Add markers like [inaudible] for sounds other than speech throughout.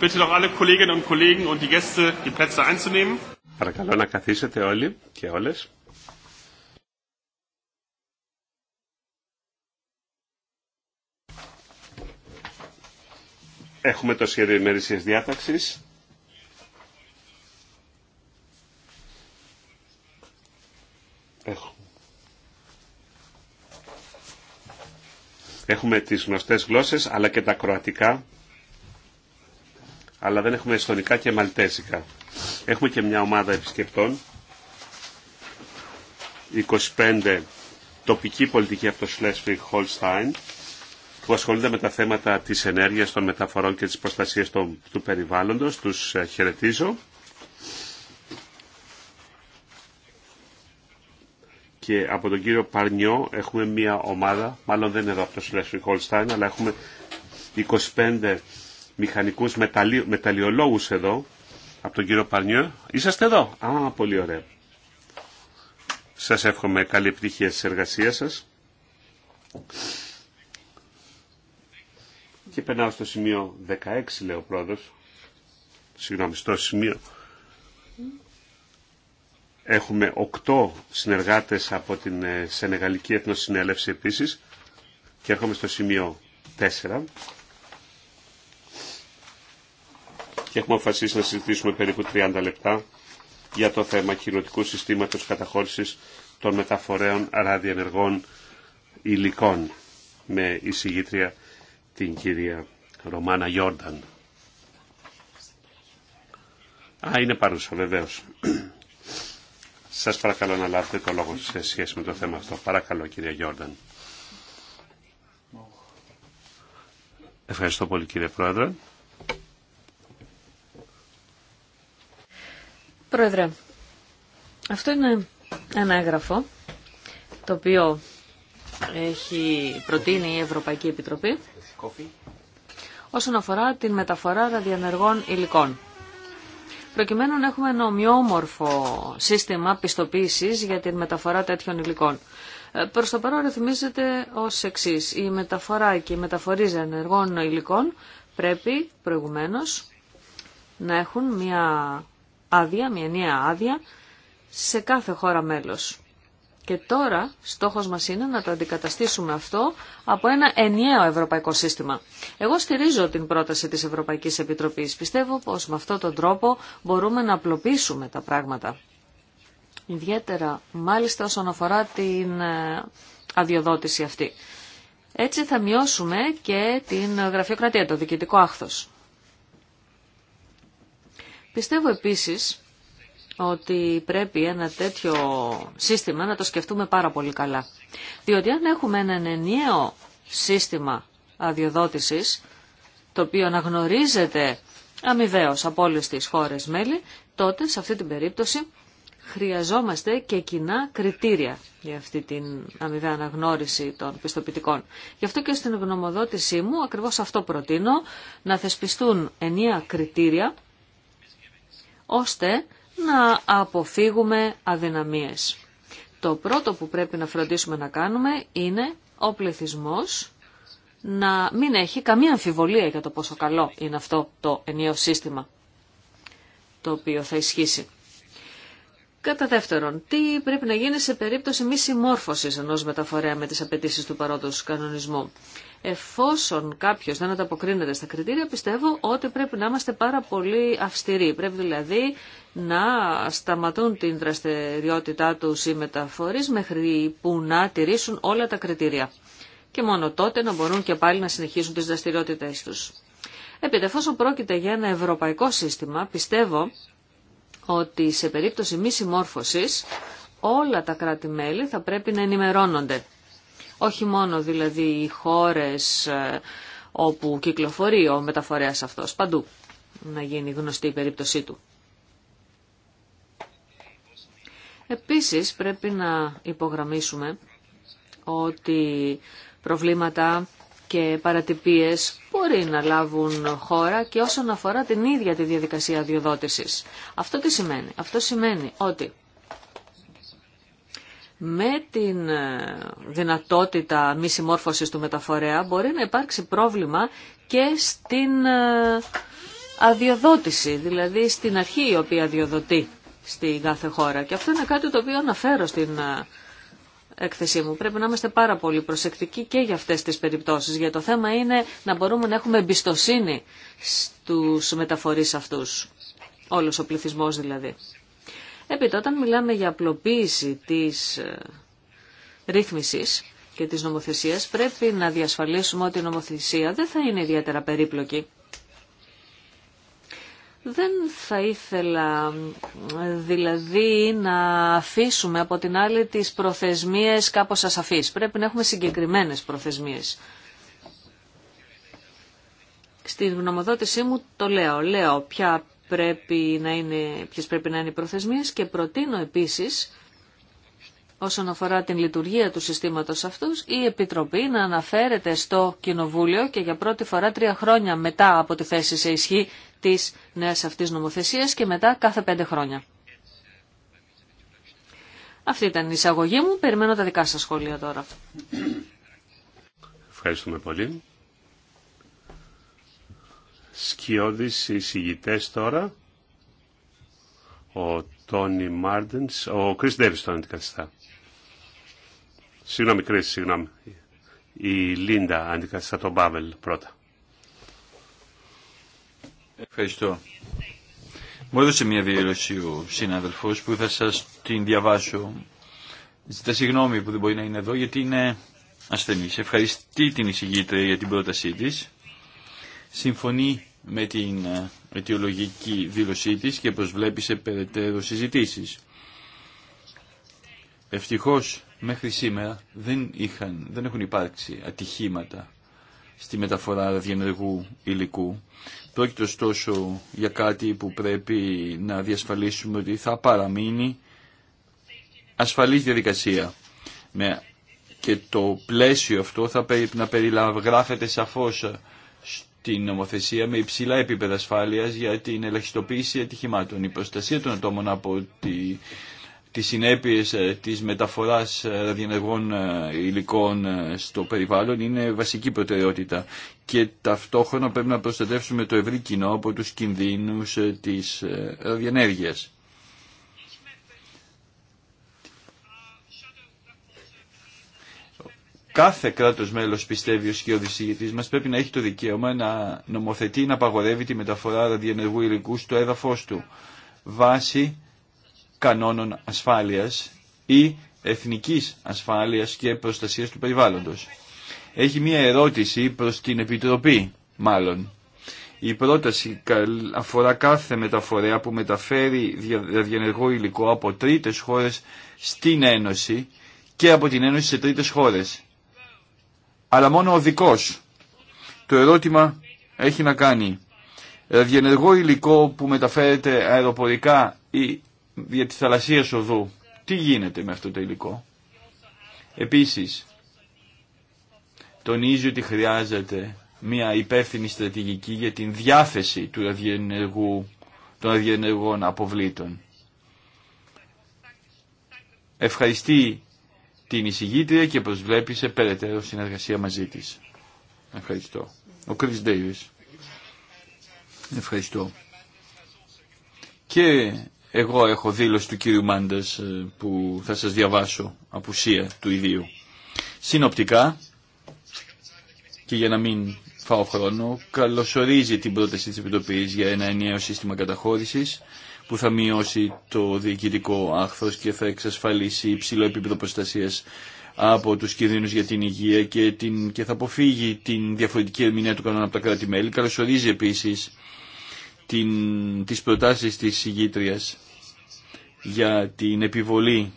Bitte doch alle Kolleginnen und Kollegen und die Gäste, die Plätze einzunehmen. Παρακαλώ να καθίσετε όλοι και όλες. Έχουμε το σχέδιο ημερησίας διάταξης. Έχω. Έχουμε τις γνωστές γλώσσες αλλά και τα κροατικά αλλά δεν έχουμε εστονικά και μαλτέζικα. Έχουμε και μια ομάδα επισκεπτών, 25 τοπική πολιτική από το Schleswig-Holstein, που ασχολούνται με τα θέματα της ενέργειας, των μεταφορών και της προστασίας του περιβάλλοντος. Τους ε, χαιρετίζω. και από τον κύριο Παρνιό έχουμε μια ομάδα, μάλλον δεν είναι εδώ από το Schleswig Holstein, αλλά έχουμε 25 μηχανικούς μεταλλι... μεταλλιολόγους εδώ, από τον κύριο Παρνιό. Είσαστε εδώ. Α, πολύ ωραία. Σας εύχομαι καλή επιτυχία στις εργασίες σας. Και περνάω στο σημείο 16, λέει ο πρόεδρος. Συγγνώμη, στο σημείο. Έχουμε 8 συνεργάτες από την ε, Σενεγαλική Εθνοσυνέλευση επίσης. Και έρχομαι στο σημείο 4 και έχουμε αποφασίσει να συζητήσουμε περίπου 30 λεπτά για το θέμα κοινωτικού συστήματος καταχώρησης των μεταφορέων ραδιενεργών υλικών με εισηγήτρια την κυρία Ρωμάνα Γιόρνταν. Α, είναι παρούσα βεβαίως. Σας παρακαλώ να λάβετε το λόγο σε σχέση με το θέμα αυτό. Παρακαλώ κυρία Γιόρνταν. Ευχαριστώ πολύ κύριε Πρόεδρε. Πρόεδρε, αυτό είναι ένα έγγραφο το οποίο έχει προτείνει η Ευρωπαϊκή Επιτροπή όσον αφορά την μεταφορά ραδιανεργών υλικών. Προκειμένου να έχουμε ένα ομοιόμορφο σύστημα πιστοποίησης για την μεταφορά τέτοιων υλικών. Ε, προς το παρόν ρυθμίζεται ως εξής. Η μεταφορά και η μεταφορή ενεργών υλικών πρέπει προηγουμένως να έχουν μια άδεια, μια ενιαία άδεια, σε κάθε χώρα μέλος. Και τώρα στόχος μας είναι να το αντικαταστήσουμε αυτό από ένα ενιαίο ευρωπαϊκό σύστημα. Εγώ στηρίζω την πρόταση της Ευρωπαϊκής Επιτροπής. Πιστεύω πως με αυτόν τον τρόπο μπορούμε να απλοποιήσουμε τα πράγματα. Ιδιαίτερα μάλιστα όσον αφορά την ε, αδειοδότηση αυτή. Έτσι θα μειώσουμε και την γραφειοκρατία, το διοικητικό άχθος. Πιστεύω επίσης ότι πρέπει ένα τέτοιο σύστημα να το σκεφτούμε πάρα πολύ καλά. Διότι αν έχουμε ένα ενιαίο σύστημα αδειοδότησης, το οποίο αναγνωρίζεται αμοιβαίως από όλες τις χώρες μέλη, τότε σε αυτή την περίπτωση χρειαζόμαστε και κοινά κριτήρια για αυτή την αμοιβαία αναγνώριση των πιστοποιητικών. Γι' αυτό και στην γνωμοδότησή μου ακριβώς αυτό προτείνω, να θεσπιστούν ενιαία κριτήρια ώστε να αποφύγουμε αδυναμίες. Το πρώτο που πρέπει να φροντίσουμε να κάνουμε είναι ο πληθυσμός να μην έχει καμία αμφιβολία για το πόσο καλό είναι αυτό το ενιαίο σύστημα το οποίο θα ισχύσει. Κατά δεύτερον, τι πρέπει να γίνει σε περίπτωση μη συμμόρφωσης ενός μεταφορέα με τις απαιτήσει του παρόντος κανονισμού. Εφόσον κάποιο δεν ανταποκρίνεται στα κριτήρια, πιστεύω ότι πρέπει να είμαστε πάρα πολύ αυστηροί. Πρέπει δηλαδή να σταματούν την δραστηριότητά του οι μεταφορεί μέχρι που να τηρήσουν όλα τα κριτήρια. Και μόνο τότε να μπορούν και πάλι να συνεχίσουν τι δραστηριότητέ του. Επειδή εφόσον πρόκειται για ένα ευρωπαϊκό σύστημα, πιστεύω ότι σε περίπτωση μη συμμόρφωσης όλα τα κράτη-μέλη θα πρέπει να ενημερώνονται. Όχι μόνο δηλαδή οι χώρες ε, όπου κυκλοφορεί ο μεταφορέας αυτός, παντού να γίνει γνωστή η περίπτωσή του. Επίσης πρέπει να υπογραμμίσουμε ότι προβλήματα και παρατυπίες μπορεί να λάβουν χώρα και όσον αφορά την ίδια τη διαδικασία διοδότησης. Αυτό τι σημαίνει. Αυτό σημαίνει ότι με την ε, δυνατότητα μη συμμόρφωσης του μεταφορέα μπορεί να υπάρξει πρόβλημα και στην ε, αδειοδότηση, δηλαδή στην αρχή η οποία αδειοδοτεί στην κάθε χώρα. Και αυτό είναι κάτι το οποίο αναφέρω στην ε, έκθεσή μου. Πρέπει να είμαστε πάρα πολύ προσεκτικοί και για αυτές τις περιπτώσεις. Για το θέμα είναι να μπορούμε να έχουμε εμπιστοσύνη στους μεταφορείς αυτούς. Όλος ο πληθυσμός δηλαδή. Επίτε, όταν μιλάμε για απλοποίηση της ε, ρύθμισης και της νομοθεσίας, πρέπει να διασφαλίσουμε ότι η νομοθεσία δεν θα είναι ιδιαίτερα περίπλοκη. Δεν θα ήθελα δηλαδή να αφήσουμε από την άλλη τις προθεσμίες κάπως ασαφείς. Πρέπει να έχουμε συγκεκριμένες προθεσμίες. Στην γνωμοδότησή μου το λέω. Λέω ποια πρέπει να είναι, ποιες πρέπει να είναι οι προθεσμίες και προτείνω επίσης όσον αφορά την λειτουργία του συστήματος αυτού, η Επιτροπή να αναφέρεται στο Κοινοβούλιο και για πρώτη φορά τρία χρόνια μετά από τη θέση σε ισχύ της νέας αυτής νομοθεσίας και μετά κάθε πέντε χρόνια. Αυτή ήταν η εισαγωγή μου. Περιμένω τα δικά σας σχόλια τώρα. Ευχαριστούμε πολύ. Σκιώδης εισηγητές τώρα. Ο Τόνι Μάρντενς, ο Κρίς Ντέβις τον αντικαθιστά. Συγγνώμη Κρίς, συγγνώμη. Η Λίντα αντικαθιστά τον Μπάβελ πρώτα. Ευχαριστώ. Μου έδωσε μια δήλωση ο συνάδελφο που θα σα την διαβάσω. Ζητά συγγνώμη που δεν μπορεί να είναι εδώ γιατί είναι ασθενή. Ευχαριστεί την εισηγήτρια για την πρότασή τη. Συμφωνεί με την ε, αιτιολογική δήλωσή τη και προσβλέπει σε περαιτέρω συζητήσει. Ευτυχώ μέχρι σήμερα δεν, είχαν, δεν έχουν υπάρξει ατυχήματα στη μεταφορά διενεργού υλικού. Πρόκειται ωστόσο για κάτι που πρέπει να διασφαλίσουμε ότι θα παραμείνει ασφαλής διαδικασία. Με και το πλαίσιο αυτό θα πρέπει να περιλαμβάνεται σαφώς στην νομοθεσία με υψηλά επίπεδα ασφάλειας για την ελαχιστοποίηση ατυχημάτων. Η προστασία των ατόμων από τη τις συνέπειες ε, της μεταφοράς ε, ραδιενεργών ε, υλικών στο περιβάλλον είναι βασική προτεραιότητα και ταυτόχρονα πρέπει να προστατεύσουμε το ευρύ κοινό από τους κινδύνους της ραδιενέργειας. Κάθε κράτος μέλος πιστεύει και ο δισηγητής μας πρέπει να έχει το δικαίωμα να νομοθετεί να απαγορεύει τη μεταφορά ραδιενεργού υλικού στο έδαφος του βάσει κανόνων ασφάλειας ή εθνικής ασφάλειας και προστασίας του περιβάλλοντος. Έχει μία ερώτηση προς την Επιτροπή, μάλλον. Η πρόταση αφορά κάθε μεταφορέα που μεταφέρει ραδιενεργό υλικό από τρίτες χώρες στην Ένωση και από την Ένωση σε τρίτες χώρες. Αλλά μόνο ο δικός. Το ερώτημα έχει να κάνει ε, Διανεργό υλικό που μεταφέρεται αεροπορικά ή για τη θαλασσία οδού. Τι γίνεται με αυτό το υλικό. Επίσης, τονίζει ότι χρειάζεται μια υπεύθυνη στρατηγική για την διάθεση του αδιενεργού, των αδιενεργών αποβλήτων. Ευχαριστεί την εισηγήτρια και προσβλέπει σε περαιτέρω συνεργασία μαζί της. Ευχαριστώ. Ο Κρις Ντέιβις. Ευχαριστώ. Και εγώ έχω δήλωση του κύριου Μάντες ε, που θα σας διαβάσω, απουσία του ιδίου. Συνοπτικά, και για να μην φάω χρόνο, καλωσορίζει την πρόταση της Επιτροπής για ένα ενιαίο σύστημα καταχώρησης που θα μειώσει το διοικητικό άχθος και θα εξασφαλίσει υψηλό επίπεδο προστασίας από τους κινδύνους για την υγεία και, την, και θα αποφύγει την διαφορετική ερμηνεία του κανόνα από τα κράτη-μέλη. Καλωσορίζει επίσης την, τις προτάσεις της συγγήτριας για την επιβολή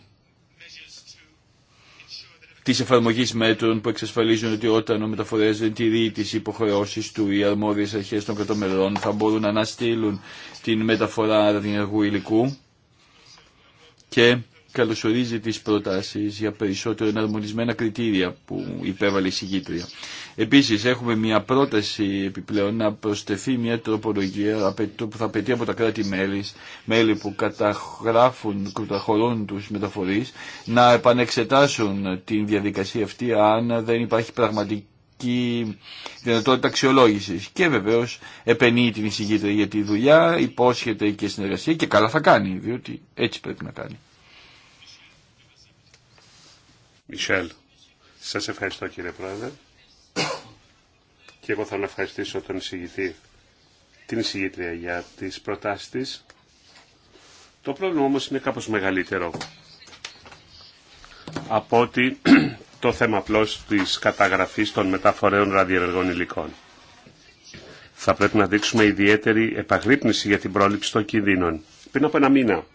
της εφαρμογής μέτρων που εξασφαλίζουν ότι όταν ο μεταφορέας δεν τηρεί τις υποχρεώσεις του οι αρμόδιες αρχές των κρατομελών θα μπορούν να αναστείλουν την μεταφορά αργού υλικού και καλωσορίζει τις προτάσεις για περισσότερο εναρμονισμένα κριτήρια που υπέβαλε η συγκήτρια. Επίσης έχουμε μια πρόταση επιπλέον να προσθεθεί μια τροπολογία που θα απαιτεί από τα κράτη-μέλη μέλη που καταγράφουν, κρουταχωρών τους μεταφορείς να επανεξετάσουν την διαδικασία αυτή αν δεν υπάρχει πραγματική δυνατότητα αξιολόγηση. Και βεβαίω επενεί την εισηγήτρια για τη δουλειά, υπόσχεται και συνεργασία και καλά θα κάνει, διότι έτσι πρέπει να κάνει. Μισελ, σας ευχαριστώ κύριε Πρόεδρε. Και εγώ θέλω να ευχαριστήσω τον εισηγητή, την εισηγήτρια για τις προτάσεις της. Το πρόβλημα όμως είναι κάπως μεγαλύτερο από ότι το θέμα απλώ της καταγραφής των μεταφορέων ραδιενεργών υλικών. Θα πρέπει να δείξουμε ιδιαίτερη επαγρύπνηση για την πρόληψη των κινδύνων. Πριν από ένα μήνα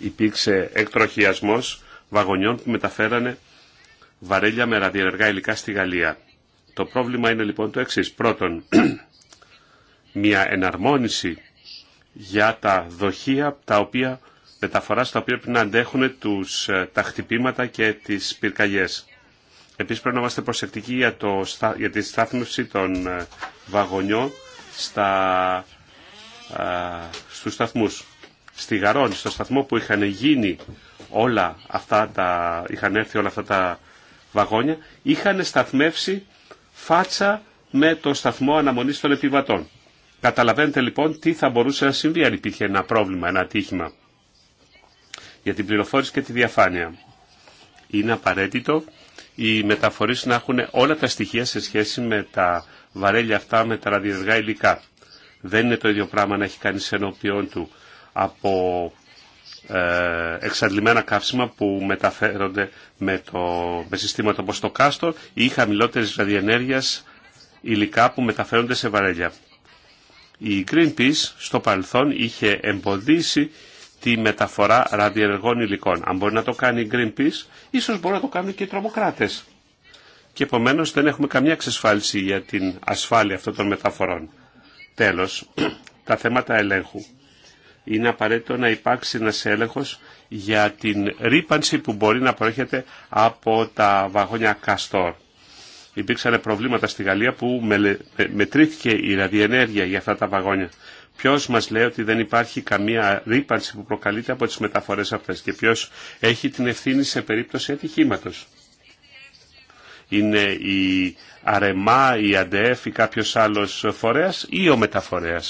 υπήρξε εκτροχιασμός βαγονιών που μεταφέρανε βαρέλια με ραδιενεργά υλικά στη Γαλλία. Το πρόβλημα είναι λοιπόν το εξής. Πρώτον, [clears throat] μια εναρμόνιση για τα δοχεία τα οποία μεταφορά τα οποία πρέπει να αντέχουν τους, ε, τα χτυπήματα και τις πυρκαγιές. Επίσης πρέπει να είμαστε προσεκτικοί για, τη στάθμευση των ε, βαγονιών στα, ε, στους σταθμούς. Στη Γαρόνη, στο σταθμό που είχαν γίνει όλα αυτά τα, είχαν έρθει όλα αυτά τα βαγόνια, είχαν σταθμεύσει φάτσα με το σταθμό αναμονής των επιβατών. Καταλαβαίνετε λοιπόν τι θα μπορούσε να συμβεί αν υπήρχε ένα πρόβλημα, ένα ατύχημα. Για την πληροφόρηση και τη διαφάνεια. Είναι απαραίτητο οι μεταφορείς να έχουν όλα τα στοιχεία σε σχέση με τα βαρέλια αυτά, με τα ραδιεργά υλικά. Δεν είναι το ίδιο πράγμα να έχει κάνει ενώπιόν του από ε, εξαντλημένα καύσιμα που μεταφέρονται με, το, με συστήματα όπως το κάστο ή χαμηλότερης ραδιενέργειας υλικά που μεταφέρονται σε βαρέλια. Η Greenpeace στο παρελθόν είχε εμποδίσει τη μεταφορά ραδιενεργών υλικών. Αν μπορεί να το κάνει η Greenpeace, ίσως μπορεί να το κάνουν και οι τρομοκράτες. Και επομένως δεν έχουμε καμία εξασφάλιση για την ασφάλεια αυτών των μεταφορών. Τέλος, [clears throat] τα θέματα ελέγχου είναι απαραίτητο να υπάρξει ένας έλεγχος για την ρήπανση που μπορεί να προέρχεται από τα βαγόνια καστόρ. Υπήρξαν προβλήματα στη Γαλλία που μετρήθηκε η ραδιενέργεια για αυτά τα βαγόνια. Ποιο μα λέει ότι δεν υπάρχει καμία ρήπανση που προκαλείται από τι μεταφορέ αυτέ και ποιο έχει την ευθύνη σε περίπτωση ατυχήματο. Είναι η Αρεμά, η Αντεέφ ή κάποιο άλλο φορέα ή ο μεταφορέα.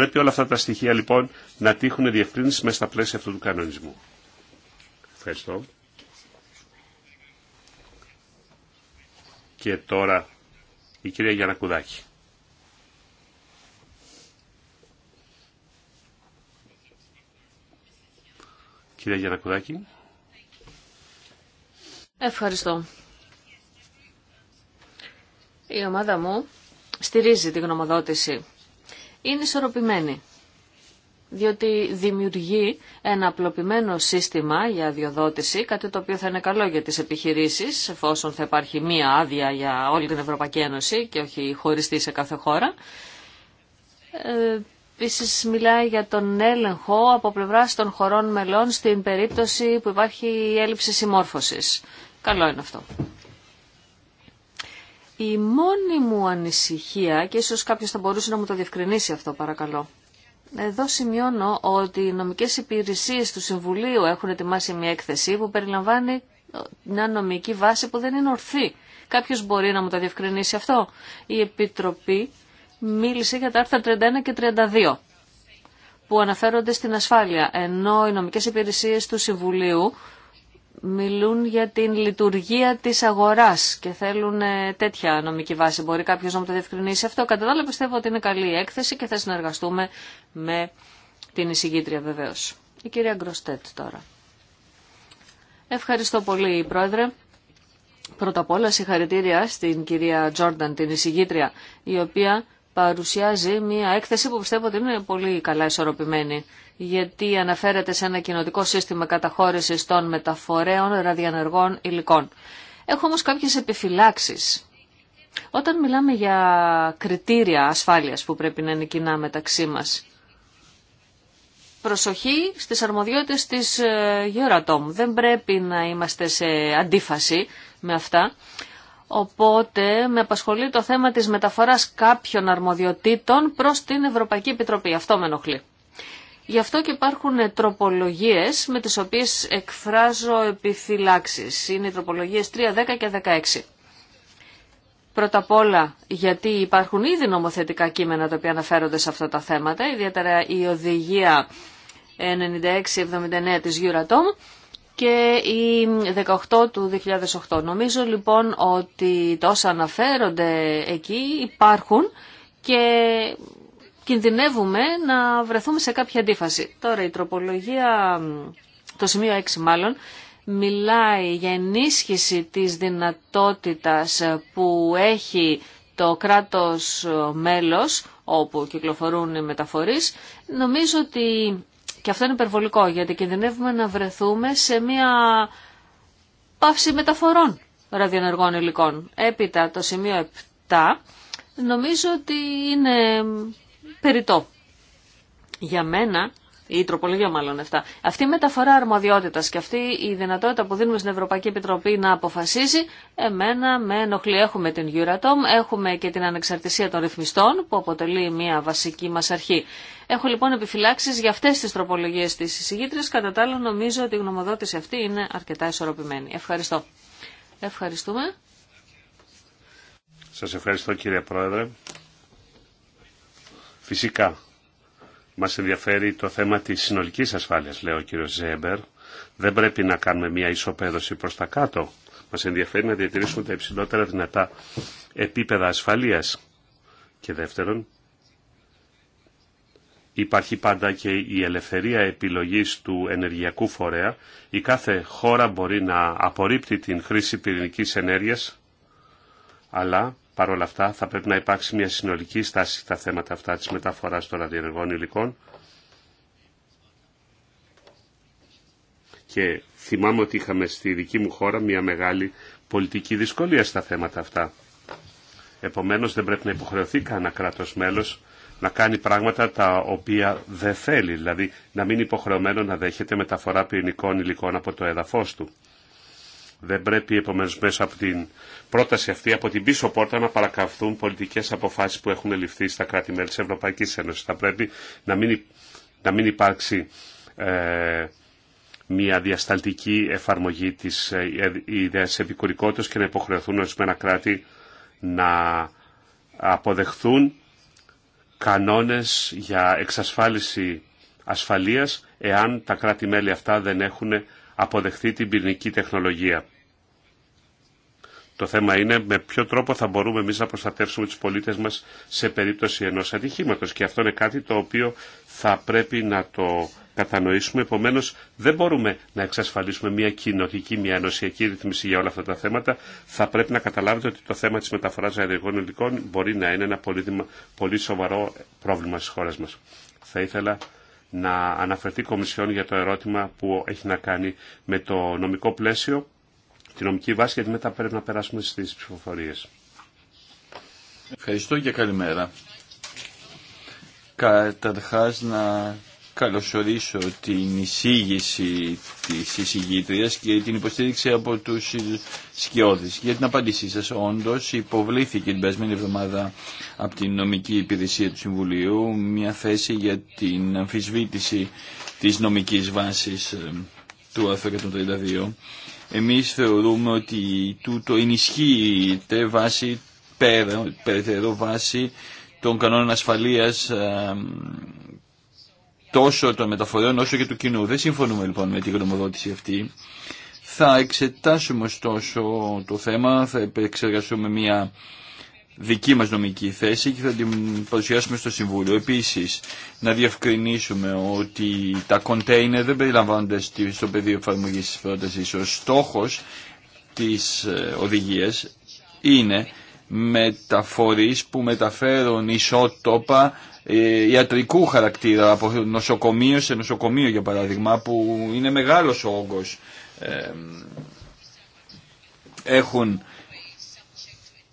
Πρέπει όλα αυτά τα στοιχεία λοιπόν να τύχουν διευκρίνηση μέσα στα πλαίσια αυτού του κανονισμού. Ευχαριστώ. Και τώρα η κυρία Γιανακουδάκη. Κυρία Γιανακουδάκη. Ευχαριστώ. Η ομάδα μου στηρίζει τη γνωμοδότηση είναι ισορροπημένη. Διότι δημιουργεί ένα απλοποιημένο σύστημα για αδειοδότηση, κάτι το οποίο θα είναι καλό για τις επιχειρήσεις, εφόσον θα υπάρχει μία άδεια για όλη την Ευρωπαϊκή Ένωση και όχι χωριστή σε κάθε χώρα. Ε, Επίση μιλάει για τον έλεγχο από πλευρά των χωρών μελών στην περίπτωση που υπάρχει έλλειψη συμμόρφωσης. Καλό είναι αυτό. Η μόνη μου ανησυχία, και ίσως κάποιος θα μπορούσε να μου το διευκρινίσει αυτό παρακαλώ, εδώ σημειώνω ότι οι νομικές υπηρεσίες του Συμβουλίου έχουν ετοιμάσει μια έκθεση που περιλαμβάνει ε, μια νομική βάση που δεν είναι ορθή. Κάποιος μπορεί να μου το διευκρινίσει αυτό. Η Επιτροπή μίλησε για τα άρθρα 31 και 32 που αναφέρονται στην ασφάλεια, ενώ οι νομικές υπηρεσίες του Συμβουλίου μιλούν για την λειτουργία της αγοράς και θέλουν ε, τέτοια νομική βάση. Μπορεί κάποιος να μου το διευκρινίσει αυτό. Κατά τα άλλα πιστεύω ότι είναι καλή έκθεση και θα συνεργαστούμε με την εισηγήτρια βεβαίως. Η κυρία Γκροστέτ τώρα. Ευχαριστώ πολύ Πρόεδρε. Πρώτα απ' όλα συγχαρητήρια στην κυρία Τζόρνταν, την εισηγήτρια, η οποία παρουσιάζει μια έκθεση που πιστεύω ότι είναι πολύ καλά ισορροπημένη, γιατί αναφέρεται σε ένα κοινοτικό σύστημα καταχώρησης των μεταφορέων ραδιανεργών υλικών. Έχω όμως κάποιες επιφυλάξεις. Όταν μιλάμε για κριτήρια ασφάλειας που πρέπει να είναι κοινά μεταξύ μας, προσοχή στις αρμοδιότητες της ε, Euratom. Δεν πρέπει να είμαστε σε αντίφαση με αυτά. Οπότε με απασχολεί το θέμα της μεταφοράς κάποιων αρμοδιοτήτων προς την Ευρωπαϊκή Επιτροπή. Αυτό με ενοχλεί. Γι' αυτό και υπάρχουν τροπολογίες με τις οποίες εκφράζω επιφυλάξεις. Είναι οι τροπολογίες 3, 10 και 16. Πρώτα απ' όλα γιατί υπάρχουν ήδη νομοθετικά κείμενα τα οποία αναφέρονται σε αυτά τα θέματα, ιδιαίτερα η οδηγία 96-79 της Euratom και η 18 του 2008. Νομίζω λοιπόν ότι τόσα αναφέρονται εκεί υπάρχουν και κινδυνεύουμε να βρεθούμε σε κάποια αντίφαση. Τώρα η τροπολογία, το σημείο 6 μάλλον, μιλάει για ενίσχυση της δυνατότητας που έχει το κράτος μέλος όπου κυκλοφορούν οι μεταφορείς. Νομίζω ότι και αυτό είναι υπερβολικό γιατί κινδυνεύουμε να βρεθούμε σε μια πάυση μεταφορών ραδιονεργών υλικών. Έπειτα το σημείο 7 νομίζω ότι είναι περιτό. Για μένα η τροπολογία μάλλον και Αυτή η μεταφορά αρμοδιότητας και αυτή η δυνατότητα που δίνουμε στην Ευρωπαϊκή Επιτροπή να αποφασίζει, εμένα με ενοχλεί. Έχουμε την Euratom, έχουμε και την ανεξαρτησία των ρυθμιστών που αποτελεί μια βασική μας αρχή. Έχω λοιπόν επιφυλάξεις για αυτές τις τροπολογίες της εισηγήτρες. Κατά τα άλλα νομίζω ότι η γνωμοδότηση αυτή είναι αρκετά ισορροπημένη. Ευχαριστώ. Ευχαριστούμε. Σας ευχαριστώ κύριε Πρόεδρε. Φυσικά μας ενδιαφέρει το θέμα της συνολικής ασφάλειας, λέει ο κύριος Ζέμπερ. Δεν πρέπει να κάνουμε μια ισοπαίδωση προς τα κάτω. Μας ενδιαφέρει να διατηρήσουμε τα υψηλότερα δυνατά επίπεδα ασφαλείας. Και δεύτερον, υπάρχει πάντα και η ελευθερία επιλογής του ενεργειακού φορέα. Η κάθε χώρα μπορεί να απορρίπτει την χρήση πυρηνικής ενέργειας, αλλά Παρ' όλα αυτά θα πρέπει να υπάρξει μια συνολική στάση στα θέματα αυτά της μεταφοράς των ραδιενεργών υλικών. Και θυμάμαι ότι είχαμε στη δική μου χώρα μια μεγάλη πολιτική δυσκολία στα θέματα αυτά. Επομένως δεν πρέπει να υποχρεωθεί κανένα κράτος μέλος να κάνει πράγματα τα οποία δεν θέλει, δηλαδή να μην υποχρεωμένο να δέχεται μεταφορά πυρηνικών υλικών από το έδαφος του. Δεν πρέπει επομένως μέσα από την πρόταση αυτή, από την πίσω πόρτα να παρακαυθούν πολιτικές αποφάσεις που έχουν ληφθεί στα κράτη-μέλη της Ευρωπαϊκής Ένωσης. Θα πρέπει να μην, να υπάρξει ε, μια διασταλτική εφαρμογή της ε, ε, ιδέας επικουρικότητας και να υποχρεωθούν ορισμένα κράτη να αποδεχθούν κανόνες για εξασφάλιση ασφαλείας εάν τα κράτη-μέλη αυτά δεν έχουν αποδεχθεί την πυρηνική τεχνολογία. Το θέμα είναι με ποιο τρόπο θα μπορούμε εμεί να προστατεύσουμε του πολίτε μα σε περίπτωση ενό ατυχήματο. Και αυτό είναι κάτι το οποίο θα πρέπει να το κατανοήσουμε. Επομένω, δεν μπορούμε να εξασφαλίσουμε μια κοινοτική, μια ενωσιακή ρυθμίση για όλα αυτά τα θέματα. Θα πρέπει να καταλάβετε ότι το θέμα τη μεταφορά αεριακών υλικών μπορεί να είναι ένα πολύ, πολύ σοβαρό πρόβλημα στι χώρε μα. Θα ήθελα να αναφερθεί η Κομισιόν για το ερώτημα που έχει να κάνει με το νομικό πλαίσιο τη νομική βάση γιατί μετά πρέπει να περάσουμε στις ψηφοφορίες. Ευχαριστώ και καλημέρα. Καταρχάς να καλωσορίσω την εισήγηση της εισηγήτριας και την υποστήριξη από τους σκιώδεις. Για την απάντησή σας, όντως υποβλήθηκε την περασμένη εβδομάδα από την νομική υπηρεσία του Συμβουλίου μια θέση για την αμφισβήτηση της νομικής βάσης του άρθρου 132 εμείς θεωρούμε ότι τούτο ενισχύεται βάση, πέρα, περαιτέρω βάση των κανόνων ασφαλείας τόσο των μεταφορέων όσο και του κοινού. Δεν συμφωνούμε λοιπόν με την γνωμοδότηση αυτή. Θα εξετάσουμε ωστόσο το θέμα, θα επεξεργαστούμε μια δική μας νομική θέση και θα την παρουσιάσουμε στο Συμβούλιο. Επίσης, να διευκρινίσουμε ότι τα κοντέινερ δεν περιλαμβάνονται στο πεδίο εφαρμογής της πρότασης. Ο στόχος της ε, οδηγίας είναι μεταφορείς που μεταφέρουν ισότοπα ε, ιατρικού χαρακτήρα από νοσοκομείο σε νοσοκομείο για παράδειγμα που είναι μεγάλος ο όγκος ε, έχουν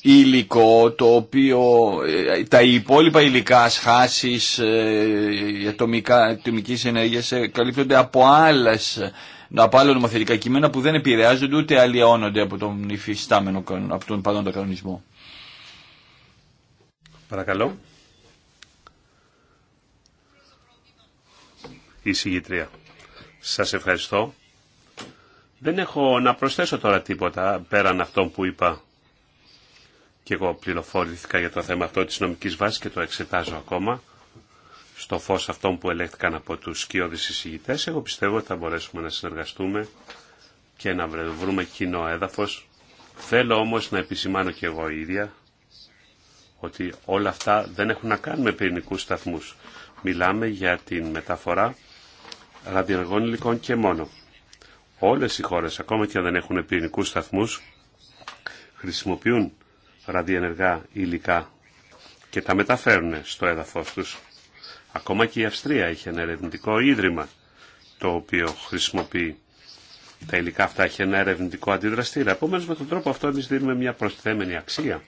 υλικό το οποίο ε, τα υπόλοιπα υλικά σχάσεις ε, ατομικά, ατομικής ενέργειας ε, καλύπτονται από άλλες από άλλα νομοθετικά κείμενα που δεν επηρεάζονται ούτε αλλοιώνονται από τον υφιστάμενο από τον παρόντο κανονισμό. Παρακαλώ. Η συγγητρία. Σας ευχαριστώ. Δεν έχω να προσθέσω τώρα τίποτα πέραν αυτό που είπα και εγώ πληροφόρηθηκα για το θέμα αυτό της νομικής βάσης και το εξετάζω ακόμα στο φως αυτών που ελέγχθηκαν από τους σκιώδεις εισηγητές. Εγώ πιστεύω ότι θα μπορέσουμε να συνεργαστούμε και να βρούμε κοινό έδαφος. Θέλω όμως να επισημάνω και εγώ ίδια ότι όλα αυτά δεν έχουν να κάνουν με πυρηνικούς σταθμούς. Μιλάμε για την μεταφορά ραδιενεργών υλικών και μόνο. Όλες οι χώρες, ακόμα και αν δεν έχουν πυρηνικούς σταθμούς, χρησιμοποιούν ραδιενεργά υλικά και τα μεταφέρουν στο έδαφος τους. Ακόμα και η Αυστρία έχει ένα ερευνητικό ίδρυμα το οποίο χρησιμοποιεί τα υλικά αυτά, έχει ένα ερευνητικό αντιδραστήρα. Επομένω με τον τρόπο αυτό εμεί δίνουμε μια προσθέμενη αξία.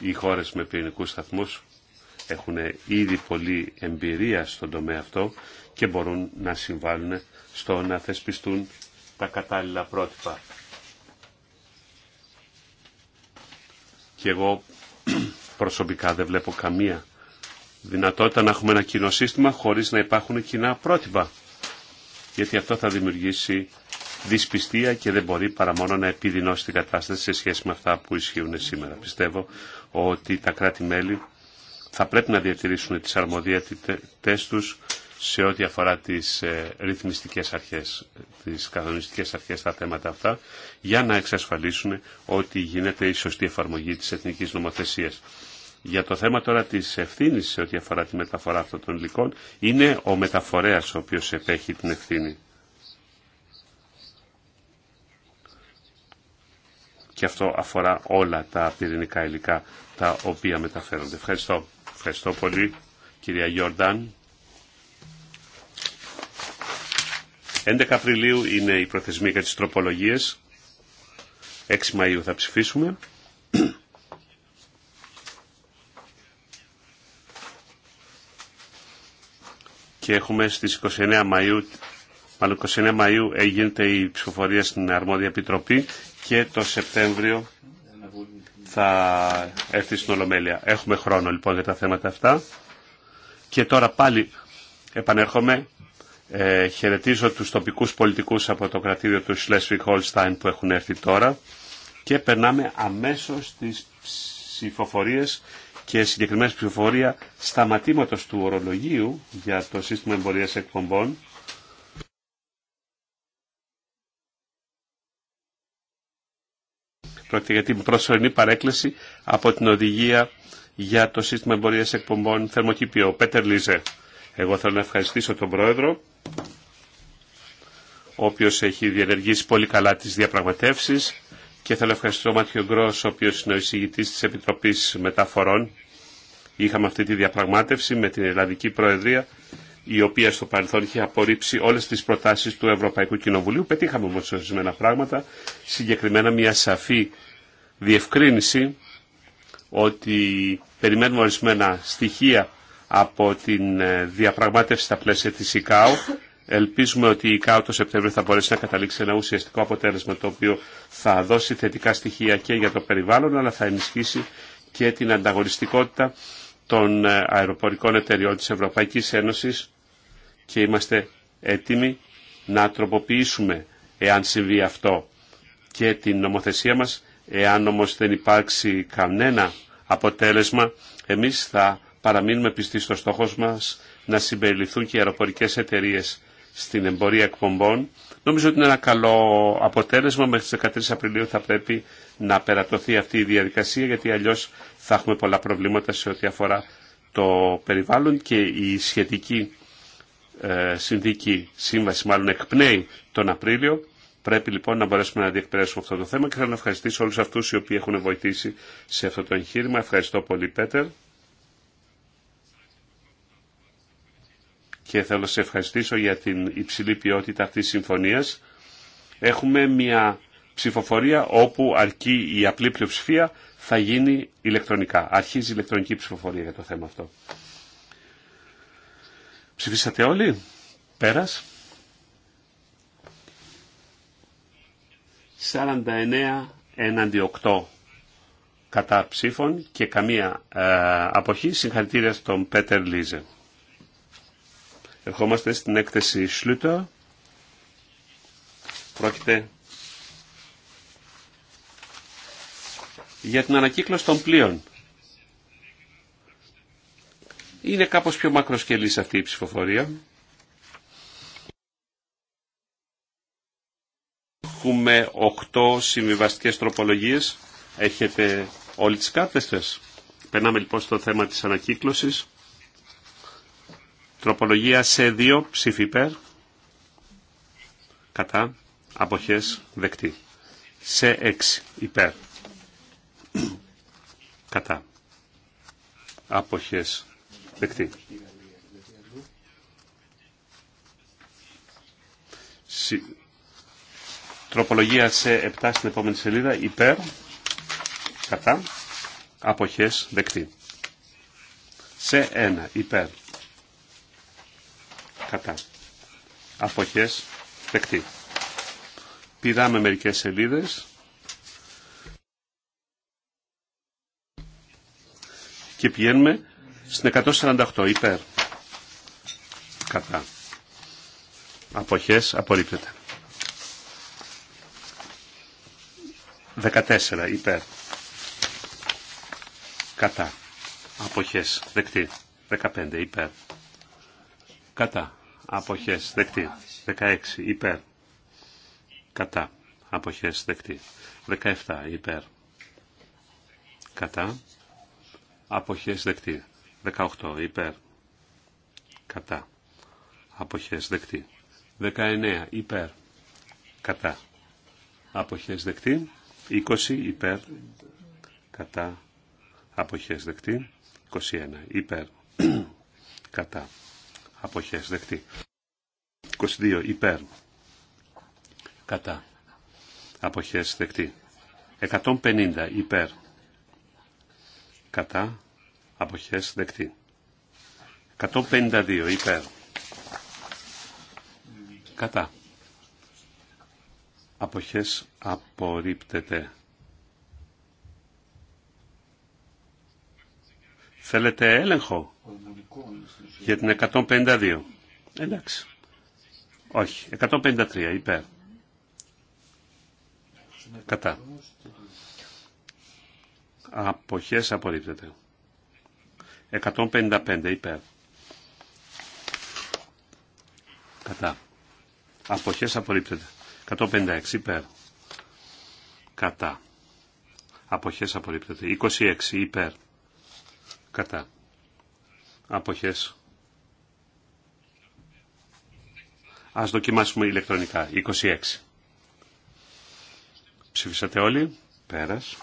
Οι χώρες με πυρηνικού σταθμού έχουν ήδη πολλή εμπειρία στον τομέα αυτό και μπορούν να συμβάλλουν στο να θεσπιστούν τα κατάλληλα πρότυπα. και εγώ προσωπικά δεν βλέπω καμία δυνατότητα να έχουμε ένα κοινό σύστημα χωρίς να υπάρχουν κοινά πρότυπα. Γιατί αυτό θα δημιουργήσει δυσπιστία και δεν μπορεί παρά μόνο να επιδεινώσει την κατάσταση σε σχέση με αυτά που ισχύουν σήμερα. Πιστεύω ότι τα κράτη-μέλη θα πρέπει να διατηρήσουν τις αρμοδιότητες τους σε ό,τι αφορά τις ε, ρυθμιστικές αρχές, τις καθονιστικές αρχές στα θέματα αυτά, για να εξασφαλίσουν ότι γίνεται η σωστή εφαρμογή της εθνικής νομοθεσίας. Για το θέμα τώρα της ευθύνη σε ό,τι αφορά τη μεταφορά αυτών των υλικών, είναι ο μεταφορέας ο οποίος επέχει την ευθύνη. Και αυτό αφορά όλα τα πυρηνικά υλικά τα οποία μεταφέρονται. Ευχαριστώ. Ευχαριστώ πολύ κυρία Γιόρνταν. 11 Απριλίου είναι η προθεσμία για τις τροπολογίες. 6 Μαΐου θα ψηφίσουμε. Και έχουμε στις 29 Μαΐου, μάλλον 29 Μαΐου έγινε η ψηφοφορία στην Αρμόδια Επιτροπή και το Σεπτέμβριο θα έρθει στην Ολομέλεια. Έχουμε χρόνο λοιπόν για τα θέματα αυτά. Και τώρα πάλι επανέρχομαι ε, χαιρετίζω τους τοπικούς πολιτικούς από το κρατήριο του schleswig Holstein που έχουν έρθει τώρα και περνάμε αμέσως στις ψηφοφορίες και συγκεκριμένες ψηφοφορία σταματήματος του ορολογίου για το σύστημα εμπορίας εκπομπών. Πρόκειται για την προσωρινή παρέκκληση από την οδηγία για το σύστημα εμπορίας εκπομπών θερμοκήπιο. Πέτερ Λίζε. Εγώ θέλω να ευχαριστήσω τον Πρόεδρο, ο οποίος έχει διενεργήσει πολύ καλά τις διαπραγματεύσεις και θέλω να ευχαριστήσω τον Μάτιο Γκρός, ο οποίος είναι ο εισηγητής της Επιτροπής Μεταφορών. Είχαμε αυτή τη διαπραγμάτευση με την Ελλαδική Προεδρία, η οποία στο παρελθόν είχε απορρίψει όλες τις προτάσεις του Ευρωπαϊκού Κοινοβουλίου. Πετύχαμε όμως ορισμένα πράγματα, συγκεκριμένα μια σαφή διευκρίνηση ότι περιμένουμε ορισμένα στοιχεία από την ε, διαπραγμάτευση στα πλαίσια της ΙΚΑΟ. Ελπίζουμε ότι η ΙΚΑΟ το Σεπτέμβριο θα μπορέσει να καταλήξει ένα ουσιαστικό αποτέλεσμα το οποίο θα δώσει θετικά στοιχεία και για το περιβάλλον αλλά θα ενισχύσει και την ανταγωνιστικότητα των ε, αεροπορικών εταιριών της Ευρωπαϊκής Ένωσης και είμαστε έτοιμοι να τροποποιήσουμε εάν συμβεί αυτό και την νομοθεσία μας. Εάν όμως δεν υπάρξει κανένα αποτέλεσμα, εμείς θα παραμείνουμε πιστοί στο στόχο μα να συμπεριληφθούν και οι αεροπορικέ εταιρείε στην εμπορία εκπομπών. Νομίζω ότι είναι ένα καλό αποτέλεσμα. Μέχρι τι 13 Απριλίου θα πρέπει να περατωθεί αυτή η διαδικασία γιατί αλλιώ θα έχουμε πολλά προβλήματα σε ό,τι αφορά το περιβάλλον και η σχετική ε, συνδίκη σύμβαση μάλλον εκπνέει τον Απρίλιο. Πρέπει λοιπόν να μπορέσουμε να διεκπαιρέσουμε αυτό το θέμα και θέλω να ευχαριστήσω όλους αυτούς οι οποίοι έχουν βοηθήσει σε αυτό το εγχείρημα. Ευχαριστώ πολύ Πέτερ. και θέλω να σε ευχαριστήσω για την υψηλή ποιότητα αυτής της συμφωνίας. Έχουμε μια ψηφοφορία όπου αρκεί η απλή πλειοψηφία θα γίνει ηλεκτρονικά. Αρχίζει η ηλεκτρονική ψηφοφορία για το θέμα αυτό. Ψηφίσατε όλοι. Πέρας. 49 έναντι 8 κατά ψήφων και καμία ε, αποχή. Συγχαρητήρια στον Πέτερ Λίζε. Ερχόμαστε στην έκθεση Σλούτα. Πρόκειται για την ανακύκλωση των πλοίων. Είναι κάπως πιο μακροσκελής αυτή η ψηφοφορία. Έχουμε 8 συμβιβαστικές τροπολογίες. Έχετε όλοι τις κάρτε. σας. Περνάμε λοιπόν στο θέμα της ανακύκλωσης. Τροπολογία σε 2 ψήφι υπέρ. Κατά. Αποχές δεκτή. Σε 6 υπέρ. Κατά. Αποχές δεκτή. Τροπολογία σε 7 στην επόμενη σελίδα υπέρ. Κατά. Αποχές δεκτή. Σε 1 υπέρ κατά αποχές δεκτή. Πηδάμε μερικές σελίδες και πηγαίνουμε στην 148 υπέρ κατά αποχές απορρίπτεται. 14 υπέρ κατά αποχές δεκτή. 15 υπέρ κατά αποχές δεκτή. 16 υπέρ κατά αποχές δεκτή. 17 υπέρ κατά αποχές δεκτή. 18 υπέρ κατά αποχές δεκτή. 19 υπέρ κατά αποχές δεκτή. 20 υπέρ κατά αποχές δεκτή. 21 υπέρ [clears throat] κατά αποχές δεκτή. 22 υπέρ κατά αποχές δεκτή. 150 υπέρ κατά αποχές δεκτή. 152 υπέρ κατά αποχές απορρίπτεται. Θέλετε έλεγχο. Για την 152. Εντάξει. Όχι. 153 υπέρ. Κατά. Αποχές απορρίπτεται. 155 υπέρ. Κατά. Αποχές απορρίπτεται. 156 υπέρ. Κατά. Αποχές απορρίπτεται. 26 υπέρ. Κατά αποχές. Ας δοκιμάσουμε ηλεκτρονικά. 26. Ψηφίσατε όλοι. Πέρας.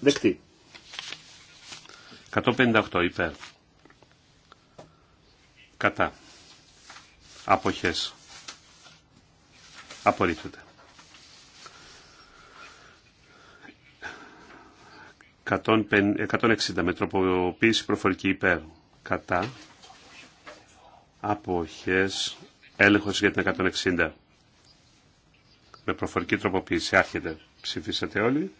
Δεκτή. 158 υπέρ. Κατά. Αποχές. Απορρίπτεται. 160 με τροποποίηση προφορική υπέρ κατά αποχές έλεγχος για την 160 με προφορική τροποποίηση άρχεται ψηφίσατε όλοι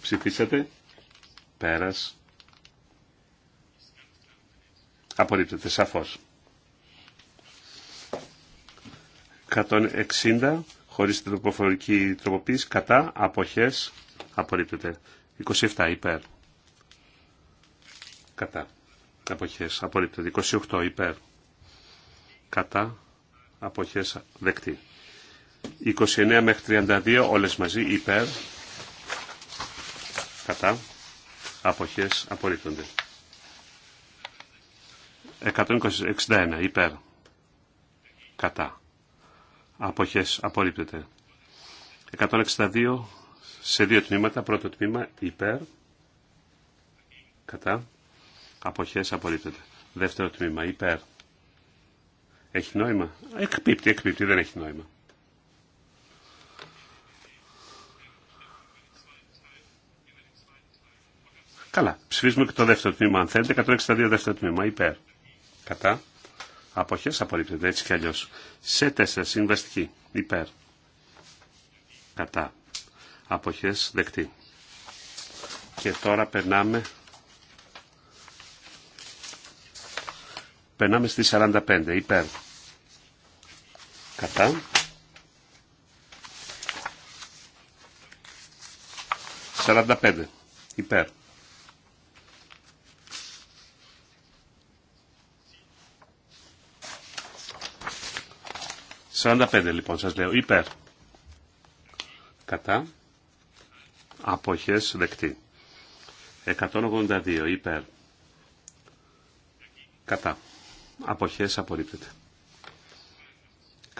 ψηφίσατε πέρας απορρίπτεται σαφώς 160 χωρίς την τροποφορική τροποποίηση κατά αποχές απορρίπτεται. 27 υπέρ. Κατά. Αποχές απορρίπτεται. 28 υπέρ. Κατά. Αποχές δεκτή. 29 μέχρι 32 όλες μαζί υπέρ. Κατά. Αποχές απορρίπτονται. 161 υπέρ. Κατά αποχές απορρίπτεται. 162 σε δύο τμήματα, πρώτο τμήμα υπέρ, κατά, αποχές απορρίπτεται. Δεύτερο τμήμα υπέρ. Έχει νόημα. Εκπίπτει, εκπίπτει, δεν έχει νόημα. Καλά. Ψηφίζουμε και το δεύτερο τμήμα, αν θέλετε. 162 δεύτερο τμήμα. Υπέρ. Κατά. Αποχές απορρίπτεται έτσι κι αλλιώς. Σε τέσσερα συμβαστική υπέρ. Κατά. Αποχές δεκτή. Και τώρα περνάμε περνάμε στη 45 υπέρ. Κατά. 45 υπέρ. 45 λοιπόν σας λέω υπέρ. Κατά. Αποχές δεκτή. 182 υπέρ. Κατά. Αποχές απορρίπτεται.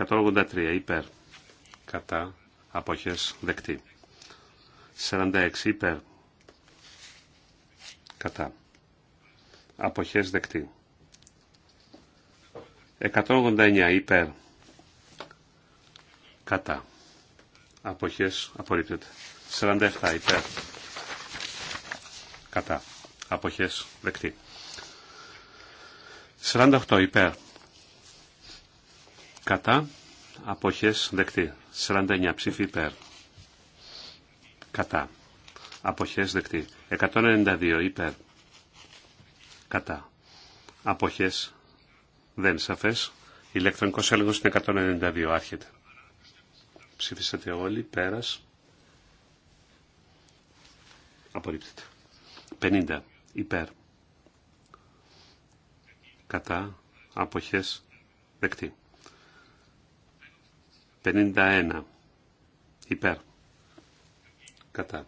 183 υπέρ. Κατά. Αποχές δεκτή. 46 υπέρ. Κατά. Αποχές δεκτή. 189 υπέρ κατά αποχές απορρίπτεται 47 υπέρ κατά αποχές δεκτή 48 υπέρ κατά αποχές δεκτή 49 ψήφι υπέρ κατά αποχές δεκτή 192 υπέρ κατά αποχές δεν σαφές ηλεκτρονικός έλεγχος είναι 192 άρχεται Ψηφίσατε όλοι, πέρας. Απορρίπτεται. 50. Υπέρ. Κατά. Αποχές. Δεκτή. 51. Υπέρ. Κατά.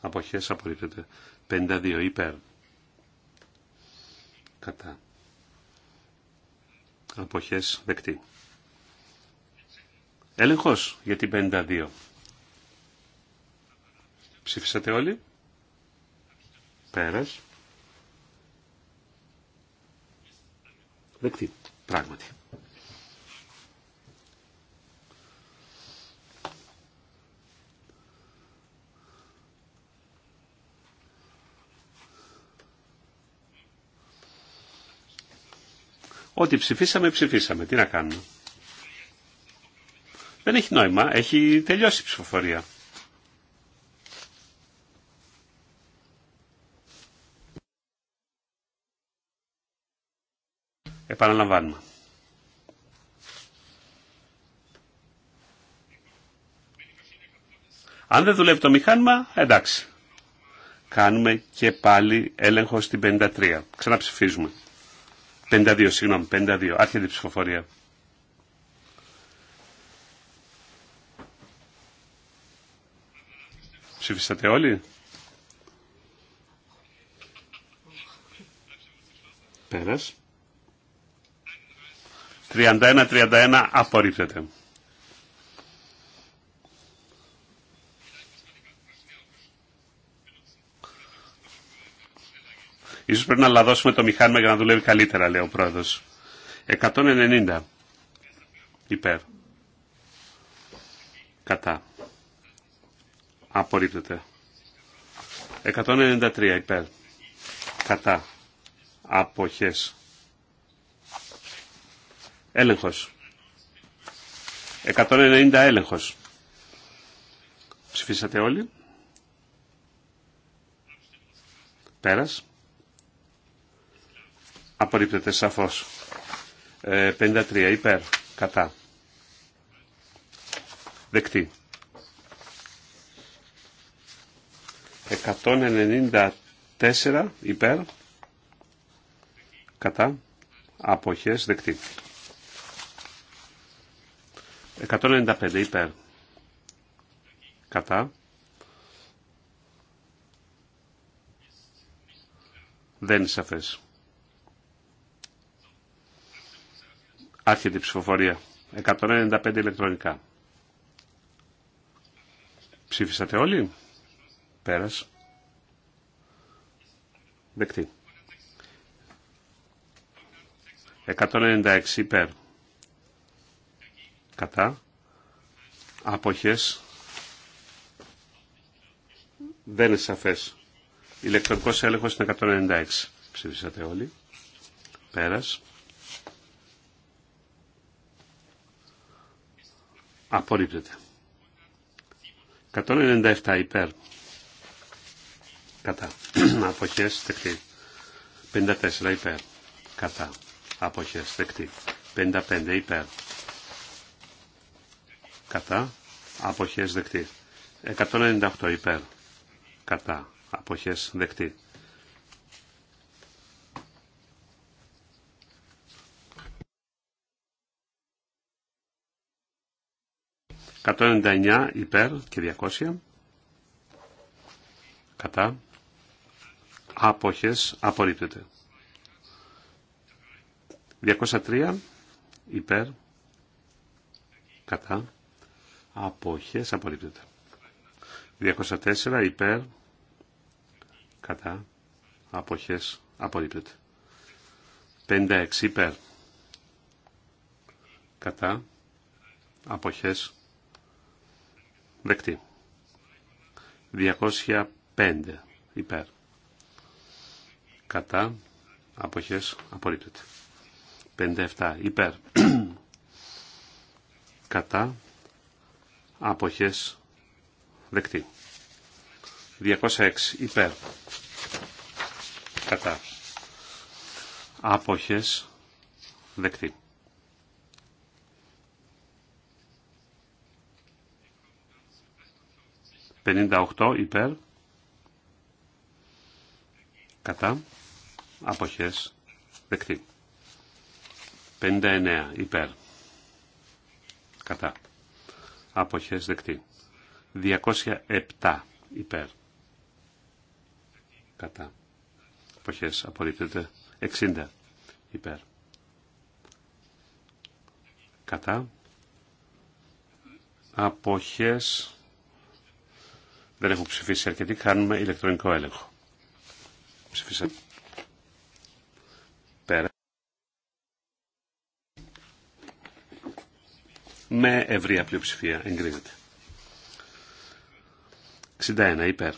Αποχές απορρίπτεται. 52. Υπέρ. Κατά. Αποχές δεκτή. Έλεγχος για την 52. Ψήφισατε όλοι. Πέρας. Δεκτή. Πράγματι. Ό,τι ψηφίσαμε, ψηφίσαμε. Τι να κάνουμε. Δεν έχει νόημα, έχει τελειώσει η ψηφοφορία. Επαναλαμβάνουμε. Αν δεν δουλεύει το μηχάνημα, εντάξει. Κάνουμε και πάλι έλεγχο στην 53. Ξαναψηφίζουμε. 52, συγγνώμη, 52. Άρχεται η ψηφοφορία. Ψηφίσατε όλοι. Πέρας. 31-31 απορρίπτεται. Ίσως πρέπει να λαδώσουμε το μηχάνημα για να δουλεύει καλύτερα, λέει ο πρόεδρος. 190 υπέρ. Κατά. Απορρίπτεται. 193 υπέρ. Κατά. Αποχές. Έλεγχος. 190 έλεγχος. Ψηφίσατε όλοι. Πέρας. Απορρίπτεται σαφώς. 53 ε, υπέρ. Κατά. Δεκτή. 194 υπέρ κατά αποχές δεκτή. 195 υπέρ κατά δεν είναι σαφές. Άρχεται η ψηφοφορία. 195 ηλεκτρονικά. Ψήφισατε όλοι. Πέρας. Δεκτή. 196 υπέρ. Κατά. Αποχές. Δεν είναι σαφές. Ηλεκτρονικός έλεγχος είναι 196. Ψηφίσατε όλοι. Πέρας. Απορρίπτεται. 197 υπέρ κατά αποχές δεκτή. 54 υπέρ κατά αποχές δεκτή. 55 υπέρ κατά αποχές δεκτή. 198 υπέρ κατά αποχές δεκτή. «199 υπέρ και 200 κατά Απόχες. Απορρίπτεται. 203. Υπέρ. Κατά. Απόχες. Απορρίπτεται. 204. Υπέρ. Κατά. Απόχες. Απορρίπτεται. 56. Υπέρ. Κατά. Απόχες. Δεκτή. 205. Υπέρ κατά, αποχές, απορρίπτεται. 57 [clears throat] υπέρ, κατά, αποχές, δεκτή. 206 υπέρ, κατά, άποχες, δεκτή. 58. υπέρ, κατά, αποχές δεκτή. 59 υπέρ κατά αποχές δεκτή. 207 υπέρ κατά αποχές απορρίπτεται. 60 υπέρ κατά αποχές δεν έχω ψηφίσει αρκετή, κάνουμε ηλεκτρονικό έλεγχο. Ψηφίσατε. με ευρία πλειοψηφία εγκρίνεται. 61 [clears throat] υπέρ.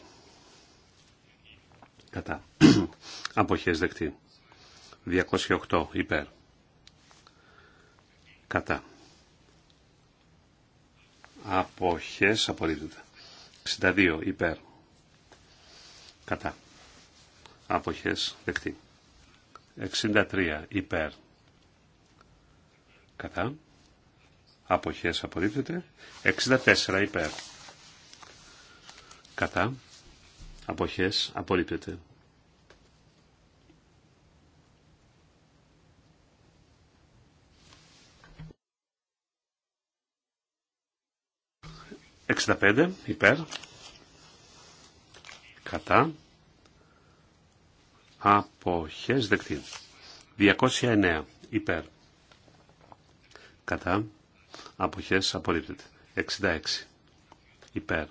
Κατά. Αποχές δεκτή. 208 υπέρ. Κατά. Αποχές απορρίπτεται. 62 υπέρ. Κατά. Αποχές δεκτή. 63 υπέρ. Κατά αποχές απορρίπτεται. 64 υπέρ. Κατά. Αποχές απορρίπτεται. 65 υπέρ. Κατά. Αποχές δεκτή. 209 υπέρ. Κατά αποχές απορρίπτεται. 66 υπέρ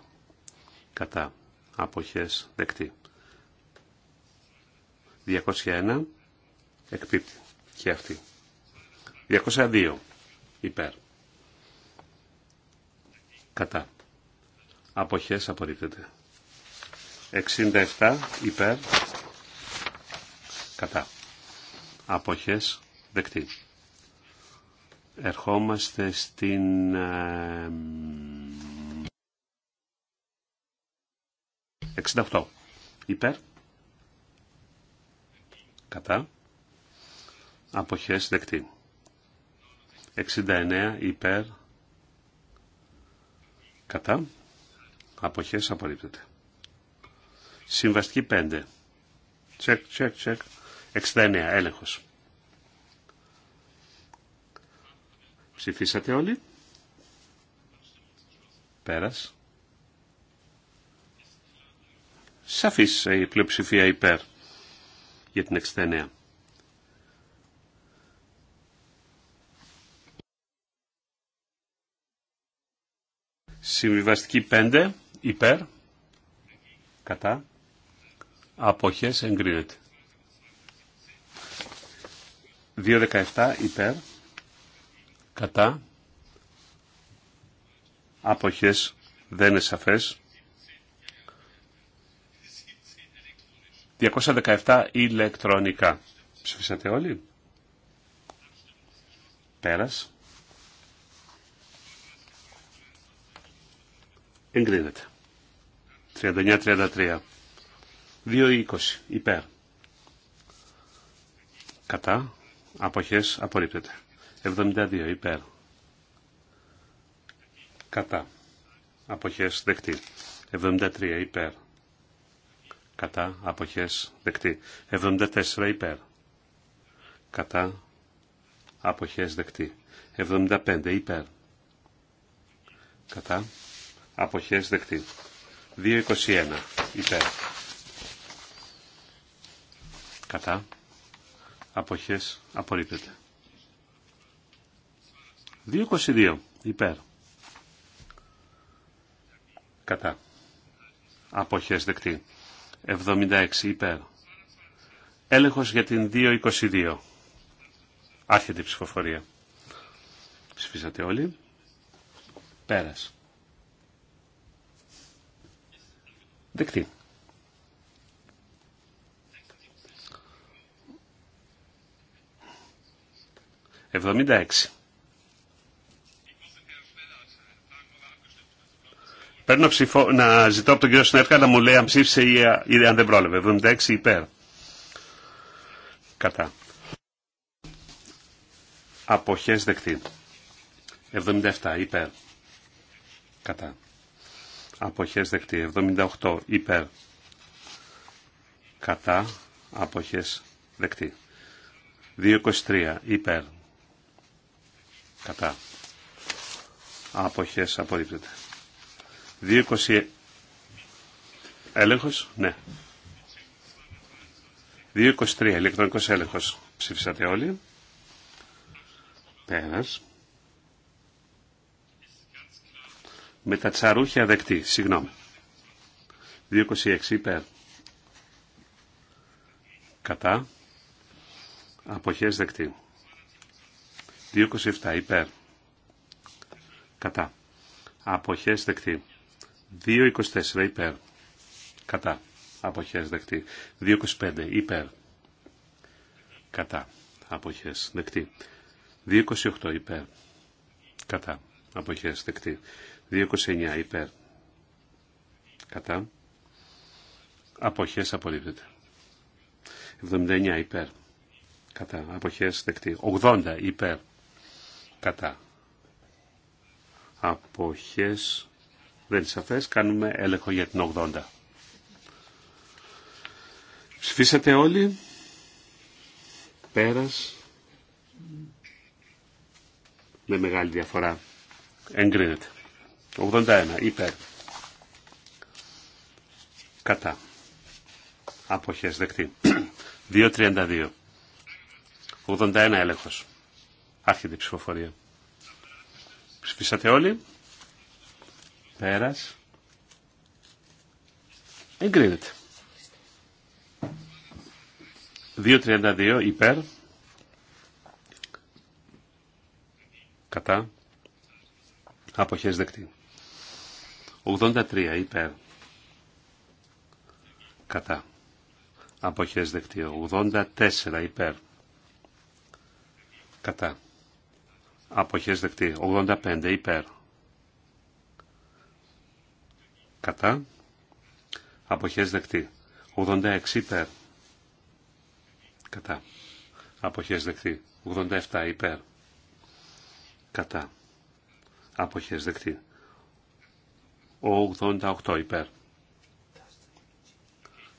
κατά αποχές δεκτή. 201 εκπίπτει και αυτή. 202 υπέρ κατά αποχές απορρίπτεται. 67 υπέρ κατά αποχές δεκτή ερχόμαστε στην 68 ε, υπέρ κατά αποχές δεκτή 69 υπέρ κατά αποχές απορρίπτεται συμβαστική 5 τσεκ τσεκ τσεκ 69 έλεγχος Ψηφίσατε όλοι. Πέρας. Σαφής η πλειοψηφία υπέρ για την 69. Συμβιβαστική 5 υπέρ κατά αποχές εγκρίνεται. 2.17 υπέρ κατά αποχές δεν είναι σαφές 217 ηλεκτρονικά ψηφίσατε όλοι πέρας εγκρίνεται 39-33 2-20 υπέρ κατά αποχές απορρίπτεται 72 υπέρ. Κατά. Αποχές δεκτή. 73 υπέρ. Κατά. Αποχές δεκτή. 74 υπέρ. Κατά. Αποχές δεκτή. 75 υπέρ. Κατά. Αποχές δεκτή. 2.21 υπέρ. Κατά. Αποχές απορρίπτεται. 2.22 υπέρ. Κατά. Αποχές δεκτή. 76 υπέρ. Έλεγχος για την 2.22. Άρχεται η ψηφοφορία. Ψηφίσατε όλοι. Πέρας. Δεκτή. 76. Παίρνω ψηφο... να ζητώ από τον κύριο Συνέρκα να μου λέει αν ψήφισε ή, ή αν δεν πρόλαβε. 76 υπέρ. Κατά. Αποχές δεκτή. 77 υπέρ. Κατά. Αποχές δεκτή. 78 υπέρ. Κατά. Αποχές δεκτή. 223 υπέρ. Κατά. Αποχές απορρίπτεται. 2.20 Έλεγχος, ναι. 2.23, ηλεκτρονικός έλεγχος. Ψήφισατε όλοι. Πέρας. Με τα τσαρούχια δεκτή, συγγνώμη. 2.26 υπέρ. Κατά. Αποχές δεκτή. 2.27 υπέρ. Κατά. Αποχές δεκτή. 2.24 υπέρ. Κατά. Αποχές δεκτή. 2.25 υπέρ. Κατά. Αποχές δεκτή. 2.28 υπέρ. Κατά. Αποχές δεκτή. 2.29 υπέρ. Κατά. Αποχές απορρίπτεται. 79 υπέρ. Κατά. Αποχές δεκτή. 80 υπέρ. Κατά. Αποχές δεν είναι σαφές. Κάνουμε έλεγχο για την 80. Ψηφίσατε όλοι. πέρα. Με μεγάλη διαφορά. Εγκρίνεται. 81. Υπέρ. Κατά. Αποχές δεκτή. 2.32. 81 έλεγχο. Άρχεται η ψηφοφορία. Ψηφίσατε όλοι. Πέρας. Εγκρίνεται. 2.32 υπέρ. Κατά. Αποχές δεκτή. 83 υπέρ. Κατά. Αποχές δεκτή. 84 υπέρ. Κατά. Αποχές δεκτή. 85 υπέρ κατά, αποχές δεκτή. 86 υπέρ, κατά, αποχές δεκτή. 87 υπέρ, κατά, αποχές δεκτή. 88 υπέρ,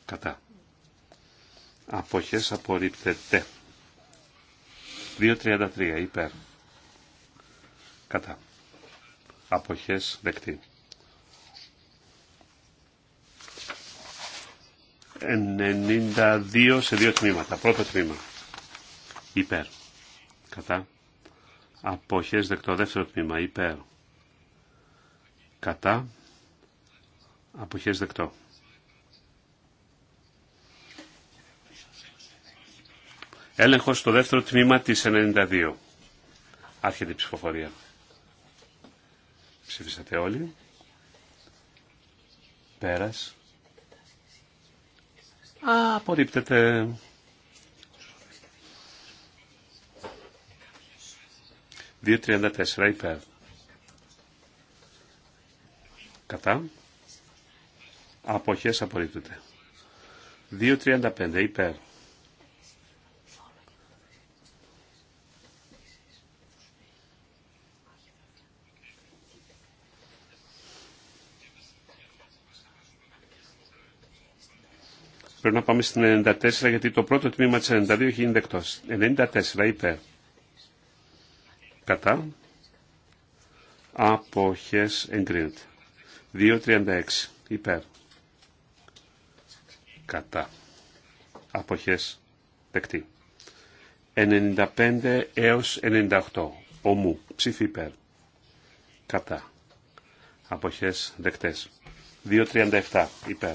κατά. Αποχές απορρίπτεται. 2.33 υπέρ. Κατά. Αποχές δεκτή. 92 σε δύο τμήματα. Πρώτο τμήμα. Υπέρ. Κατά. Αποχές δεκτό. Δεύτερο τμήμα. Υπέρ. Κατά. Αποχές δεκτό. Έλεγχος στο δεύτερο τμήμα της 92. Άρχεται η ψηφοφορία. Ψήφισατε όλοι. Πέρας. Απορρίπτεται. 2.34 υπέρ. Κατά. Αποχές απορρίπτεται. 2.35 υπέρ. Πρέπει να πάμε στην 94 γιατί το πρώτο τμήμα της 92 έχει γίνει δεκτός. 94 υπέρ. Κατά. Αποχές εγκρίνεται. 2.36 υπέρ. Κατά. Αποχές δεκτή. 95 έως 98 ομού. Ψήφι υπέρ. Κατά. Αποχές δεκτές. 2.37 υπέρ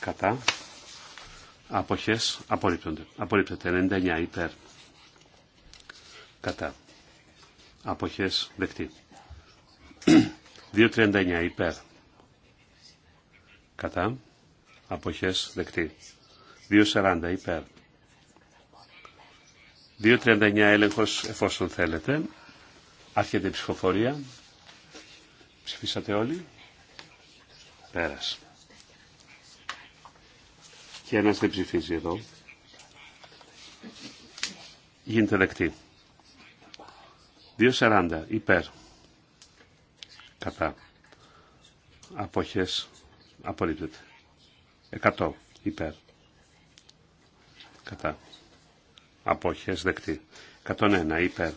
κατά αποχές απορρίπτονται. Απορρίπτεται 99 υπέρ κατά αποχές δεκτή. 2.39 υπέρ κατά αποχές δεκτή. 2.40 υπέρ 2.39 έλεγχος εφόσον θέλετε. Άρχεται η ψηφοφορία. Ψηφίσατε όλοι. Πέρασε και ένας δεν ψηφίζει εδώ. Γίνεται δεκτή. 2.40 υπέρ. Κατά. Αποχές. Απορρίπτεται. 100 υπέρ. Κατά. Αποχές δεκτή. 101 υπέρ.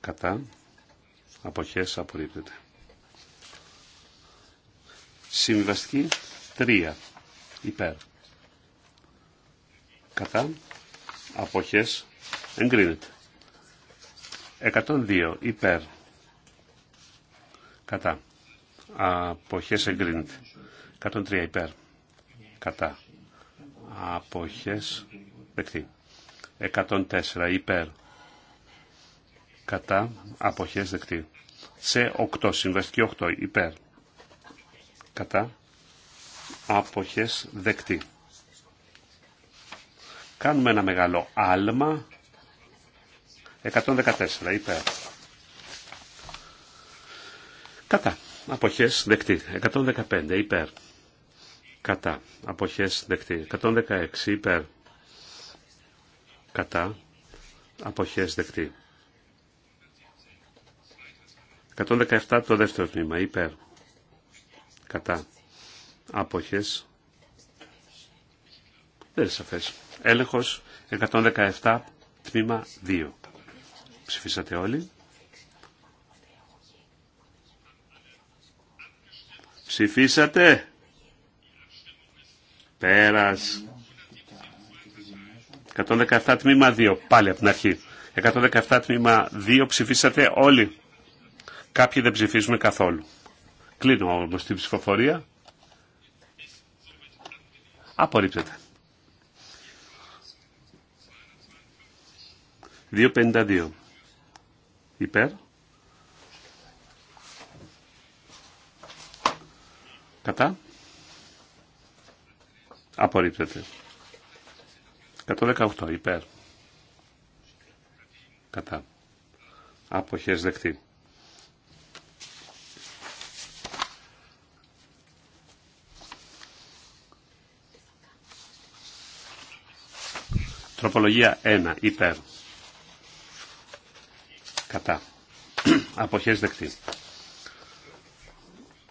Κατά. Αποχές απορρίπτεται. Συμβαστική 3 υπέρ. Κατά αποχές εγκρίνεται. 102 υπέρ. Κατά αποχές εγκρίνεται. 103 υπέρ. Κατά αποχές δεκτή. 104 υπέρ. Κατά αποχές δεκτή. Σε 8 συμβαστική 8 υπέρ. Κατά αποχές δεκτή. Κάνουμε ένα μεγάλο άλμα. 114 υπέρ. Κατά. Αποχές δεκτή. 115 υπέρ. Κατά. Αποχές δεκτή. 116 υπέρ. Κατά. Αποχές δεκτή. 117 το δεύτερο τμήμα υπέρ. Κατά αποχές δεν είναι σαφές έλεγχος 117 τμήμα 2 ψηφίσατε όλοι ψηφίσατε πέρας 117 τμήμα 2 πάλι από την αρχή 117 τμήμα 2 ψηφίσατε όλοι κάποιοι δεν ψηφίζουν καθόλου Κλείνω όμως την ψηφοφορία. Απορρίπτεται. 2.52. Υπέρ. Κατά. Απορρίπτεται. 118. Υπέρ. Κατά. Αποχές δεκτή. Τροπολογία 1. Υπέρ. Κατά. [clears throat] Αποχές δεκτή.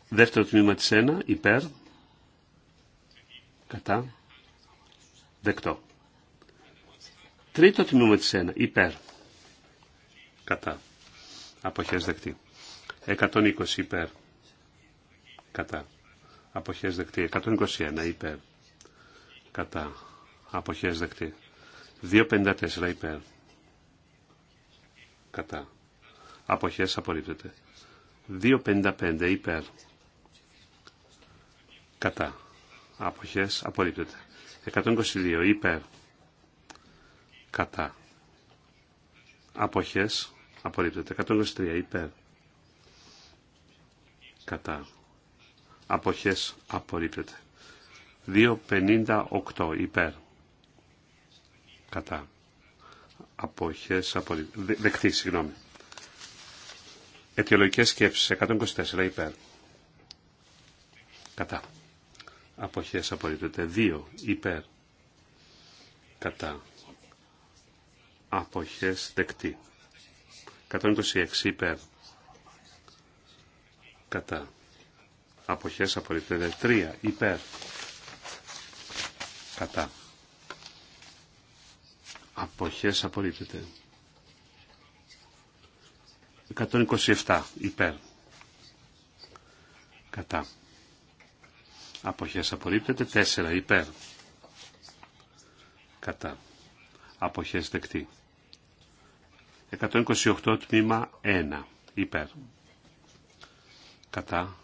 Δεύτερο τμήμα της 1. Υπέρ. Κατά. Δεκτό. Τρίτο τμήμα της 1. Υπέρ. Κατά. Αποχές δεκτή. 120 υπέρ. Κατά. Αποχές δεκτή. 121 υπέρ. Κατά. Αποχές δεκτή. 2.54 υπέρ. Κατά. Αποχές απορρίπτεται. 2.55 υπέρ. Κατά. Αποχές απορρίπτεται. 122 υπέρ. Κατά. Αποχές απορρίπτεται. 123 υπέρ. Κατά. Αποχές απορρίπτεται. 2.58 υπέρ κατά αποχές απο. δεκτή, συγγνώμη. Αιτιολογικές σκέψεις, 124 υπέρ. Κατά. Αποχές απορρίπτεται. 2 υπέρ. Κατά. Αποχές δεκτή. 126 υπέρ. Κατά. Αποχές απορρίπτεται. 3 υπέρ. Κατά. Αποχές απορρίπτεται. 127 υπέρ. Κατά. Αποχές απορρίπτεται. 4 υπέρ. Κατά. Αποχές δεκτή. 128 τμήμα 1 υπέρ. Κατά.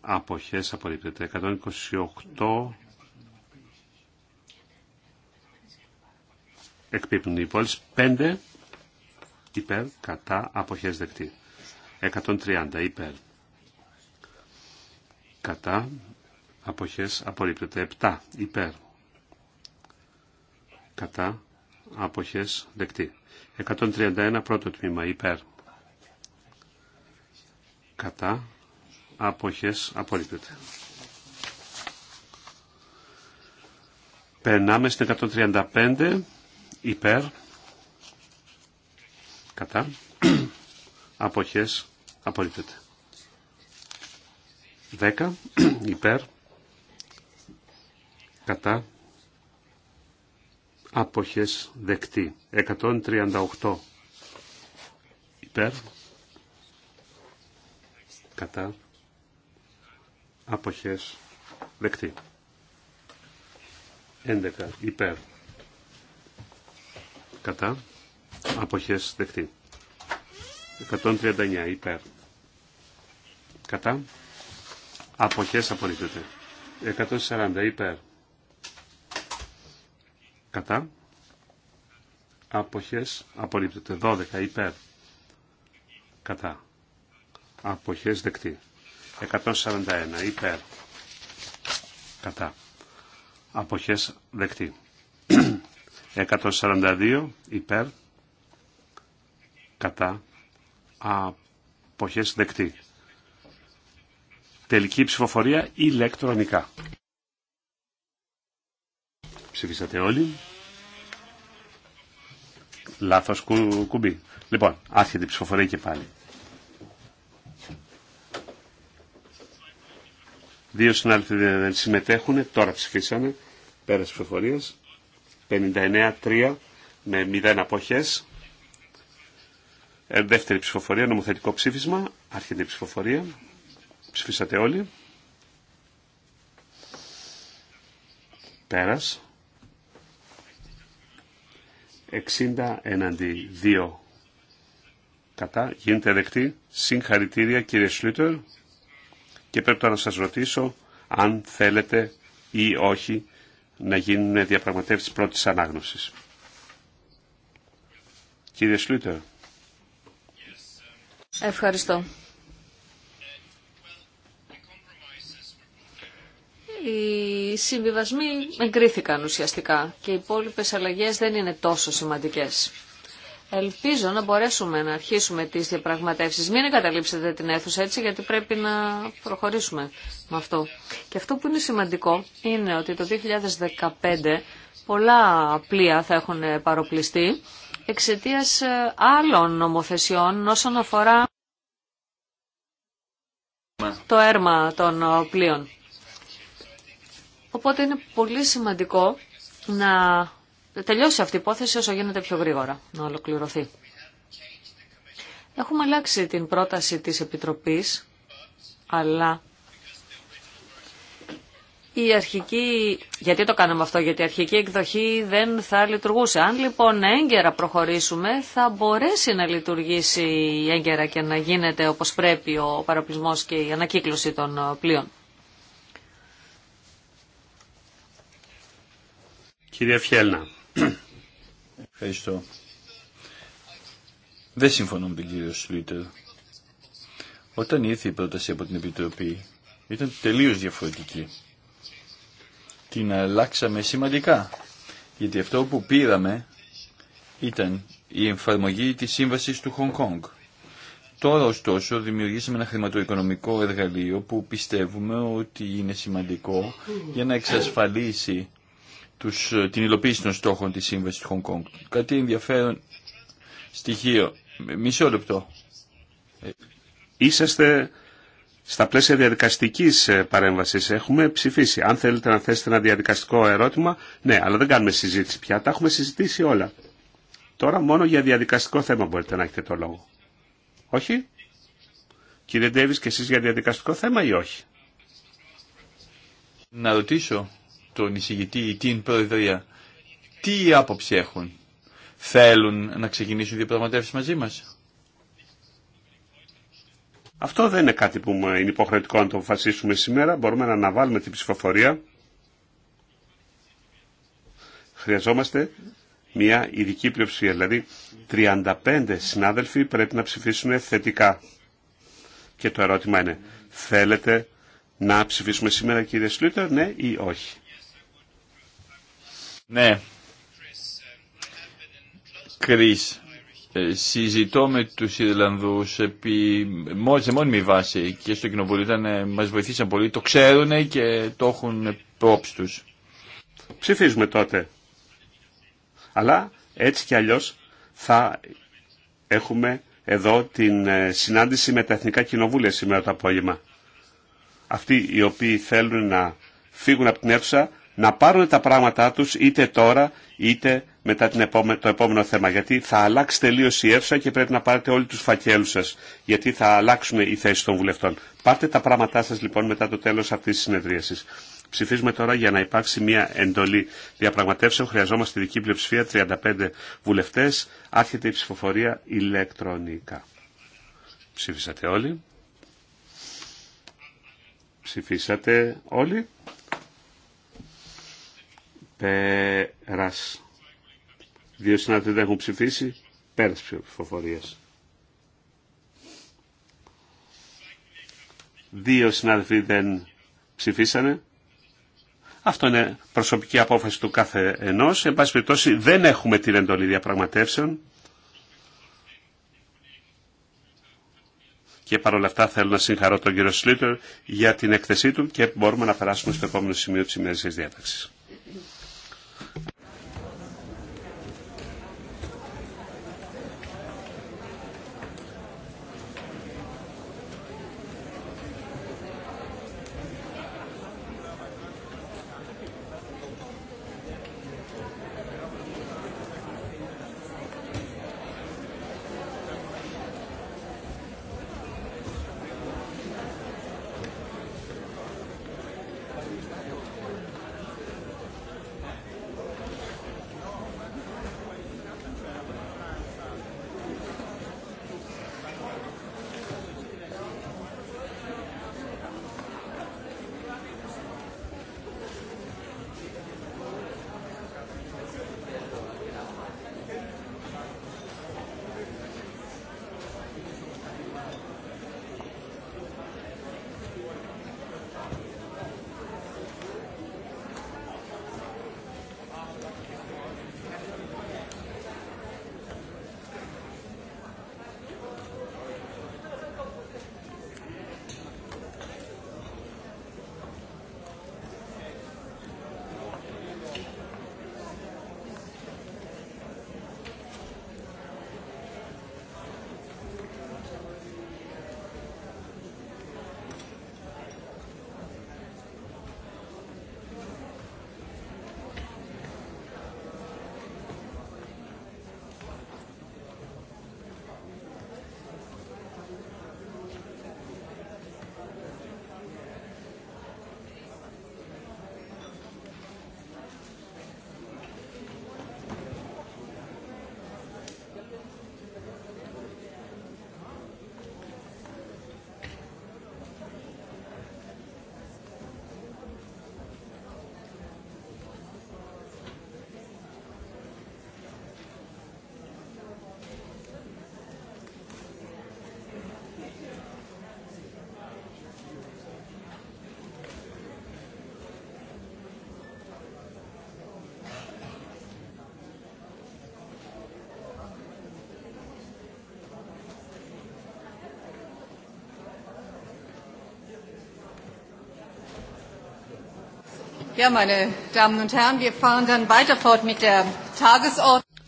Αποχές απορρίπτεται. 128 Εκπίπτουν οι υπόλοιπε. 5 υπέρ κατά αποχές δεκτή. 130 υπέρ κατά αποχές απορρίπτεται. 7 υπέρ κατά αποχές δεκτή. 131 πρώτο τμήμα υπέρ κατά αποχές απορρίπτεται. Περνάμε στην 135 υπέρ κατά αποχές απορρίπτεται 10 υπέρ κατά άποχες δεκτή. 138 υπέρ, κατά, άποχες δεκτή. 11 υπέρ, κατά αποχές δεκτή 139 υπέρ κατά αποχές απορρίπτεται 140 υπέρ κατά αποχές απορρίπτεται 12 υπέρ κατά αποχές δεκτή 141 υπέρ κατά αποχές δεκτή 142 υπέρ κατά αποχές δεκτή. Τελική ψηφοφορία ηλεκτρονικά. Ψηφίσατε όλοι. Λάθος κουμπί. Λοιπόν, άρχεται η ψηφοφορία και πάλι. Δύο συνάδελφοι δεν συμμετέχουν, τώρα ψηφίσαμε πέρας ψηφοφορίας. 59-3 με 0 αποχές. Ε, δεύτερη ψηφοφορία, νομοθετικό ψήφισμα, άρχεται η ψηφοφορία. Ψηφίσατε όλοι. Πέρας. 60 έναντι 2 κατά. Γίνεται δεκτή. Συγχαρητήρια κύριε Σλούτερ. Και πρέπει τώρα να σας ρωτήσω αν θέλετε ή όχι να γίνουν διαπραγματεύσεις πρώτης ανάγνωσης. Κύριε Σλούτερ. Ευχαριστώ. Οι συμβιβασμοί εγκρίθηκαν ουσιαστικά και οι υπόλοιπε αλλαγές δεν είναι τόσο σημαντικές. Ελπίζω να μπορέσουμε να αρχίσουμε τις διαπραγματεύσεις. Μην εγκαταλείψετε την αίθουσα έτσι γιατί πρέπει να προχωρήσουμε με αυτό. Και αυτό που είναι σημαντικό είναι ότι το 2015 πολλά πλοία θα έχουν παροπληστεί εξαιτίας ε, άλλων νομοθεσιών όσον αφορά το έρμα των ε, πλοίων. Οπότε είναι πολύ σημαντικό να τελειώσει αυτή η υπόθεση όσο γίνεται πιο γρήγορα, να ολοκληρωθεί. Έχουμε αλλάξει την πρόταση της Επιτροπής, αλλά η αρχική... Γιατί το κάναμε αυτό, γιατί η αρχική εκδοχή δεν θα λειτουργούσε. Αν λοιπόν έγκαιρα προχωρήσουμε, θα μπορέσει να λειτουργήσει έγκαιρα και να γίνεται όπως πρέπει ο παραπλησμός και η ανακύκλωση των πλοίων. Κυρία Φιέλνα. Ευχαριστώ. Δεν συμφωνώ με τον κύριο Σλίτερ. Όταν ήρθε η πρόταση από την Επιτροπή ήταν τελείως διαφορετική. Την αλλάξαμε σημαντικά. Γιατί αυτό που πήραμε ήταν η εμφαρμογή της σύμβασης του Χονγκ Κόνγκ. Τώρα ωστόσο δημιουργήσαμε ένα χρηματοοικονομικό εργαλείο που πιστεύουμε ότι είναι σημαντικό για να εξασφαλίσει τους, ε, την υλοποίηση των στόχων της Σύμβασης του Χονγκ Κονγκ. Κάτι ενδιαφέρον στοιχείο. Ε, μισό λεπτό. Ε, Είσαστε στα πλαίσια διαδικαστικής παρέμβασης. Έχουμε ψηφίσει. Αν θέλετε να θέσετε ένα διαδικαστικό ερώτημα, ναι, αλλά δεν κάνουμε συζήτηση πια. Τα έχουμε συζητήσει όλα. Τώρα μόνο για διαδικαστικό θέμα μπορείτε να έχετε το λόγο. Όχι. Κύριε Ντέβις και εσείς για διαδικαστικό θέμα ή όχι. Να ρωτήσω τον εισηγητή ή την Προεδρία. Τι άποψη έχουν. Θέλουν να ξεκινήσουν διαπραγματεύσει μαζί μας. Αυτό δεν είναι κάτι που είναι υποχρεωτικό να το αποφασίσουμε σήμερα. Μπορούμε να αναβάλουμε την ψηφοφορία. Χρειαζόμαστε μια ειδική πλειοψηφία. Δηλαδή 35 συνάδελφοι πρέπει να ψηφίσουν θετικά. Και το ερώτημα είναι, θέλετε να ψηφίσουμε σήμερα κύριε Σλούτερ, ναι ή όχι. Ναι. Κρίς, ε, συζητώ με τους Ιρλανδούς επί, σε μόνιμη βάση και στο κοινοβούλιο ήταν, ε, μας βοηθήσαν πολύ, το ξέρουν και το έχουν πρόψη τους. Ψηφίζουμε τότε. Αλλά έτσι κι αλλιώς θα έχουμε εδώ την ε, συνάντηση με τα Εθνικά Κοινοβούλια σήμερα το απόγευμα. Αυτοί οι οποίοι θέλουν να φύγουν από την αίθουσα να πάρουν τα πράγματά τους είτε τώρα είτε μετά την το επόμενο θέμα. Γιατί θα αλλάξει τελείω η αίθουσα και πρέπει να πάρετε όλοι τους φακέλους σας. Γιατί θα αλλάξουν οι θέσει των βουλευτών. Πάρτε τα πράγματά σας λοιπόν μετά το τέλος αυτής της συνεδρίασης. Ψηφίζουμε τώρα για να υπάρξει μια εντολή διαπραγματεύσεων. Χρειαζόμαστε δική πλειοψηφία, 35 βουλευτές. Άρχεται η ψηφοφορία ηλεκτρονικά. Ψήφισατε όλοι. Ψηφίσατε όλοι. Πέρας. Δύο συνάδελφοι δεν έχουν ψηφίσει. Πέρας ψηφοφορίας. Δύο συνάδελφοι δεν ψηφίσανε. Αυτό είναι προσωπική απόφαση του κάθε ενός. Εν πάση περιπτώσει δεν έχουμε την εντολή διαπραγματεύσεων. Και παρόλα αυτά θέλω να συγχαρώ τον κύριο Σλίτερ για την έκθεσή του και μπορούμε να περάσουμε στο επόμενο σημείο της ημέρας της διάταξης.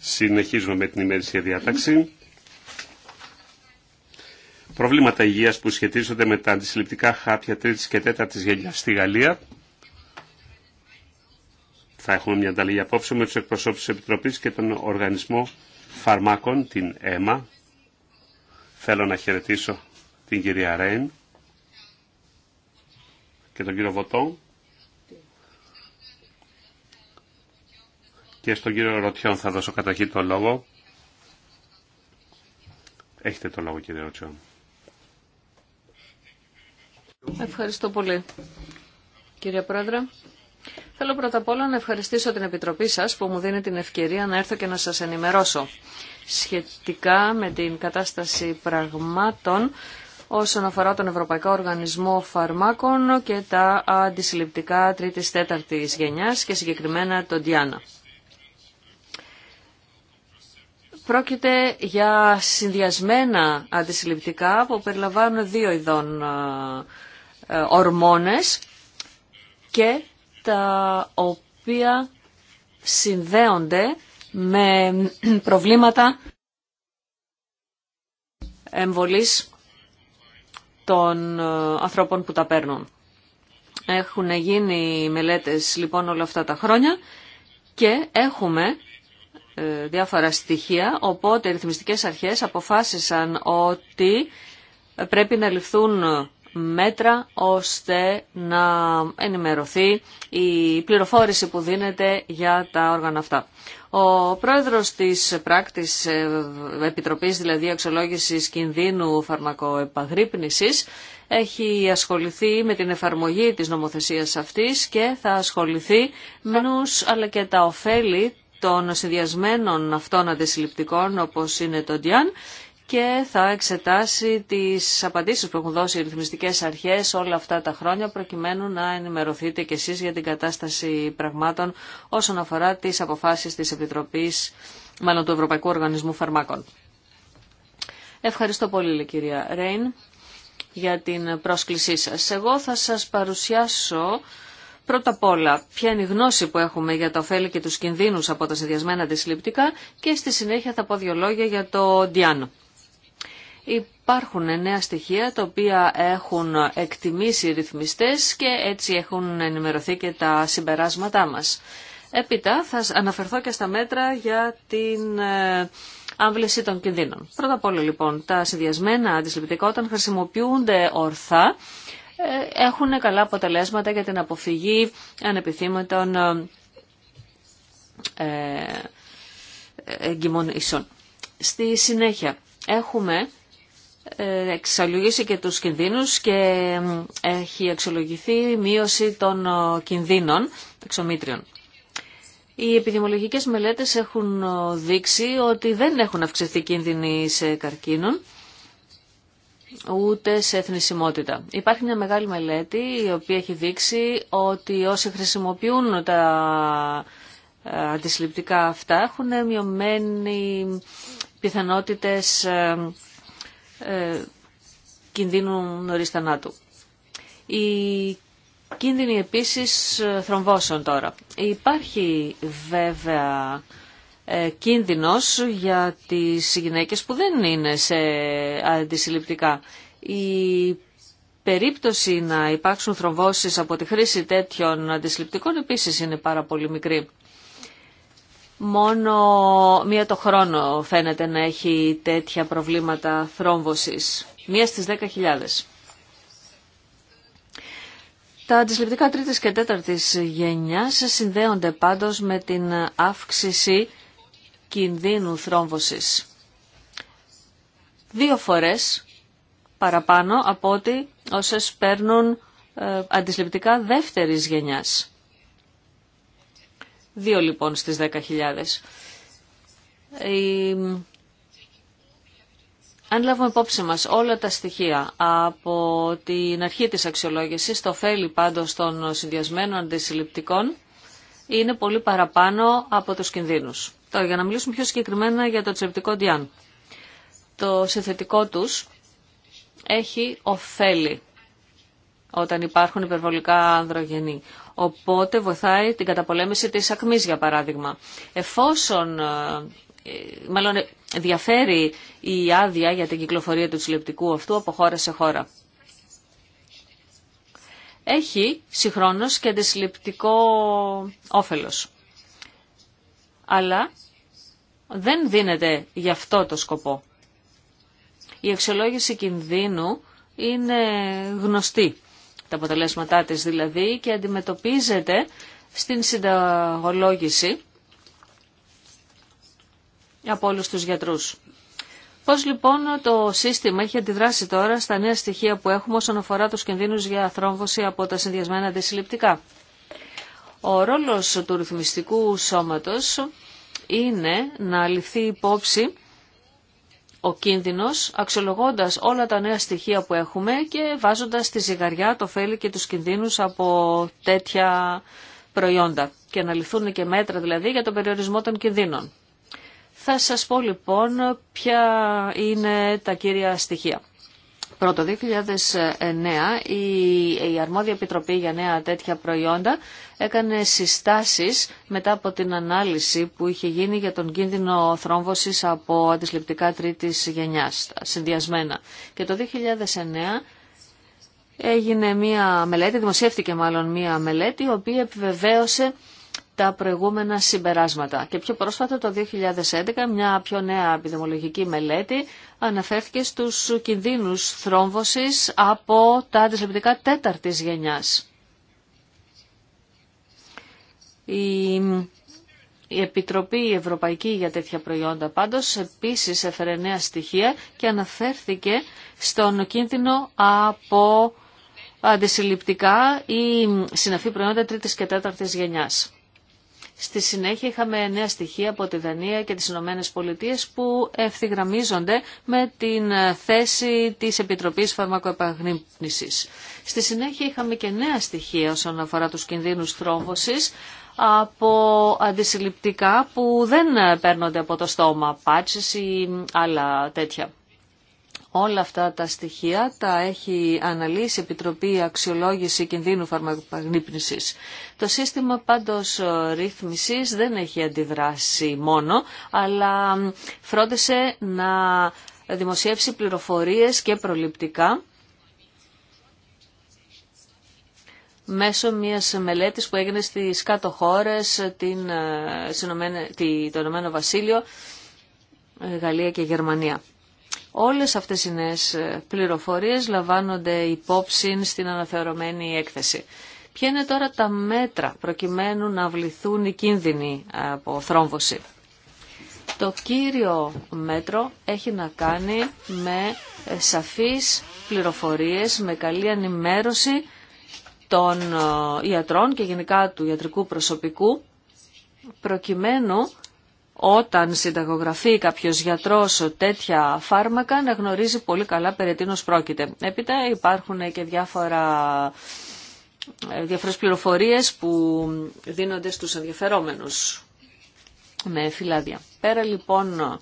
Συνεχίζουμε με την ημερήσια διάταξη. Προβλήματα υγείας που σχετίζονται με τα αντισυλληπτικά χάπια τρίτης και τέταρτης γενιάς στη Γαλλία. Θα έχουμε μια ανταλλαγή απόψε με τους εκπροσώπους της Επιτροπής και τον Οργανισμό Φαρμάκων, την ΕΜΑ. Θέλω να χαιρετήσω την κυρία Ρέιν και τον κύριο Βοτόν και στον κύριο Ρωτιόν θα δώσω καταρχήν το λόγο. Έχετε το λόγο κύριε Ρωτιόν. Ευχαριστώ πολύ. Κύριε Πρόεδρε, θέλω πρώτα απ' όλα να ευχαριστήσω την Επιτροπή σας που μου δίνει την ευκαιρία να έρθω και να σας ενημερώσω σχετικά με την κατάσταση πραγμάτων όσον αφορά τον Ευρωπαϊκό Οργανισμό Φαρμάκων και τα αντισυλληπτικά τρίτης τέταρτης γενιάς και συγκεκριμένα τον Διάνα. Πρόκειται για συνδυασμένα αντισυλληπτικά που περιλαμβάνουν δύο ειδών ε, ε, ορμόνες και τα οποία συνδέονται με ε, προβλήματα εμβολής των ανθρώπων που τα παίρνουν. Έχουν γίνει μελέτες λοιπόν όλα αυτά τα χρόνια και έχουμε ε, διάφορα στοιχεία, οπότε οι ρυθμιστικές αρχές αποφάσισαν ότι πρέπει να ληφθούν μέτρα ώστε να ενημερωθεί η πληροφόρηση που δίνεται για τα όργανα αυτά. Ο πρόεδρος της πράκτης ε, Επιτροπής δηλαδή Αξιολόγησης Κινδύνου Φαρμακοεπαγρύπνησης έχει ασχοληθεί με την εφαρμογή της νομοθεσίας αυτής και θα ασχοληθεί με αλλά και τα ωφέλη των συνδυασμένων αυτών αντισυλληπτικών όπως είναι το Ντιάν και θα εξετάσει τις απαντήσεις που έχουν δώσει οι ρυθμιστικές αρχές όλα αυτά τα χρόνια προκειμένου να ενημερωθείτε κι εσείς για την κατάσταση πραγμάτων όσον αφορά τις αποφάσεις της Επιτροπής μάλλον του Ευρωπαϊκού Οργανισμού Φαρμάκων. Ευχαριστώ πολύ κυρία Ρέιν για την πρόσκλησή σας. Εγώ θα σας παρουσιάσω Πρώτα απ' όλα, ποια είναι η γνώση που έχουμε για τα ωφέλη και τους κινδύνους από τα συνδυασμένα αντισυλληπτικά και στη συνέχεια θα πω δύο λόγια για το Διάνο. Υπάρχουν νέα στοιχεία τα οποία έχουν εκτιμήσει οι ρυθμιστές και έτσι έχουν ενημερωθεί και τα συμπεράσματά μας. Έπειτα θα αναφερθώ και στα μέτρα για την ε, άμβλεση των κινδύνων. Πρώτα απ' όλα λοιπόν, τα συνδυασμένα αντισυλληπτικά όταν χρησιμοποιούνται ορθά ε, έχουν καλά αποτελέσματα για την αποφυγή ανεπιθύμητων ε, ε, εγκυμονήσεων. Στη συνέχεια έχουμε εξαλλογήσει και τους κινδύνους και έχει εξολογηθεί η μείωση των κινδύνων εξομήτριων. Οι επιδημολογικές μελέτες έχουν δείξει ότι δεν έχουν αυξηθεί κίνδυνοι σε καρκίνων ούτε σε εθνισμότητα. Υπάρχει μια μεγάλη μελέτη η οποία έχει δείξει ότι όσοι χρησιμοποιούν τα ε, αντισυλληπτικά αυτά έχουν μειωμένη πιθανότητες ε, ε, κινδύνου νωρίς θανάτου. Η κίνδυνοι επίσης θρομβώσεων τώρα. Υπάρχει βέβαια ε, κίνδυνος για τις γυναίκες που δεν είναι σε αντισυλληπτικά. Η περίπτωση να υπάρξουν θρομβώσεις από τη χρήση τέτοιων αντισυλληπτικών επίσης είναι πάρα πολύ μικρή. Μόνο μία το χρόνο φαίνεται να έχει τέτοια προβλήματα θρόμβωσης. Μία στις 10.000. Τα αντισληπτικά τρίτης και τέταρτης γενιάς συνδέονται πάντως με την αύξηση κινδύνου θρόμβωσης. Δύο φορές παραπάνω από ότι όσες παίρνουν ε, αντισληπτικά δεύτερης γενιάς. Δύο λοιπόν στις 10.000. Αν λάβουμε υπόψη μας όλα τα στοιχεία από την αρχή της αξιολόγησης, το φέλη πάντως των συνδυασμένων αντισυλληπτικών είναι πολύ παραπάνω από τους κινδύνους. Τώρα, για να μιλήσουμε πιο συγκεκριμένα για το τσεπτικό Διάν. Το συνθετικό τους έχει ωφέλη όταν υπάρχουν υπερβολικά ανδρογενή. Οπότε βοηθάει την καταπολέμηση της ακμής, για παράδειγμα. Εφόσον, ε, μάλλον ε, διαφέρει η άδεια για την κυκλοφορία του τσιλεπτικού αυτού από χώρα σε χώρα. Έχει συγχρόνως και αντισυλληπτικό όφελος αλλά δεν δίνεται γι' αυτό το σκοπό. Η αξιολόγηση κινδύνου είναι γνωστή, τα αποτελέσματά της δηλαδή, και αντιμετωπίζεται στην συνταγολόγηση από όλους τους γιατρούς. Πώς λοιπόν το σύστημα έχει αντιδράσει τώρα στα νέα στοιχεία που έχουμε όσον αφορά τους κινδύνους για θρόμβωση από τα συνδυασμένα αντισυλληπτικά. Ο ρόλος του ρυθμιστικού σώματος είναι να ληφθεί υπόψη ο κίνδυνος, αξιολογώντας όλα τα νέα στοιχεία που έχουμε και βάζοντας στη ζυγαριά το φέλη και τους κινδύνους από τέτοια προϊόντα και να ληφθούν και μέτρα δηλαδή για τον περιορισμό των κινδύνων. Θα σας πω λοιπόν ποια είναι τα κύρια στοιχεία. Πρώτο, 2009 η, η Αρμόδια Επιτροπή για νέα τέτοια προϊόντα έκανε συστάσεις μετά από την ανάλυση που είχε γίνει για τον κίνδυνο θρόμβωσης από αντισληπτικά τρίτης γενιάς, συνδυασμένα. Και το 2009 έγινε μία μελέτη, δημοσιεύτηκε μάλλον μία μελέτη, η οποία επιβεβαίωσε τα προηγούμενα συμπεράσματα. Και πιο πρόσφατα το 2011 μια πιο νέα επιδημολογική μελέτη αναφέρθηκε στους κινδύνους θρόμβωσης από τα αντισλεπτικά τέταρτης γενιάς. Η... Επιτροπή Ευρωπαϊκή για τέτοια προϊόντα πάντως επίσης έφερε νέα στοιχεία και αναφέρθηκε στον κίνδυνο από αντισυλληπτικά ή συναφή προϊόντα τρίτης και τέταρτης γενιάς. Στη συνέχεια είχαμε νέα στοιχεία από τη Δανία και τις Ηνωμένε Πολιτείε που ευθυγραμμίζονται με την θέση της Επιτροπής Φαρμακοεπαγνύπνησης. Στη συνέχεια είχαμε και νέα στοιχεία όσον αφορά τους κινδύνους θρόμβωσης από αντισυλληπτικά που δεν παίρνονται από το στόμα, πάτσες ή άλλα τέτοια. Όλα αυτά τα στοιχεία τα έχει αναλύσει η Επιτροπή Αξιολόγηση Κινδύνου Φαρμακοπαγνύπνησης. Το σύστημα πάντως ρύθμισης δεν έχει αντιδράσει μόνο, αλλά φρόντισε να δημοσιεύσει πληροφορίες και προληπτικά μέσω μιας μελέτης που έγινε στις κάτω χώρες, την, ε, το Ηνωμένο Βασίλειο, ε, Γαλλία και Γερμανία. Όλες αυτές οι νέες ε, πληροφορίες λαμβάνονται υπόψη στην αναθεωρωμένη έκθεση. Ποια είναι τώρα τα μέτρα προκειμένου να βληθούν οι κίνδυνοι από θρόμβωση. Το κύριο μέτρο έχει να κάνει με ε, σαφείς πληροφορίες, με καλή ενημέρωση των ε, ιατρών και γενικά του ιατρικού προσωπικού, προκειμένου όταν συνταγογραφεί κάποιο γιατρός τέτοια φάρμακα να γνωρίζει πολύ καλά περί τίνο πρόκειται. Έπειτα υπάρχουν και διάφορα ε, διάφορες πληροφορίες που δίνονται στους ενδιαφερόμενους με φυλάδια. Πέρα λοιπόν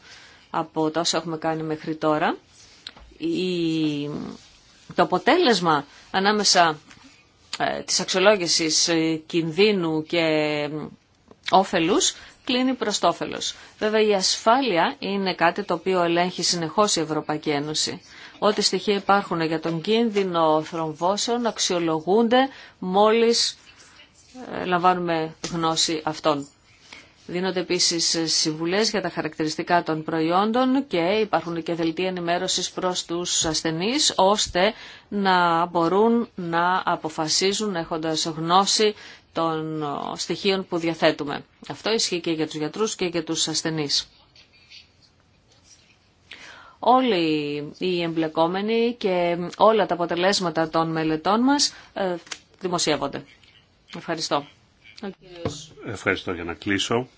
από τα όσα έχουμε κάνει μέχρι τώρα, η... το αποτέλεσμα ανάμεσα ε, της αξιολόγησης ε, κινδύνου και όφελους κλείνει προ όφελο. Βέβαια η ασφάλεια είναι κάτι το οποίο ελέγχει συνεχώς η Ευρωπαϊκή Ένωση. Ό,τι στοιχεία υπάρχουν για τον κίνδυνο θρομβώσεων αξιολογούνται μόλις ε, λαμβάνουμε γνώση αυτών. Δίνονται επίσης συμβουλέ για τα χαρακτηριστικά των προϊόντων και υπάρχουν και δελτία ενημέρωση προ του ασθενεί, ώστε να μπορούν να αποφασίζουν έχοντας γνώση των στοιχείων που διαθέτουμε. Αυτό ισχύει και για τους γιατρούς και για τους ασθενείς. Όλοι οι εμπλεκόμενοι και όλα τα αποτελέσματα των μελετών μας ε, δημοσιεύονται. Ευχαριστώ. Ευχαριστώ για να κλείσω.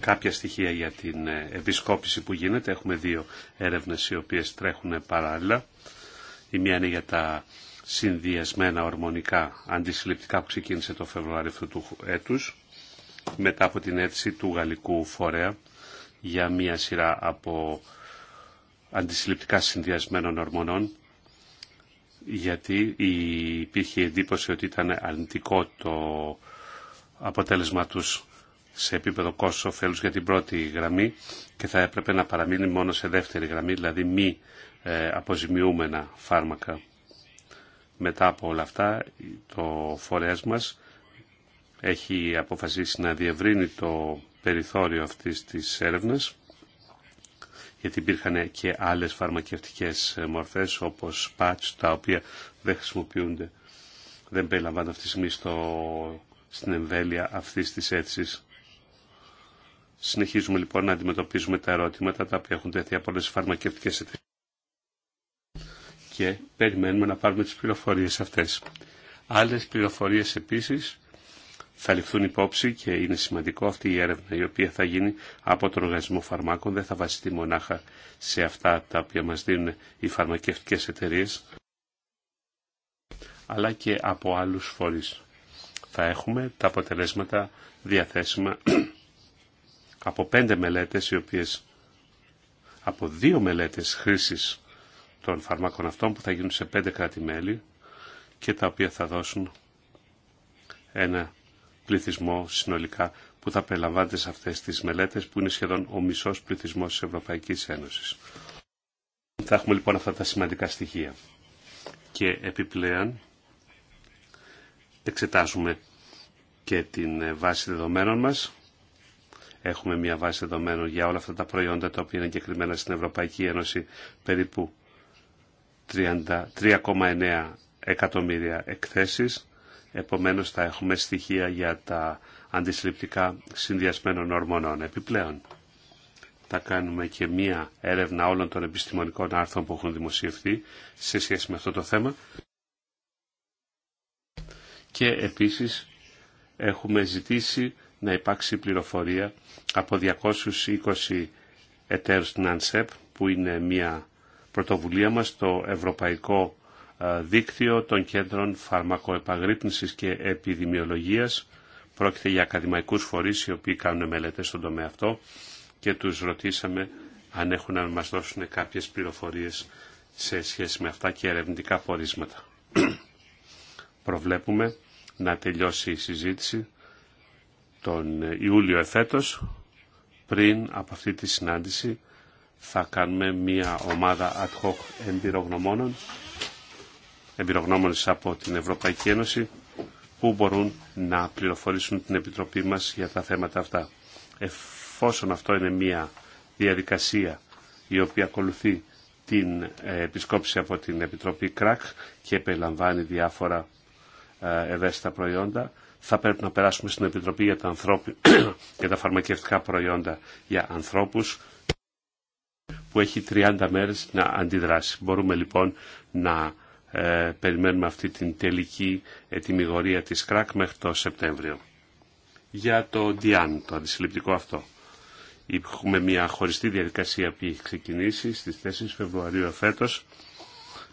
κάποια στοιχεία για την ε, επισκόπηση που γίνεται. Έχουμε δύο έρευνες οι οποίες τρέχουν παράλληλα. Η μία είναι για τα συνδυασμένα ορμονικά αντισυλληπτικά που ξεκίνησε το Φεβρουάριο αυτού του έτους μετά από την αίτηση του γαλλικού φορέα για μία σειρά από αντισυλληπτικά συνδυασμένων ορμονών γιατί υπήρχε εντύπωση ότι ήταν αρνητικό το αποτέλεσμα τους σε επίπεδο κόστος ωφέλους για την πρώτη γραμμή και θα έπρεπε να παραμείνει μόνο σε δεύτερη γραμμή, δηλαδή μη ε, αποζημιούμενα φάρμακα. Μετά από όλα αυτά, το φορέας μας έχει αποφασίσει να διευρύνει το περιθώριο αυτής της έρευνας γιατί υπήρχαν και άλλες φαρμακευτικές μορφές όπως patch τα οποία δεν χρησιμοποιούνται δεν περιλαμβάνουν αυτή τη στιγμή στην εμβέλεια αυτής της αίτησης. Συνεχίζουμε λοιπόν να αντιμετωπίζουμε τα ερώτηματα τα οποία έχουν τέθει από όλες τις φαρμακευτικές και περιμένουμε να πάρουμε τις πληροφορίες αυτές. Άλλες πληροφορίες επίσης θα ληφθούν υπόψη και είναι σημαντικό αυτή η έρευνα η οποία θα γίνει από τον Οργανισμό Φαρμάκων. Δεν θα βασιστεί μονάχα σε αυτά τα οποία μας δίνουν οι φαρμακευτικές εταιρείες αλλά και από άλλους φορείς. Θα έχουμε τα αποτελέσματα διαθέσιμα [clears throat] από πέντε μελέτες οι οποίες από δύο μελέτες χρήσης των φαρμάκων αυτών που θα γίνουν σε πέντε κράτη-μέλη και τα οποία θα δώσουν ένα πληθυσμό συνολικά που θα περιλαμβάνεται σε αυτές τις μελέτες που είναι σχεδόν ο μισός πληθυσμός της Ευρωπαϊκής Ένωσης. Θα έχουμε λοιπόν αυτά τα σημαντικά στοιχεία. Και επιπλέον εξετάζουμε και την βάση δεδομένων μας. Έχουμε μια βάση δεδομένων για όλα αυτά τα προϊόντα τα οποία είναι εγκεκριμένα στην Ευρωπαϊκή Ένωση περίπου 3,9 εκατομμύρια εκθέσεις. Επομένως θα έχουμε στοιχεία για τα αντισυλληπτικά συνδυασμένων ορμονών. Επιπλέον θα κάνουμε και μία έρευνα όλων των επιστημονικών άρθρων που έχουν δημοσιευθεί σε σχέση με αυτό το θέμα. Και επίσης έχουμε ζητήσει να υπάρξει πληροφορία από 220 εταίρους στην νανσεπ που είναι μια πρωτοβουλία μας το Ευρωπαϊκό ε, Δίκτυο των Κέντρων Φαρμακοεπαγρύπνησης και Επιδημιολογίας. Πρόκειται για ακαδημαϊκούς φορείς οι οποίοι κάνουν μελέτες στον τομέα αυτό και τους ρωτήσαμε αν έχουν να μας δώσουν κάποιες πληροφορίες σε σχέση με αυτά και ερευνητικά πορίσματα. [clears throat] Προβλέπουμε να τελειώσει η συζήτηση τον Ιούλιο εφέτος πριν από αυτή τη συνάντηση θα κάνουμε μια ομάδα ad hoc εμπειρογνωμόνων, εμπειρογνώμονες από την Ευρωπαϊκή Ένωση, που μπορούν να πληροφορήσουν την Επιτροπή μας για τα θέματα αυτά. Εφόσον αυτό είναι μια διαδικασία η οποία ακολουθεί την ε, επισκόπηση από την Επιτροπή ΚΡΑΚ και περιλαμβάνει διάφορα ε, ευαίσθητα προϊόντα, θα πρέπει να περάσουμε στην Επιτροπή για τα, [clears throat] για τα φαρμακευτικά προϊόντα για ανθρώπους, που έχει 30 μέρες να αντιδράσει. Μπορούμε λοιπόν να ε, περιμένουμε αυτή την τελική ετοιμιγορία της ΚΡΑΚ μέχρι το Σεπτέμβριο. Για το Διάν, το αντισυλληπτικό αυτό. Έχουμε μια χωριστή διαδικασία που έχει ξεκινήσει στις 4 Φεβρουαρίου φέτος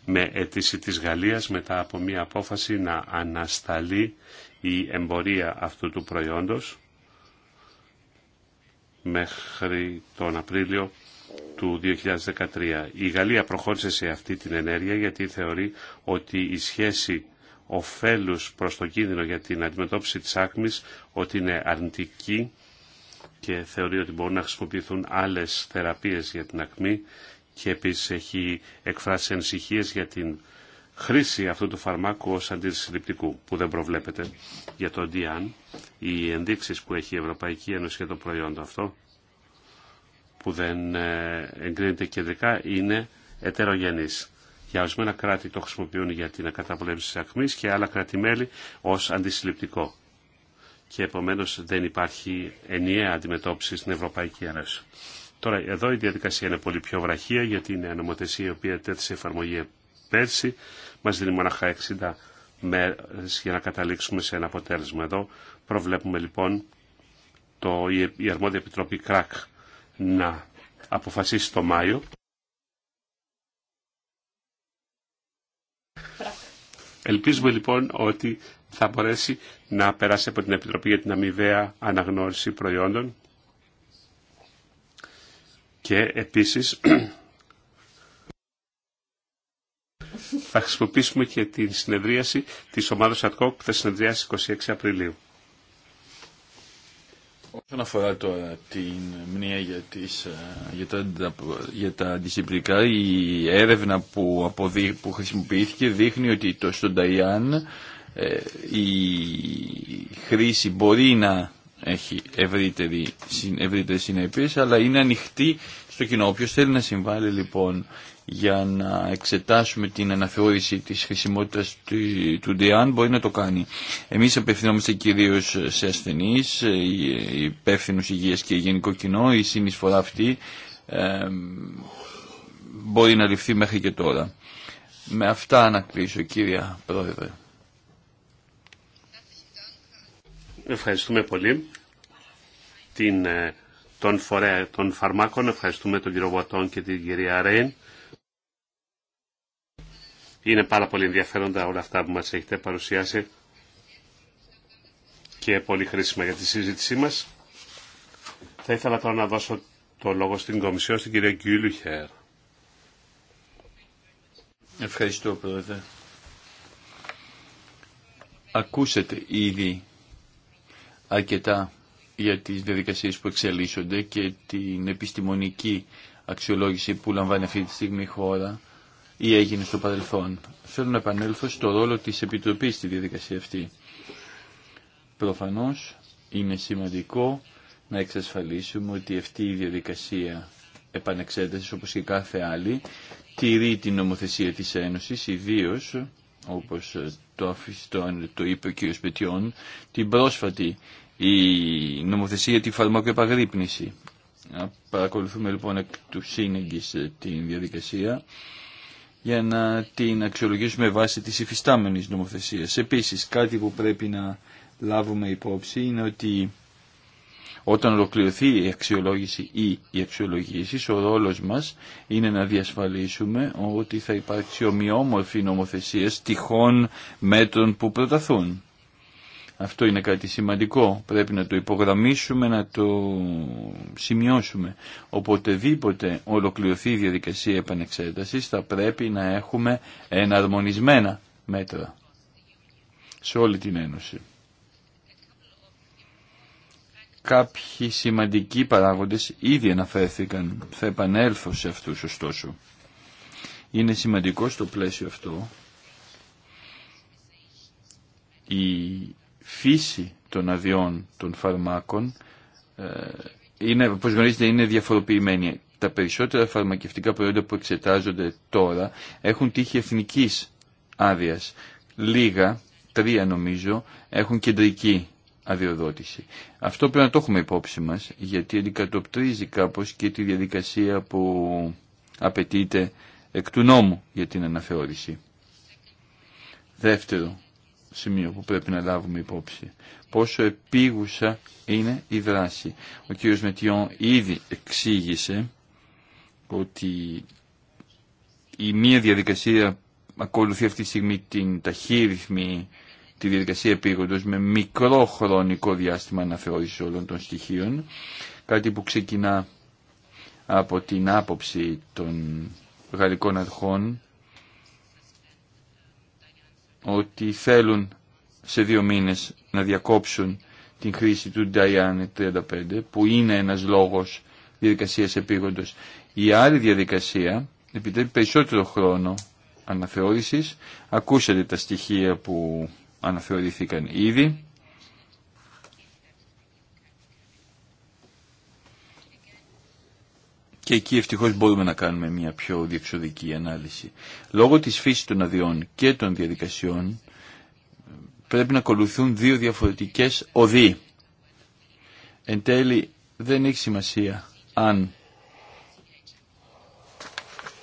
με αίτηση της Γαλλίας μετά από μια απόφαση να ανασταλεί η εμπορία αυτού του προϊόντος μέχρι τον Απρίλιο του 2013. Η Γαλλία προχώρησε σε αυτή την ενέργεια γιατί θεωρεί ότι η σχέση ωφέλους προς το κίνδυνο για την αντιμετώπιση της άκμης ότι είναι αρνητική και θεωρεί ότι μπορούν να χρησιμοποιηθούν άλλες θεραπείες για την ακμή και επίσης έχει εκφράσει ανησυχίες για την χρήση αυτού του φαρμάκου ως αντισυλληπτικού που δεν προβλέπεται για το DIAN. Οι ενδείξεις που έχει η Ευρωπαϊκή Ένωση για το προϊόντο αυτό που δεν ε, εγκρίνεται κεντρικά είναι ετερογενής. Για ορισμένα κράτη το χρησιμοποιούν για την καταπολέμηση της ακμής και άλλα κράτη-μέλη ως αντισυλληπτικό. Και επομένως δεν υπάρχει ενιαία αντιμετώπιση στην Ευρωπαϊκή Ένωση. Τώρα εδώ η διαδικασία είναι πολύ πιο βραχία γιατί είναι νομοθεσία η οποία τέθησε εφαρμογή πέρσι. Μας δίνει μοναχά 60 μέρες για να καταλήξουμε σε ένα αποτέλεσμα. Εδώ προβλέπουμε λοιπόν το, η Αρμόδια Επιτροπή ΚΡΑΚ να αποφασίσει το Μάιο. Ελπίζουμε λοιπόν ότι θα μπορέσει να περάσει από την Επιτροπή για την Αμοιβαία Αναγνώριση Προϊόντων και επίσης θα χρησιμοποιήσουμε και την συνεδρίαση της ομάδας ΑΤΚΟ που θα συνεδριάσει 26 Απριλίου. Όσον αφορά τώρα την μνήμα για, ε, για, τα, για η έρευνα που, που χρησιμοποιήθηκε δείχνει ότι το, στον Ταϊάν ε, η χρήση μπορεί να έχει ευρύτερη, ευρύτερη συνέπειες, αλλά είναι ανοιχτή στο κοινό. Όποιος θέλει να συμβάλλει λοιπόν για να εξετάσουμε την αναθεώρηση της χρησιμότητας του ΔΕΑΝ μπορεί να το κάνει. Εμείς απευθυνόμαστε κυρίως σε ασθενείς, υπεύθυνους υγείας και γενικό κοινό. Η συνεισφορά αυτή ε, μπορεί να ληφθεί μέχρι και τώρα. Με αυτά να κλείσω κύρια Πρόεδρε. Ευχαριστούμε πολύ την, ε, τον φορέα των φαρμάκων. Ευχαριστούμε τον κύριο Βατών και την κυρία Ρέιν είναι πάρα πολύ ενδιαφέροντα όλα αυτά που μας έχετε παρουσιάσει και πολύ χρήσιμα για τη συζήτησή μας. Θα ήθελα τώρα να δώσω το λόγο στην Κομισιό, στην κυρία Γκιούλουχερ. Ευχαριστώ, Πρόεδρε. Ακούσατε ήδη αρκετά για τις διαδικασίες που εξελίσσονται και την επιστημονική αξιολόγηση που λαμβάνει αυτή τη στιγμή η χώρα ή έγινε στο παρελθόν. Θέλω να επανέλθω στο ρόλο της Επιτροπής στη διαδικασία αυτή. Προφανώς είναι σημαντικό να εξασφαλίσουμε ότι αυτή η διαδικασία επανεξέτασης όπως και κάθε άλλη τηρεί την νομοθεσία της Ένωσης οτι αυτη η διαδικασια επανεξέταση οπως και καθε αλλη τηρει την νομοθεσια της ενωσης ιδίω, οπως το, το είπε ο κ. Σπετιών την πρόσφατη η νομοθεσία τη φαρμακοεπαγρύπνηση. Παρακολουθούμε λοιπόν εκ του σύνεγγις ε, την διαδικασία για να την αξιολογήσουμε βάσει της υφιστάμενης νομοθεσίας. Επίσης, κάτι που πρέπει να λάβουμε υπόψη είναι ότι όταν ολοκληρωθεί η αξιολόγηση ή αξιολογήση, ο ρόλος μας είναι να διασφαλίσουμε ότι θα υπάρξει ομοιόμορφη νομοθεσία τυχόν μέτρων που προταθούν. Αυτό είναι κάτι σημαντικό. Πρέπει να το υπογραμμίσουμε, να το σημειώσουμε. Οποτεδήποτε ολοκληρωθεί η διαδικασία επανεξέτασης θα πρέπει να έχουμε εναρμονισμένα μέτρα σε όλη την Ένωση. Κάποιοι σημαντικοί παράγοντες ήδη αναφέρθηκαν. Θα επανέλθω σε αυτούς ωστόσο. Είναι σημαντικό στο πλαίσιο αυτό φύση των αδειών των φαρμάκων ε, είναι, όπως γνωρίζετε, είναι διαφοροποιημένη. Τα περισσότερα φαρμακευτικά προϊόντα που εξετάζονται τώρα έχουν τύχη εθνικής άδεια. Λίγα, τρία νομίζω, έχουν κεντρική αδειοδότηση. Αυτό πρέπει να το έχουμε υπόψη μας, γιατί αντικατοπτρίζει κάπως και τη διαδικασία που απαιτείται εκ του νόμου για την αναθεώρηση. Δεύτερο σημείο που πρέπει να λάβουμε υπόψη. Πόσο επίγουσα είναι η δράση. Ο κύριος Μετιόν ήδη εξήγησε ότι η μία διαδικασία ακολουθεί αυτή τη στιγμή την ταχύρυθμη τη διαδικασία επίγοντος με μικρό χρονικό διάστημα αναθεώρησης όλων των στοιχείων, κάτι που ξεκινά από την άποψη των γαλλικών αρχών ότι θέλουν σε δύο μήνες να διακόψουν την χρήση του Diane 35 που είναι ένας λόγος διαδικασίας επίγοντος. Η άλλη διαδικασία επιτρέπει περισσότερο χρόνο αναθεώρησης. Ακούσατε τα στοιχεία που αναθεωρηθήκαν ήδη. και εκεί ευτυχώ μπορούμε να κάνουμε μια πιο διεξοδική ανάλυση. Λόγω τη φύση των αδειών και των διαδικασιών πρέπει να ακολουθούν δύο διαφορετικέ οδοί. Εν τέλει δεν έχει σημασία αν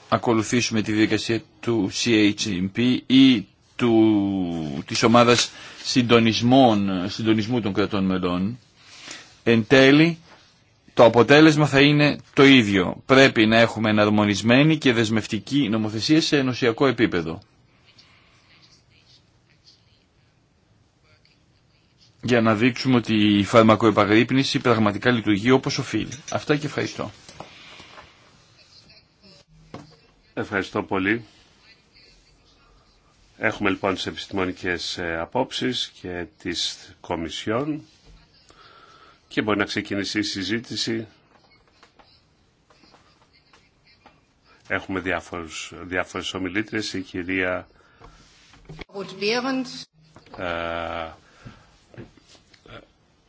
ακολουθήσουμε τη διαδικασία του CHMP ή του, της ομάδας συντονισμών, συντονισμού των κρατών μελών. Εν τέλει το αποτέλεσμα θα είναι το ίδιο. Πρέπει να έχουμε εναρμονισμένη και δεσμευτική νομοθεσία σε ενωσιακό επίπεδο. για να δείξουμε ότι η φαρμακοεπαγρύπνηση πραγματικά λειτουργεί όπως οφείλει. Αυτά και ευχαριστώ. Ευχαριστώ πολύ. Έχουμε λοιπόν τις επιστημονικές ε, απόψεις και τις κομισιόν και μπορεί να ξεκινήσει η συζήτηση. Έχουμε διάφορους, διάφορες ομιλήτρες, η κυρία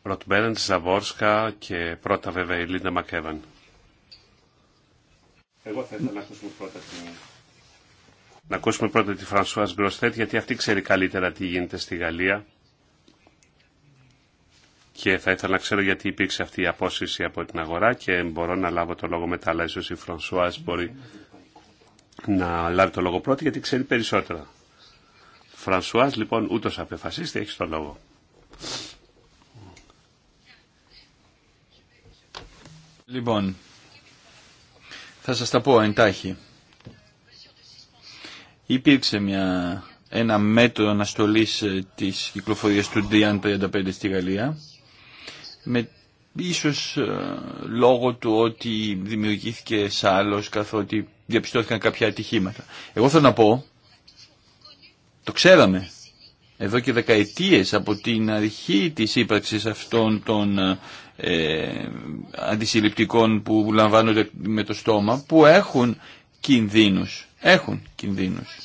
Ροτμπέρεντ, Ζαβόρσκα και πρώτα βέβαια η Λίνα Μακέβαν. Εγώ θα ήθελα να ακούσουμε πρώτα Να ακούσουμε πρώτα τη Φρανσουάς Γκροστέτ, γιατί αυτή ξέρει καλύτερα τι γίνεται στη Γαλλία και θα ήθελα να ξέρω γιατί υπήρξε αυτή η απόσυρση από την αγορά και μπορώ να λάβω το λόγο μετά, αλλά ίσως η Φρονσουάς μπορεί να λάβει το λόγο πρώτη γιατί ξέρει περισσότερα. Φρανσουάς λοιπόν ούτως απεφασίστε, έχει το λόγο. Λοιπόν, θα σας τα πω εντάχει. Υπήρξε μια, ένα μέτρο αναστολής ε, της κυκλοφορίας του Dian 35 στη Γαλλία με, ίσως ε, λόγω του ότι δημιουργήθηκε σάλος καθότι διαπιστώθηκαν κάποια ατυχήματα. Εγώ θέλω να πω, το ξέραμε εδώ και δεκαετίες από την αρχή της ύπαρξης αυτών των ε, ε αντισυλληπτικών που λαμβάνονται με το στόμα, που έχουν κινδύνους. Έχουν κινδύνους.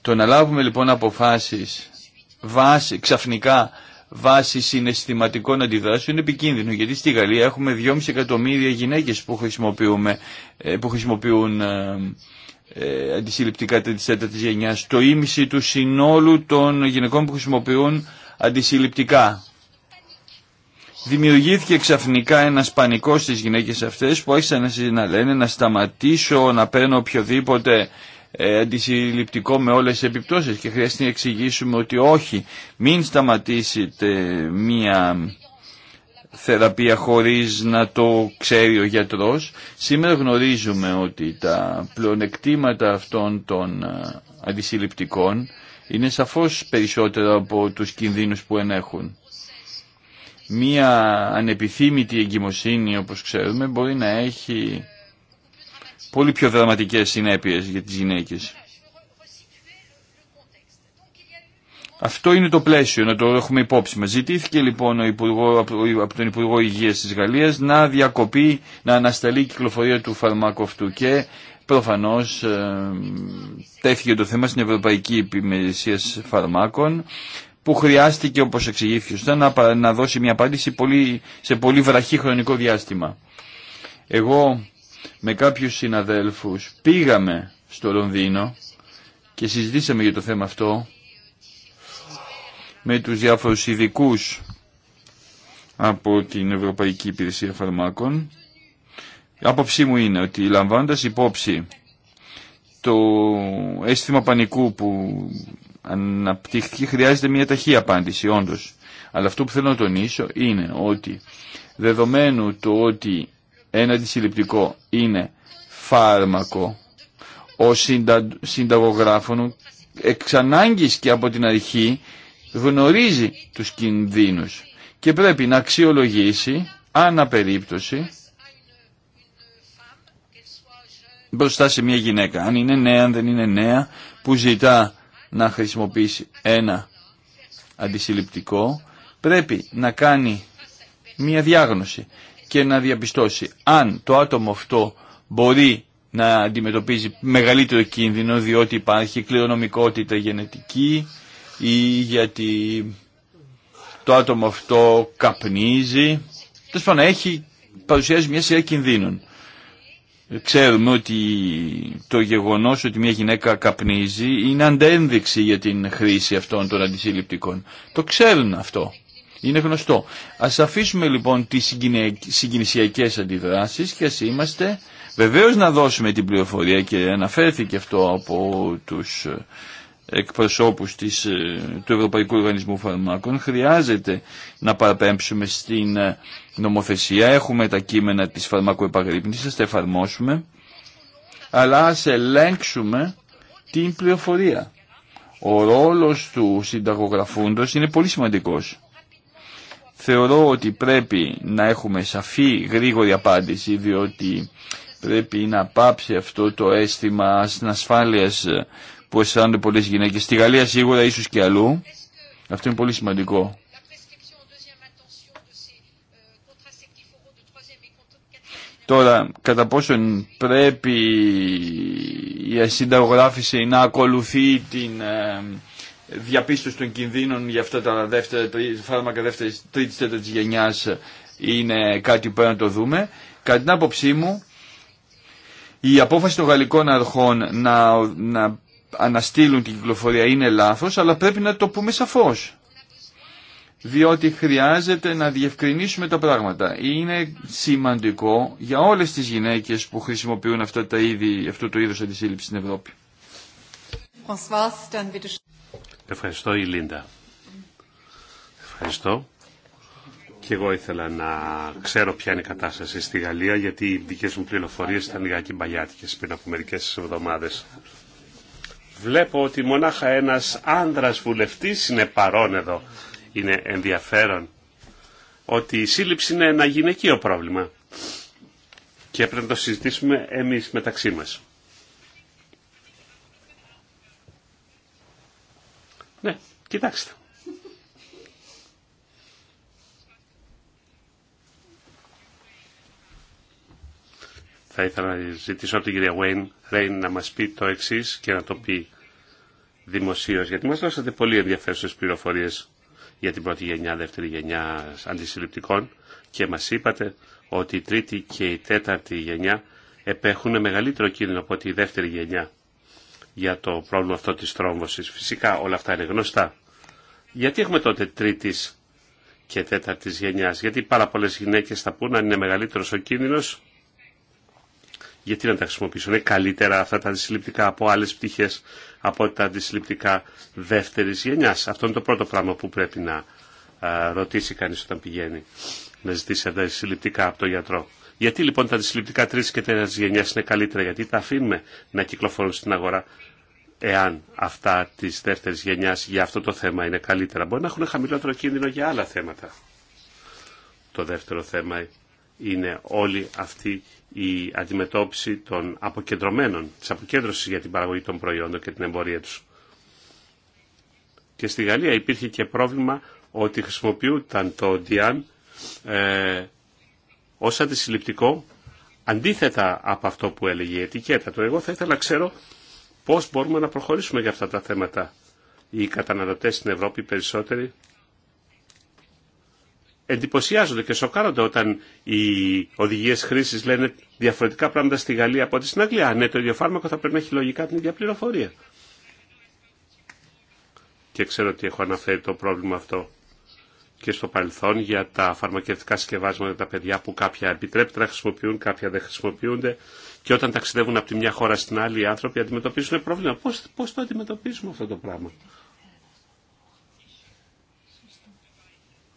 Το να λάβουμε λοιπόν αποφάσεις βάση, ξαφνικά βάσει συναισθηματικών αντιδράσεων είναι επικίνδυνο γιατί στη Γαλλία έχουμε 2,5 εκατομμύρια γυναίκες που, χρησιμοποιούμε, ε, που χρησιμοποιούν ε, ε, αντισυλληπτικά της τέταρτη γενιάς το ίμιση του συνόλου των γυναικών που χρησιμοποιούν αντισυλληπτικά. Δημιουργήθηκε ξαφνικά ένα πανικό στις γυναίκε αυτέ που άρχισαν να λένε να σταματήσω να παίρνω οποιοδήποτε ε, αντισυλληπτικό με όλες τις επιπτώσεις και χρειάζεται να εξηγήσουμε ότι όχι, μην σταματήσετε μία θεραπεία χωρίς να το ξέρει ο γιατρός. Σήμερα γνωρίζουμε ότι τα πλεονεκτήματα αυτών των ε, αντισυλληπτικών είναι σαφώς περισσότερα από τους κινδύνους που ενέχουν. Μία ανεπιθύμητη εγκυμοσύνη, όπως ξέρουμε, μπορεί να έχει πολύ πιο δραματικέ συνέπειες για τις γυναίκες. Αυτό είναι το πλαίσιο, να το έχουμε υπόψη μα. Ζητήθηκε λοιπόν από τον Υπουργό Υγείας της Γαλλίας να διακοπεί, να ανασταλεί η κυκλοφορία του φαρμάκου αυτού και προφανώς ε, τέθηκε το θέμα στην Ευρωπαϊκή Επιμερισσία Φαρμάκων που χρειάστηκε όπως εξηγήθηκε να, να δώσει μια απάντηση πολύ, σε πολύ βραχή χρονικό διάστημα. Εγώ με κάποιους συναδέλφους πήγαμε στο Λονδίνο και συζητήσαμε για το θέμα αυτό με τους διάφορους ειδικού από την Ευρωπαϊκή Υπηρεσία Φαρμάκων. Η άποψή μου είναι ότι λαμβάνοντας υπόψη το αίσθημα πανικού που αναπτύχθηκε χρειάζεται μια ταχύ απάντηση όντως. Αλλά αυτό που θέλω να τονίσω είναι ότι δεδομένου το ότι ένα αντισυλληπτικό είναι φάρμακο ο συντα... συνταγογράφων εξ και από την αρχή γνωρίζει τους κινδύνους και πρέπει να αξιολογήσει περίπτωση μπροστά σε μια γυναίκα. Αν είναι νέα, αν δεν είναι νέα, που ζητά να χρησιμοποιήσει ένα αντισυλληπτικό, πρέπει να κάνει μια διάγνωση και να διαπιστώσει αν το άτομο αυτό μπορεί να αντιμετωπίζει μεγαλύτερο κίνδυνο διότι υπάρχει κληρονομικότητα γενετική ή γιατί το άτομο αυτό καπνίζει. Τέλο πάντων, έχει, παρουσιάζει μια σειρά κινδύνων. Ξέρουμε ότι το γεγονός ότι μια γυναίκα καπνίζει είναι αντένδειξη για την χρήση αυτών των αντισυλληπτικών. Το ξέρουν αυτό. Είναι γνωστό. Ας αφήσουμε λοιπόν τις συγκινησιακές αντιδράσεις και ας είμαστε βεβαίως να δώσουμε την πληροφορία και αναφέρθηκε αυτό από τους ε, εκπροσώπους ε, του Ευρωπαϊκού Οργανισμού Φαρμάκων. Χρειάζεται να παραπέμψουμε στην ε, νομοθεσία. Έχουμε τα κείμενα της φαρμακοεπαγρύπνησης, ας τα εφαρμόσουμε, αλλά ας ελέγξουμε την πληροφορία. Ο ρόλος του συνταγογραφούντος είναι πολύ σημαντικός. Θεωρώ ότι πρέπει να έχουμε σαφή, γρήγορη απάντηση, διότι πρέπει να πάψει αυτό το αίσθημα ασφάλεια που αισθάνονται πολλές γυναίκες. Στη Γαλλία σίγουρα, ίσως και αλλού. Αυτό είναι πολύ σημαντικό. Τώρα, κατά πόσον πρέπει η ασυνταγογράφηση να ακολουθεί την ε, διαπίστωση των κινδύνων για αυτά τα δεύτερα, φάρμακα δεύτερη, τρίτης, τέταρτη γενιάς είναι κάτι που πρέπει να το δούμε. Κατά την άποψή μου, η απόφαση των γαλλικών αρχών να, να αναστείλουν την κυκλοφορία είναι λάθος, αλλά πρέπει να το πούμε σαφώς. Διότι χρειάζεται να διευκρινίσουμε τα πράγματα. Είναι σημαντικό για όλες τις γυναίκες που χρησιμοποιούν αυτό το είδος αντισύλληψης στην Ευρώπη. Ευχαριστώ η Λίντα. Ευχαριστώ. Και εγώ ήθελα να ξέρω ποια είναι η κατάσταση στη Γαλλία, γιατί οι δικές μου πληροφορίες ήταν λιγάκι μπαγιάτικες πριν από μερικές εβδομάδες. Βλέπω ότι μονάχα ένας άνδρας βουλευτής είναι παρόν εδώ. Είναι ενδιαφέρον ότι η σύλληψη είναι ένα γυναικείο πρόβλημα και πρέπει να το συζητήσουμε εμείς μεταξύ μας. Ναι, κοιτάξτε. Θα ήθελα να ζητήσω από την κυρία Βέιν Ρέιν να μας πει το εξή και να το πει δημοσίως, γιατί μας δώσατε πολύ ενδιαφέρουσες πληροφορίες για την πρώτη γενιά, δεύτερη γενιά αντισυλληπτικών και μας είπατε ότι η τρίτη και η τέταρτη γενιά επέχουν μεγαλύτερο κίνδυνο από τη δεύτερη γενιά για το πρόβλημα αυτό της τρόμβωσης. Φυσικά όλα αυτά είναι γνωστά. Γιατί έχουμε τότε τρίτη και τέταρτης γενιάς. Γιατί πάρα πολλέ γυναίκε θα πούν αν είναι μεγαλύτερο ο κίνδυνος. Γιατί να τα χρησιμοποιήσουν. Είναι καλύτερα αυτά τα αντισυλληπτικά από άλλε πτυχές από τα αντισυλληπτικά δεύτερη γενιάς. Αυτό είναι το πρώτο πράγμα που πρέπει να ρωτήσει κανείς όταν πηγαίνει να ζητήσει αντισυλληπτικά από τον γιατρό. Γιατί λοιπόν τα αντισυλληπτικά τρίτη και τέταρτη γενιά είναι καλύτερα, γιατί τα αφήνουμε να κυκλοφορούν στην αγορά εάν αυτά της δεύτερης γενιάς για αυτό το θέμα είναι καλύτερα. Μπορεί να έχουν χαμηλότερο κίνδυνο για άλλα θέματα. Το δεύτερο θέμα είναι όλη αυτή η αντιμετώπιση των αποκεντρωμένων, της αποκέντρωσης για την παραγωγή των προϊόντων και την εμπορία τους. Και στη Γαλλία υπήρχε και πρόβλημα ότι χρησιμοποιούταν το DIAN ε, ως αντισυλληπτικό αντίθετα από αυτό που έλεγε η ετικέτα του. Εγώ θα ήθελα να ξέρω πώς μπορούμε να προχωρήσουμε για αυτά τα θέματα. Οι καταναλωτές στην Ευρώπη περισσότεροι εντυπωσιάζονται και σοκάρονται όταν οι οδηγίες χρήσης λένε διαφορετικά πράγματα στη Γαλλία από ό,τι στην Αγγλία. Ναι, το ίδιο φάρμακο θα πρέπει να έχει λογικά την ίδια πληροφορία. Και ξέρω ότι έχω αναφέρει το πρόβλημα αυτό και στο παρελθόν για τα φαρμακευτικά συσκευάσματα τα παιδιά που κάποια επιτρέπεται να χρησιμοποιούν, κάποια δεν χρησιμοποιούνται. Και όταν ταξιδεύουν από τη μια χώρα στην άλλη οι άνθρωποι αντιμετωπίζουν πρόβλημα. Πώς, πώς το αντιμετωπίζουμε αυτό το πράγμα.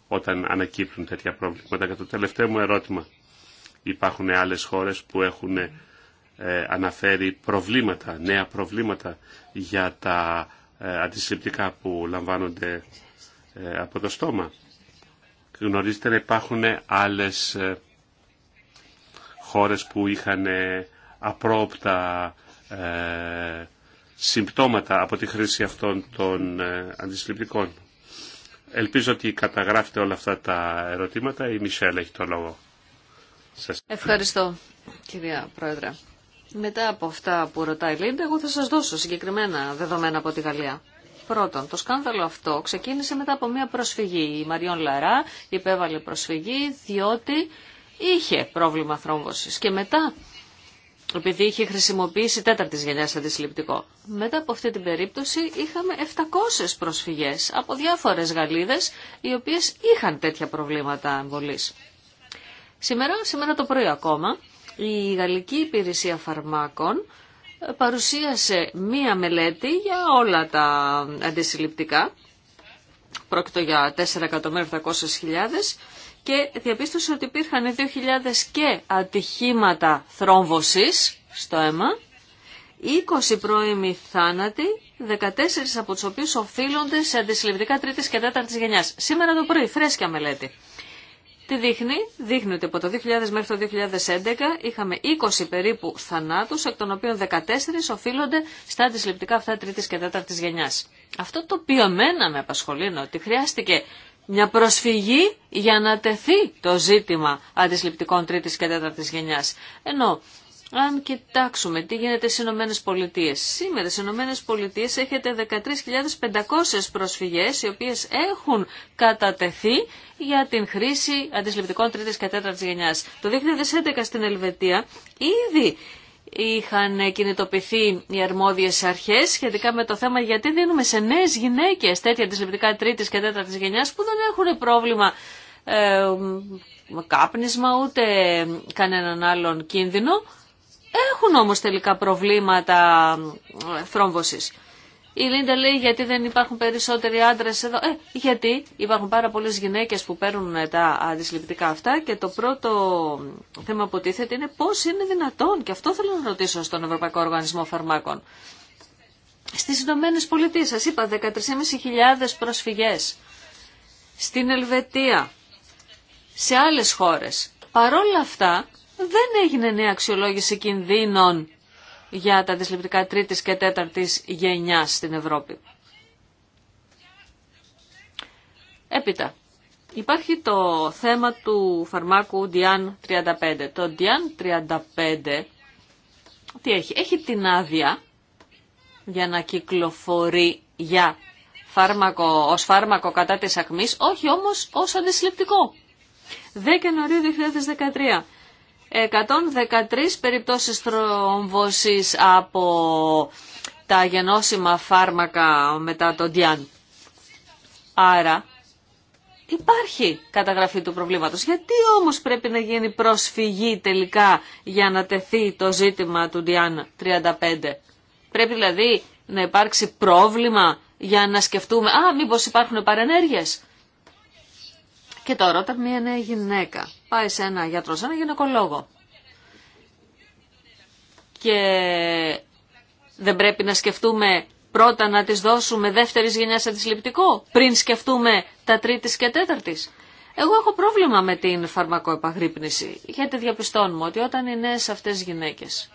Όταν ανακύπτουν τέτοια προβλήματα. Και το τελευταίο μου ερώτημα. Υπάρχουν άλλες χώρες που έχουν ε, αναφέρει προβλήματα, νέα προβλήματα για τα ε, αντισυλληπτικά που λαμβάνονται ε, από το στόμα. Γνωρίζετε να υπάρχουν άλλες ε, χώρες που είχαν απρόπτα ε, συμπτώματα από τη χρήση αυτών των ε, αντισυλληπτικών. Ελπίζω ότι καταγράφετε όλα αυτά τα ερωτήματα. Η Μισελ έχει το λόγο. Ευχαριστώ, κυρία Πρόεδρε. Μετά από αυτά που ρωτάει η Λίντα, εγώ θα σας δώσω συγκεκριμένα δεδομένα από τη Γαλλία. Πρώτον, το σκάνδαλο αυτό ξεκίνησε μετά από μια προσφυγή. Η Μαριόν Λαρά υπέβαλε προσφυγή διότι είχε πρόβλημα θρόμβωσης. Και μετά επειδή είχε χρησιμοποιήσει τέταρτη γενιά αντισυλληπτικό. Μετά από αυτή την περίπτωση είχαμε 700 προσφυγές από διάφορες Γαλλίδες οι οποίες είχαν τέτοια προβλήματα εμβολή. Σήμερα, σήμερα το πρωί ακόμα, η Γαλλική Υπηρεσία Φαρμάκων ε, παρουσίασε μία μελέτη για όλα τα αντισυλληπτικά. Πρόκειται για 4.700.000 και διαπίστωσε ότι υπήρχαν 2.000 και ατυχήματα θρόμβωσης στο αίμα, 20 πρώιμοι θάνατοι, 14 από τους οποίους οφείλονται σε αντισυλληπτικά τρίτης και τέταρτης γενιάς. Σήμερα το πρωί, φρέσκια μελέτη. Τι δείχνει, δείχνει ότι από το 2000 μέχρι το 2011 είχαμε 20 περίπου θανάτους, εκ των οποίων 14 οφείλονται στα αντισυλληπτικά αυτά τρίτης και τέταρτης γενιάς. Αυτό το οποίο εμένα με απασχολεί είναι ότι χρειάστηκε μια προσφυγή για να τεθεί το ζήτημα αντισληπτικών τρίτης και τέταρτης γενιάς. Ενώ αν κοιτάξουμε τι γίνεται στι Ηνωμένε Πολιτείε. Σήμερα στι Ηνωμένε Πολιτείε έχετε 13.500 προσφυγέ οι οποίε έχουν κατατεθεί για την χρήση αντισληπτικών τρίτη και τέταρτη γενιά. Το 2011 στην Ελβετία ήδη είχαν κινητοποιηθεί οι αρμόδιες αρχές σχετικά με το θέμα γιατί δίνουμε σε νέες γυναίκες τέτοια της λεπτικά τρίτης και τέταρτης γενιάς που δεν έχουν πρόβλημα ε, με κάπνισμα ούτε κανέναν άλλον κίνδυνο έχουν όμως τελικά προβλήματα ε, θρόμβωσης. Η Λίντα λέει γιατί δεν υπάρχουν περισσότεροι άντρες εδώ. Ε, γιατί υπάρχουν πάρα πολλές γυναίκες που παίρνουν τα αντισυλληπτικά αυτά και το πρώτο θέμα που τίθεται είναι πώς είναι δυνατόν. Και αυτό θέλω να ρωτήσω στον Ευρωπαϊκό Οργανισμό Φαρμάκων. Στις Ηνωμένε Πολιτείες σας είπα 13.500 προσφυγές. Στην Ελβετία, σε άλλες χώρες. Παρόλα αυτά δεν έγινε νέα αξιολόγηση κινδύνων για τα αντισληπτικά τρίτης και τέταρτης γενιάς στην Ευρώπη. Έπειτα, υπάρχει το θέμα του φαρμάκου Dian 35. Το Dian 35 τι έχει, έχει την άδεια για να κυκλοφορεί για φάρμακο, ως φάρμακο κατά της ακμής, όχι όμως ως αντισυλληπτικό. Ιανουαρίου 2013 113 περιπτώσεις θρομβώσης από τα γενώσιμα φάρμακα μετά τον Διάν. Άρα υπάρχει καταγραφή του προβλήματος. Γιατί όμως πρέπει να γίνει προσφυγή τελικά για να τεθεί το ζήτημα του Διάν 35. Πρέπει δηλαδή να υπάρξει πρόβλημα για να σκεφτούμε, α, μήπως υπάρχουν παρενέργειες. Και τώρα όταν μια νέα γυναίκα πάει σε ένα γιατρό, σε ένα γυναικολόγο και δεν πρέπει να σκεφτούμε πρώτα να της δώσουμε δεύτερης γενιάς αντισληπτικό πριν σκεφτούμε τα τρίτης και τέταρτης. Εγώ έχω πρόβλημα με την φαρμακοεπαγρύπνηση, γιατί διαπιστώνουμε ότι όταν οι νέες αυτές γυναίκες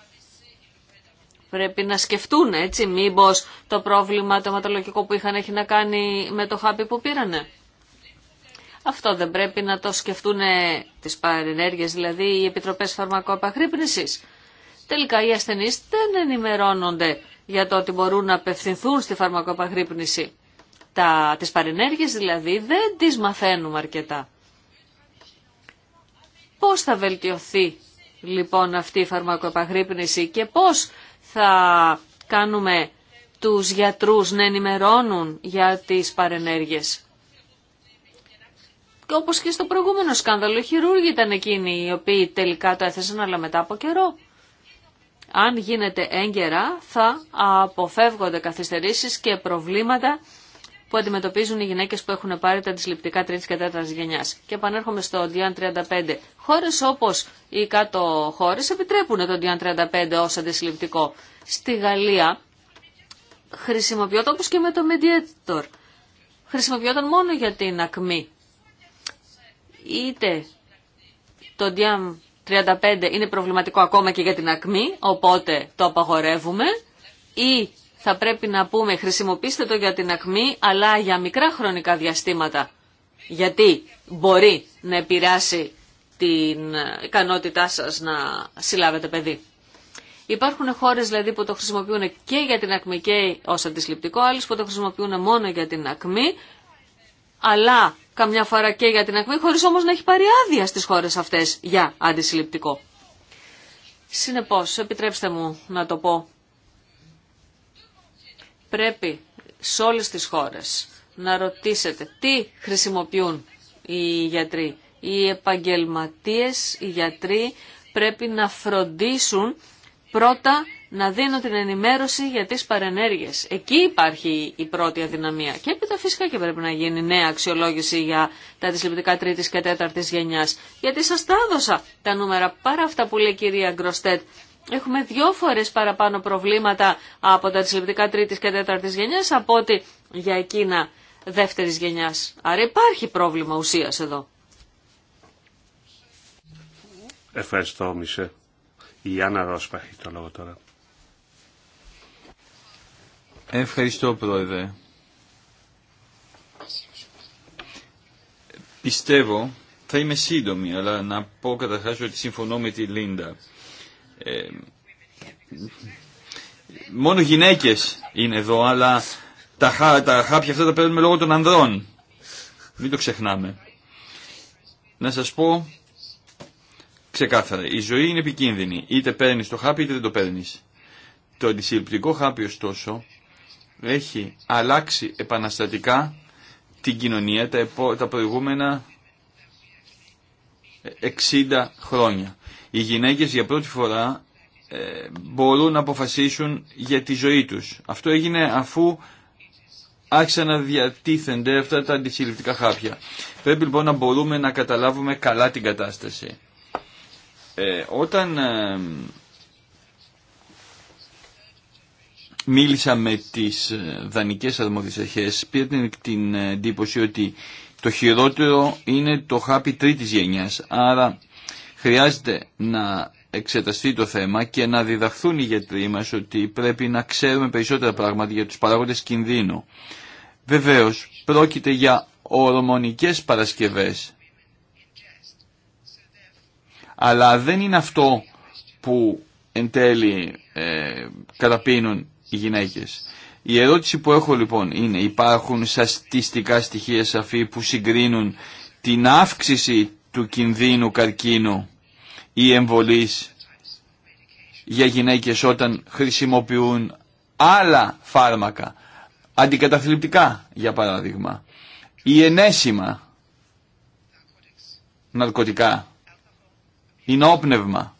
πρέπει να σκεφτούν, έτσι, μήπως το πρόβλημα το που είχαν έχει να κάνει με το χάπι που πήρανε. Αυτό δεν πρέπει να το σκεφτούν τις παρενέργειες, δηλαδή οι επιτροπές φαρμακοαπαχρύπνησης. Τελικά οι ασθενείς δεν ενημερώνονται για το ότι μπορούν να απευθυνθούν στη φαρμακοπαχρύπνηση. Τα, τις παρενέργειες δηλαδή δεν τις μαθαίνουμε αρκετά. Πώς θα βελτιωθεί λοιπόν αυτή η φαρμακοπαχρύπνηση και πώς θα κάνουμε τους γιατρούς να ενημερώνουν για τις παρενέργειες όπω και στο προηγούμενο σκάνδαλο, οι χειρούργοι ήταν εκείνοι οι οποίοι τελικά το έθεσαν, αλλά μετά από καιρό. Αν γίνεται έγκαιρα, θα αποφεύγονται καθυστερήσει και προβλήματα που αντιμετωπίζουν οι γυναίκε που έχουν πάρει τα αντισληπτικά τρίτη και τέταρτη γενιά. Και επανέρχομαι στο Dian 35. χώρε όπω οι κάτω χώρε επιτρέπουν το Dian 35 ω αντισληπτικό. Στη Γαλλία χρησιμοποιόταν όπω και με το Mediator. Χρησιμοποιόταν μόνο για την ακμή είτε το DIAM 35 είναι προβληματικό ακόμα και για την ακμή, οπότε το απαγορεύουμε, ή θα πρέπει να πούμε χρησιμοποιήστε το για την ακμή, αλλά για μικρά χρονικά διαστήματα, γιατί μπορεί να επηρεάσει την ικανότητά σας να συλλάβετε παιδί. Υπάρχουν χώρες δηλαδή που το χρησιμοποιούν και για την ακμή και ως αντισληπτικό, άλλες που το χρησιμοποιούν μόνο για την ακμή, αλλά καμιά φορά και για την ακμή, χωρίς όμως να έχει πάρει άδεια στις χώρες αυτές για αντισυλληπτικό. Συνεπώς, επιτρέψτε μου να το πω, πρέπει σε όλες τις χώρες να ρωτήσετε τι χρησιμοποιούν οι γιατροί. Οι επαγγελματίες, οι γιατροί πρέπει να φροντίσουν πρώτα να δίνω την ενημέρωση για τις παρενέργειες. Εκεί υπάρχει η πρώτη αδυναμία. Και έπειτα φυσικά και πρέπει να γίνει νέα αξιολόγηση για τα αντισυλληπτικά τρίτης και τέταρτης γενιάς. Γιατί σας τα έδωσα τα νούμερα παρά αυτά που λέει η κυρία Γκροστέτ. Έχουμε δυο φορές παραπάνω προβλήματα από τα αντισυλληπτικά τρίτης και τέταρτης γενιάς από ότι για εκείνα δεύτερης γενιάς. Άρα υπάρχει πρόβλημα ουσία εδώ. Ευχαριστώ, Μισε. Η Άννα Ρόσπα έχει το λόγο τώρα. Ευχαριστώ πρόεδρε. Πιστεύω, θα είμαι σύντομη, αλλά να πω καταρχάς ότι συμφωνώ με τη Λίντα. Ε, μόνο γυναίκες είναι εδώ, αλλά τα, χά, τα χάπια αυτά τα παίρνουμε λόγω των ανδρών. Μην το ξεχνάμε. Να σας πω ξεκάθαρα, η ζωή είναι επικίνδυνη. Είτε παίρνεις το χάπι είτε δεν το παίρνεις. Το αντισυλληπτικό χάπι ωστόσο έχει αλλάξει επαναστατικά την κοινωνία τα προηγούμενα 60 χρόνια. Οι γυναίκες για πρώτη φορά ε, μπορούν να αποφασίσουν για τη ζωή τους. Αυτό έγινε αφού άρχισαν να διατίθενται αυτά τα αντισυλληπτικά χάπια. Πρέπει λοιπόν να μπορούμε να καταλάβουμε καλά την κατάσταση. Ε, όταν ε, μίλησα με τις ε, δανεικές αρμόδιες αρχές, την ε, εντύπωση ότι το χειρότερο είναι το χάπι τρίτης γενιάς. Άρα χρειάζεται να εξεταστεί το θέμα και να διδαχθούν οι γιατροί μας ότι πρέπει να ξέρουμε περισσότερα πράγματα για τους παράγοντες κινδύνου. Βεβαίως, πρόκειται για ορμονικές παρασκευές. Αλλά δεν είναι αυτό που εν τέλει ε, καταπίνουν οι γυναίκες. Η ερώτηση που έχω λοιπόν είναι υπάρχουν στατιστικά στοιχεία σαφή που συγκρίνουν την αύξηση του κινδύνου καρκίνου ή εμβολής για γυναίκες όταν χρησιμοποιούν άλλα φάρμακα, αντικαταθλιπτικά για παράδειγμα, ή ενέσιμα ναρκωτικά, ή νόπνευμα.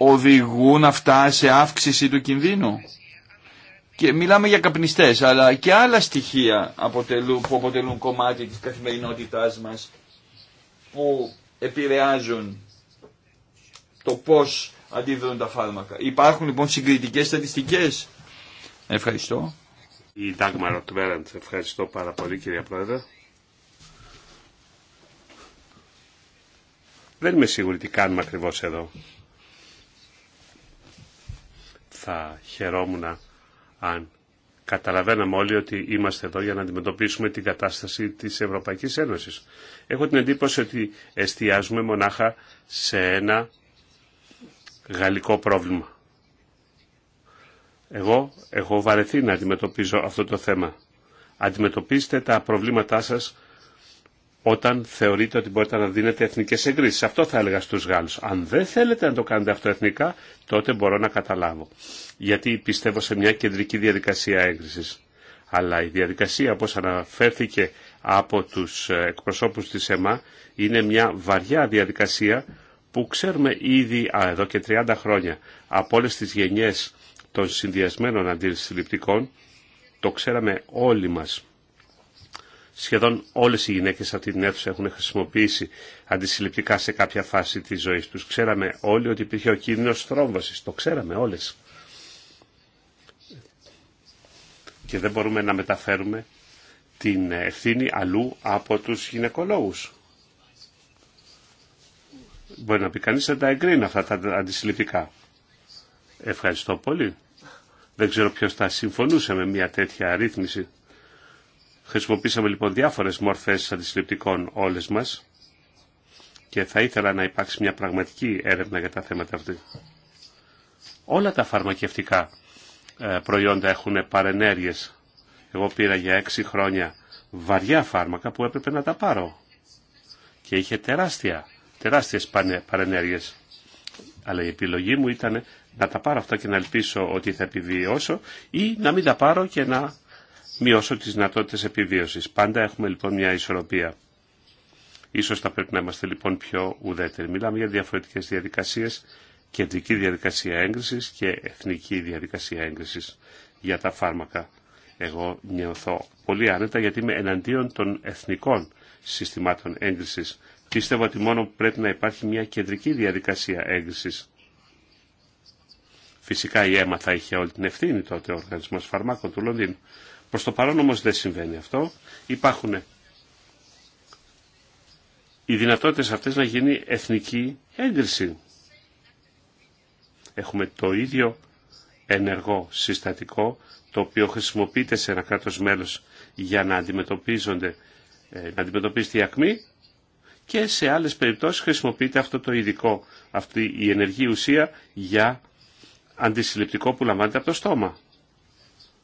οδηγούν αυτά σε αύξηση του κινδύνου. Και μιλάμε για καπνιστές, αλλά και άλλα στοιχεία αποτελούν, που αποτελούν κομμάτι της καθημερινότητάς μας, που επηρεάζουν το πώς αντιδρούν τα φάρμακα. Υπάρχουν λοιπόν συγκριτικές στατιστικές. Ευχαριστώ. Η ευχαριστώ πάρα πολύ κυρία Πρόεδρε. Δεν είμαι σίγουρη τι κάνουμε ακριβώς εδώ θα χαιρόμουν αν καταλαβαίναμε όλοι ότι είμαστε εδώ για να αντιμετωπίσουμε την κατάσταση της Ευρωπαϊκής Ένωσης. Έχω την εντύπωση ότι εστιάζουμε μονάχα σε ένα γαλλικό πρόβλημα. Εγώ έχω βαρεθεί να αντιμετωπίζω αυτό το θέμα. Αντιμετωπίστε τα προβλήματά σας όταν θεωρείτε ότι μπορείτε να δίνετε εθνικέ εγκρίσει. Αυτό θα έλεγα στου Γάλλους. Αν δεν θέλετε να το κάνετε αυτό εθνικά, τότε μπορώ να καταλάβω. Γιατί πιστεύω σε μια κεντρική διαδικασία έγκριση. Αλλά η διαδικασία, όπω αναφέρθηκε από του εκπροσώπους τη ΕΜΑ, είναι μια βαριά διαδικασία που ξέρουμε ήδη α, εδώ και 30 χρόνια από όλε τι γενιέ των συνδυασμένων αντιληπτικών, το ξέραμε όλοι μας Σχεδόν όλες οι γυναίκες αυτή την αίθουσα έχουν χρησιμοποιήσει αντισυλληπτικά σε κάποια φάση της ζωής τους. Ξέραμε όλοι ότι υπήρχε ο κίνδυνος θρόμβασης. Το ξέραμε όλες. Και δεν μπορούμε να μεταφέρουμε την ευθύνη αλλού από τους γυναικολόγους. Μπορεί να πει κανείς δεν τα εγκρίνει αυτά τα αντισυλληπτικά. Ευχαριστώ πολύ. Δεν ξέρω ποιος θα συμφωνούσε με μια τέτοια αρρύθμιση. Χρησιμοποίησαμε λοιπόν διάφορες μορφές αντισυλληπτικών όλες μας και θα ήθελα να υπάρξει μια πραγματική έρευνα για τα θέματα αυτή. Όλα τα φαρμακευτικά ε, προϊόντα έχουν παρενέργειες. Εγώ πήρα για έξι χρόνια βαριά φάρμακα που έπρεπε να τα πάρω και είχε τεράστια, τεράστιες παρενέργειες. Αλλά η επιλογή μου ήταν να τα πάρω αυτά και να ελπίσω ότι θα επιβιώσω ή να μην τα πάρω και να μειώσω τις δυνατότητες επιβίωσης. Πάντα έχουμε λοιπόν μια ισορροπία. Ίσως θα πρέπει να είμαστε λοιπόν πιο ουδέτεροι. Μιλάμε για διαφορετικές διαδικασίες, κεντρική διαδικασία έγκρισης και εθνική διαδικασία έγκρισης για τα φάρμακα. Εγώ νιωθώ πολύ άνετα γιατί είμαι εναντίον των εθνικών συστημάτων έγκρισης. Πίστευα ότι μόνο πρέπει να υπάρχει μια κεντρική διαδικασία έγκρισης. Φυσικά η αίμα θα είχε όλη την ευθύνη τότε ο Οργανισμός Φαρμάκων του Λονδίνου. Προς το παρόν όμως δεν συμβαίνει αυτό. Υπάρχουν οι δυνατότητες αυτές να γίνει εθνική έγκριση. Έχουμε το ίδιο ενεργό συστατικό το οποίο χρησιμοποιείται σε ένα κράτος μέλος για να, αντιμετωπίζονται, ε, να αντιμετωπίζεται η ακμή και σε άλλες περιπτώσεις χρησιμοποιείται αυτό το ειδικό, αυτή η ενεργή ουσία για αντισυλληπτικό που λαμβάνεται από το στόμα.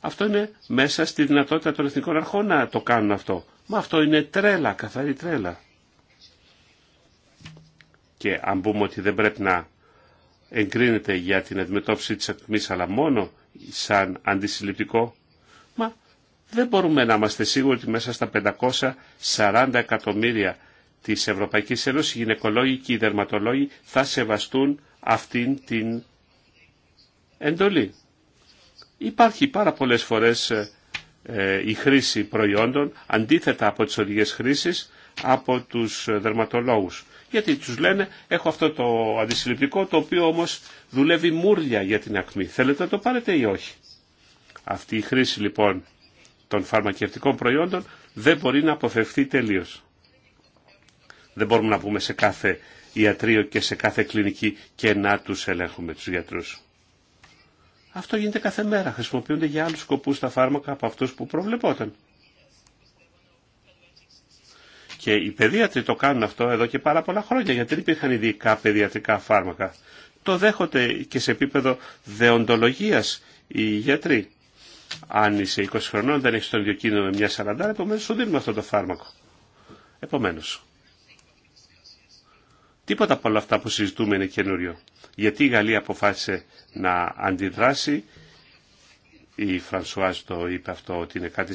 Αυτό είναι μέσα στη δυνατότητα των εθνικών αρχών να το κάνουν αυτό. Μα αυτό είναι τρέλα, καθαρή τρέλα. Και αν πούμε ότι δεν πρέπει να εγκρίνεται για την αντιμετώπιση της ακμής αλλά μόνο σαν αντισυλληπτικό, μα δεν μπορούμε να είμαστε σίγουροι ότι μέσα στα 540 εκατομμύρια της Ευρωπαϊκής Ένωσης οι γυναικολόγοι και οι δερματολόγοι θα σεβαστούν αυτήν την εντολή. Υπάρχει πάρα πολλές φορές ε, ε, η χρήση προϊόντων αντίθετα από τις οδηγές χρήσης από τους ε, δερματολόγους. Γιατί τους λένε έχω αυτό το αντισυλληπτικό το οποίο όμως δουλεύει μούρλια για την ακμή. Θέλετε να το πάρετε ή όχι. Αυτή η χρήση λοιπόν των φαρμακευτικών προϊόντων δεν μπορεί να αποφευθεί τελείως. Δεν μπορούμε να πούμε σε κάθε ιατρείο και σε κάθε κλινική και να τους ελέγχουμε τους γιατρούς. Αυτό γίνεται κάθε μέρα. Χρησιμοποιούνται για άλλους σκοπούς τα φάρμακα από αυτούς που προβλεπόταν. Και οι παιδίατροι το κάνουν αυτό εδώ και πάρα πολλά χρόνια, γιατί δεν υπήρχαν ειδικά παιδιατρικά φάρμακα. Το δέχονται και σε επίπεδο δεοντολογίας οι γιατροί. Αν είσαι 20 χρονών, δεν έχει τον ίδιο με μια 40, επομένω σου δίνουμε αυτό το φάρμακο. Επομένως, Τίποτα από όλα αυτά που συζητούμε είναι καινούριο. Γιατί η Γαλλία αποφάσισε να αντιδράσει, η Φρανσουάζ το είπε αυτό ότι είναι κάτι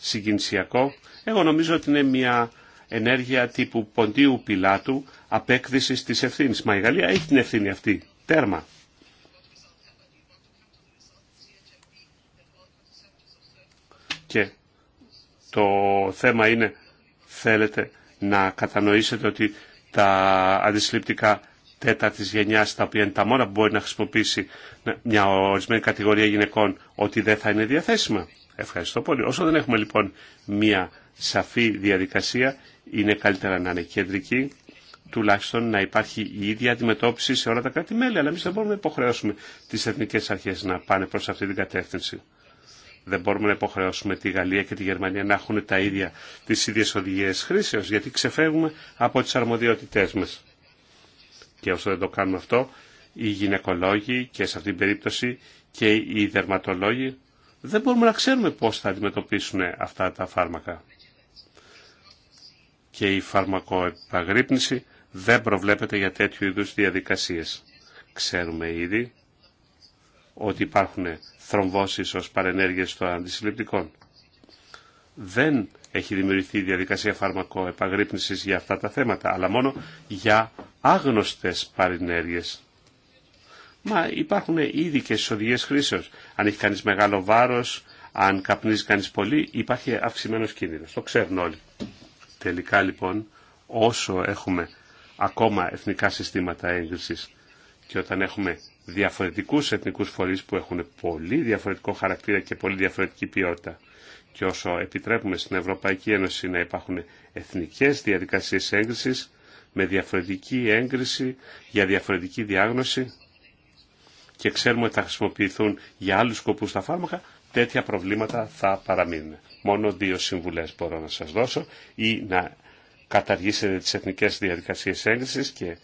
συγκινησιακό, εγώ νομίζω ότι είναι μια ενέργεια τύπου ποντίου πιλάτου απέκτησης της ευθύνης. Μα η Γαλλία έχει την ευθύνη αυτή. Τέρμα. Και το θέμα είναι, θέλετε να κατανοήσετε ότι τα αντισυλληπτικά τέταρτη γενιάς, τα οποία είναι τα μόνα που μπορεί να χρησιμοποιήσει μια ορισμένη κατηγορία γυναικών, ότι δεν θα είναι διαθέσιμα. Ευχαριστώ πολύ. Όσο δεν έχουμε λοιπόν μια σαφή διαδικασία, είναι καλύτερα να είναι κεντρική, τουλάχιστον να υπάρχει η ίδια αντιμετώπιση σε όλα τα κράτη-μέλη. Αλλά εμεί δεν μπορούμε να υποχρεώσουμε τι εθνικέ αρχέ να πάνε προ αυτή την κατεύθυνση δεν μπορούμε να υποχρεώσουμε τη Γαλλία και τη Γερμανία να έχουν τα ίδια, τις ίδιες οδηγίες χρήσεως, γιατί ξεφεύγουμε από τις αρμοδιότητές μας. Και όσο δεν το κάνουμε αυτό, οι γυναικολόγοι και σε αυτήν την περίπτωση και οι δερματολόγοι δεν μπορούμε να ξέρουμε πώς θα αντιμετωπίσουν αυτά τα φάρμακα. Και η φαρμακοεπαγρύπνηση δεν προβλέπεται για τέτοιου είδους διαδικασίες. Ξέρουμε ήδη ότι υπάρχουν θρομβώσεις ως παρενέργειες των αντισυλληπτικών. Δεν έχει δημιουργηθεί η διαδικασία φαρμακοεπαγρύπνησης για αυτά τα θέματα, αλλά μόνο για άγνωστες παρενέργειες. Μα υπάρχουν ήδη και στις οδηγίες χρήσεως. Αν έχει κανείς μεγάλο βάρος, αν καπνίζει κανείς πολύ, υπάρχει αυξημένος κίνδυνος. Το ξέρουν όλοι. Τελικά λοιπόν, όσο έχουμε ακόμα εθνικά συστήματα έγκρισης και όταν έχουμε διαφορετικούς εθνικούς φορείς που έχουν πολύ διαφορετικό χαρακτήρα και πολύ διαφορετική ποιότητα. Και όσο επιτρέπουμε στην Ευρωπαϊκή Ένωση να υπάρχουν εθνικές διαδικασίες έγκρισης με διαφορετική έγκριση για διαφορετική διάγνωση και ξέρουμε ότι θα χρησιμοποιηθούν για άλλους σκοπούς τα φάρμακα, τέτοια προβλήματα θα παραμείνουν. Μόνο δύο συμβουλές μπορώ να σας δώσω ή να καταργήσετε τις εθνικές διαδικασίες έγκρισης και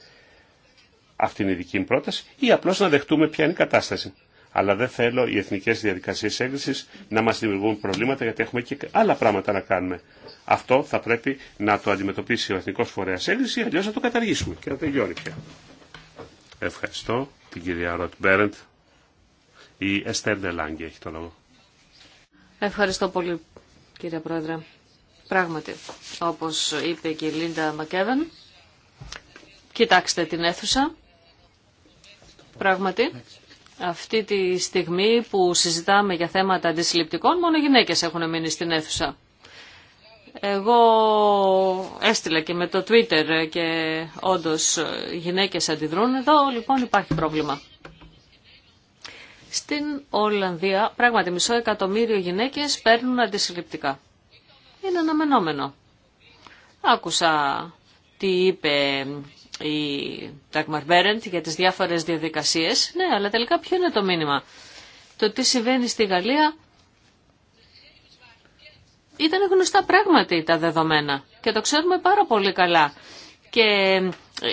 αυτή είναι η δική μου πρόταση. Ή απλώς να δεχτούμε ποια είναι η κατάσταση. Αλλά δεν θέλω οι εθνικές διαδικασίες έγκρισης να μας δημιουργούν προβλήματα γιατί έχουμε και άλλα πράγματα να κάνουμε. Αυτό θα πρέπει να το αντιμετωπίσει ο Εθνικός Φορέας ή αλλιώς να το καταργήσουμε και να τελειώνει πια. Ευχαριστώ την κυρία Ροτ Μπέρεντ. Η Εστέρ Ντελάγκη έχει το λόγο. Ευχαριστώ πολύ κύριε Πρόεδρε. Πράγματι, όπως είπε και η Λίντα Μακέβεν, κοιτάξτε την αίθουσα. Πράγματι, αυτή τη στιγμή που συζητάμε για θέματα αντισυλληπτικών, μόνο γυναίκες έχουν μείνει στην αίθουσα. Εγώ έστειλα και με το Twitter και όντως γυναίκες αντιδρούν. Εδώ λοιπόν υπάρχει πρόβλημα. Στην Ολλανδία πράγματι μισό εκατομμύριο γυναίκες παίρνουν αντισυλληπτικά. Είναι αναμενόμενο. Άκουσα τι είπε η Dagmar Μπέρεντ για τις διάφορες διαδικασίες. Ναι, αλλά τελικά ποιο είναι το μήνυμα. Το τι συμβαίνει στη Γαλλία ήταν γνωστά πράγματι τα δεδομένα και το ξέρουμε πάρα πολύ καλά. Και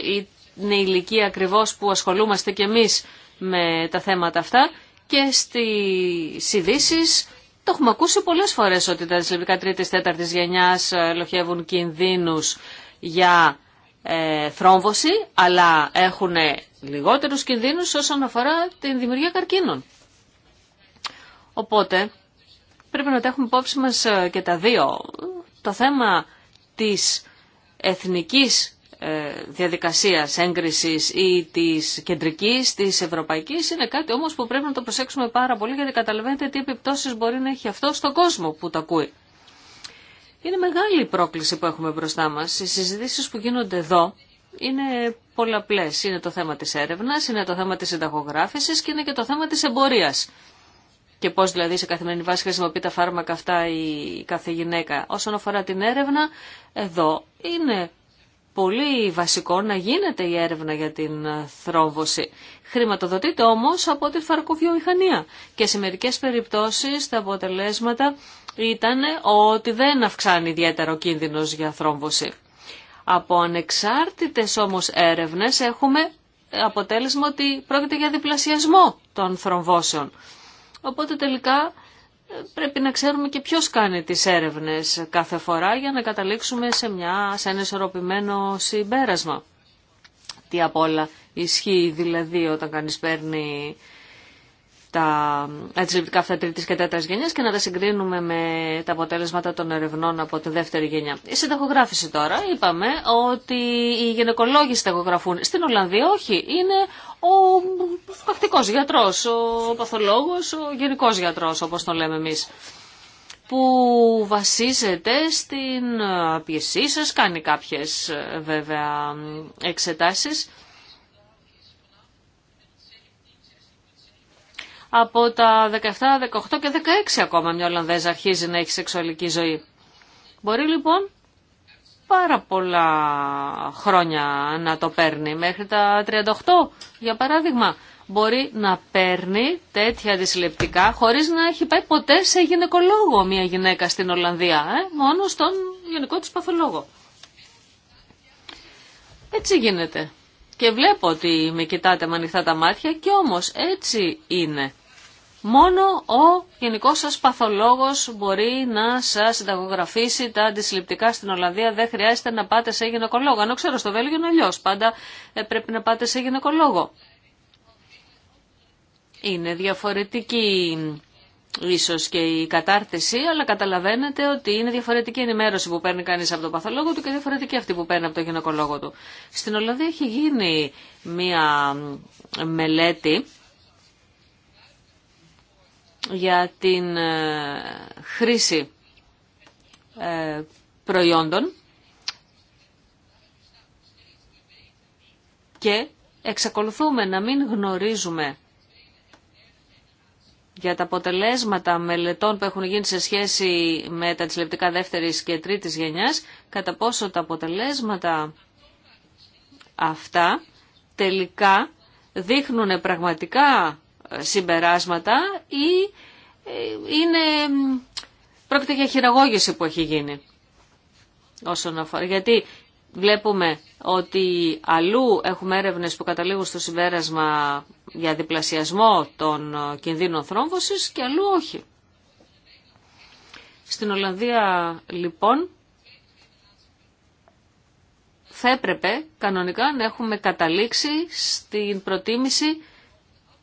είναι η ηλικία ακριβώς που ασχολούμαστε κι εμείς με τα θέματα αυτά και στις ειδήσει. Το έχουμε ακούσει πολλές φορές ότι τα δυσλειπικά τρίτης, τέταρτης γενιάς ε, λοχεύουν κινδύνους για θρόμβωση, ε, αλλά έχουν λιγότερους κινδύνους όσον αφορά την δημιουργία καρκίνων. Οπότε πρέπει να τα έχουμε υπόψη μας ε, και τα δύο. Το θέμα της εθνικής ε, διαδικασίας έγκρισης ή της κεντρικής, της ευρωπαϊκής είναι κάτι όμως που πρέπει να το προσέξουμε πάρα πολύ γιατί καταλαβαίνετε τι επιπτώσεις μπορεί να έχει αυτό στον κόσμο που το ακούει. Είναι μεγάλη η πρόκληση που έχουμε μπροστά μας. Οι συζητήσεις που γίνονται εδώ είναι πολλαπλές. Είναι το θέμα της έρευνας, είναι το θέμα της συνταγογράφησης και είναι και το θέμα της εμπορίας. Και πώς δηλαδή σε καθημερινή βάση χρησιμοποιεί τα φάρμακα αυτά η κάθε γυναίκα. Όσον αφορά την έρευνα, εδώ είναι πολύ βασικό να γίνεται η έρευνα για την θρόμβωση. Χρηματοδοτείται όμως από τη φαρκοβιομηχανία και σε μερικές περιπτώσεις τα αποτελέσματα ήταν ότι δεν αυξάνει ιδιαίτερο κίνδυνος για θρόμβωση. Από ανεξάρτητες όμως έρευνες έχουμε αποτέλεσμα ότι πρόκειται για διπλασιασμό των θρομβώσεων. Οπότε τελικά ε, πρέπει να ξέρουμε και ποιος κάνει τις έρευνες κάθε φορά για να καταλήξουμε σε, μια, σε ένα ισορροπημένο συμπέρασμα. Τι απ' όλα ισχύει δηλαδή όταν κανείς παίρνει τα αντισυλληπτικά αυτά τρίτη και τέταρτη γενιά και να τα συγκρίνουμε με τα αποτέλεσματα των ερευνών από τη δεύτερη γενιά. Η συνταγογράφηση τώρα είπαμε ότι οι γυναικολόγοι συνταγογραφούν. Στην Ολλανδία όχι, είναι ο πρακτικό γιατρός, ο παθολόγος, ο γενικό γιατρός όπως τον λέμε εμείς που βασίζεται στην πιεσή σας, κάνει κάποιες βέβαια εξετάσεις από τα 17, 18 και 16 ακόμα μια Ολλανδέζα αρχίζει να έχει σεξουαλική ζωή. Μπορεί λοιπόν πάρα πολλά χρόνια να το παίρνει, μέχρι τα 38 για παράδειγμα. Μπορεί να παίρνει τέτοια δυσλεπτικά χωρίς να έχει πάει ποτέ σε γυναικολόγο μια γυναίκα στην Ολλανδία, ε? μόνο στον γενικό της παθολόγο. Έτσι γίνεται. Και βλέπω ότι με κοιτάτε με ανοιχτά τα μάτια και όμως έτσι είναι. Μόνο ο γενικός σας παθολόγος μπορεί να σας συνταγογραφήσει τα αντισυλληπτικά στην Ολλανδία. Δεν χρειάζεται να πάτε σε γυναικολόγο. Αν ξέρω στο Βέλγιο είναι αλλιώς. Πάντα ε, πρέπει να πάτε σε γυναικολόγο. Είναι διαφορετική ίσως και η κατάρτιση, αλλά καταλαβαίνετε ότι είναι διαφορετική ενημέρωση που παίρνει κανείς από τον παθολόγο του και διαφορετική αυτή που παίρνει από τον γυναικολόγο του. Στην Ολλανδία έχει γίνει μία μελέτη για την ε, χρήση ε, προϊόντων και εξακολουθούμε να μην γνωρίζουμε για τα αποτελέσματα μελετών που έχουν γίνει σε σχέση με τα τηλεπτικά δεύτερης και τρίτης γενιάς, κατά πόσο τα αποτελέσματα αυτά τελικά δείχνουν πραγματικά ε, συμπεράσματα ή ε, είναι πρόκειται για χειραγώγηση που έχει γίνει όσον αφορά. Γιατί βλέπουμε ότι αλλού έχουμε έρευνες που καταλήγουν στο συμπέρασμα για διπλασιασμό των ε, κινδύνων θρόμβωσης και αλλού όχι. Στην Ολλανδία λοιπόν θα έπρεπε κανονικά να έχουμε καταλήξει στην προτίμηση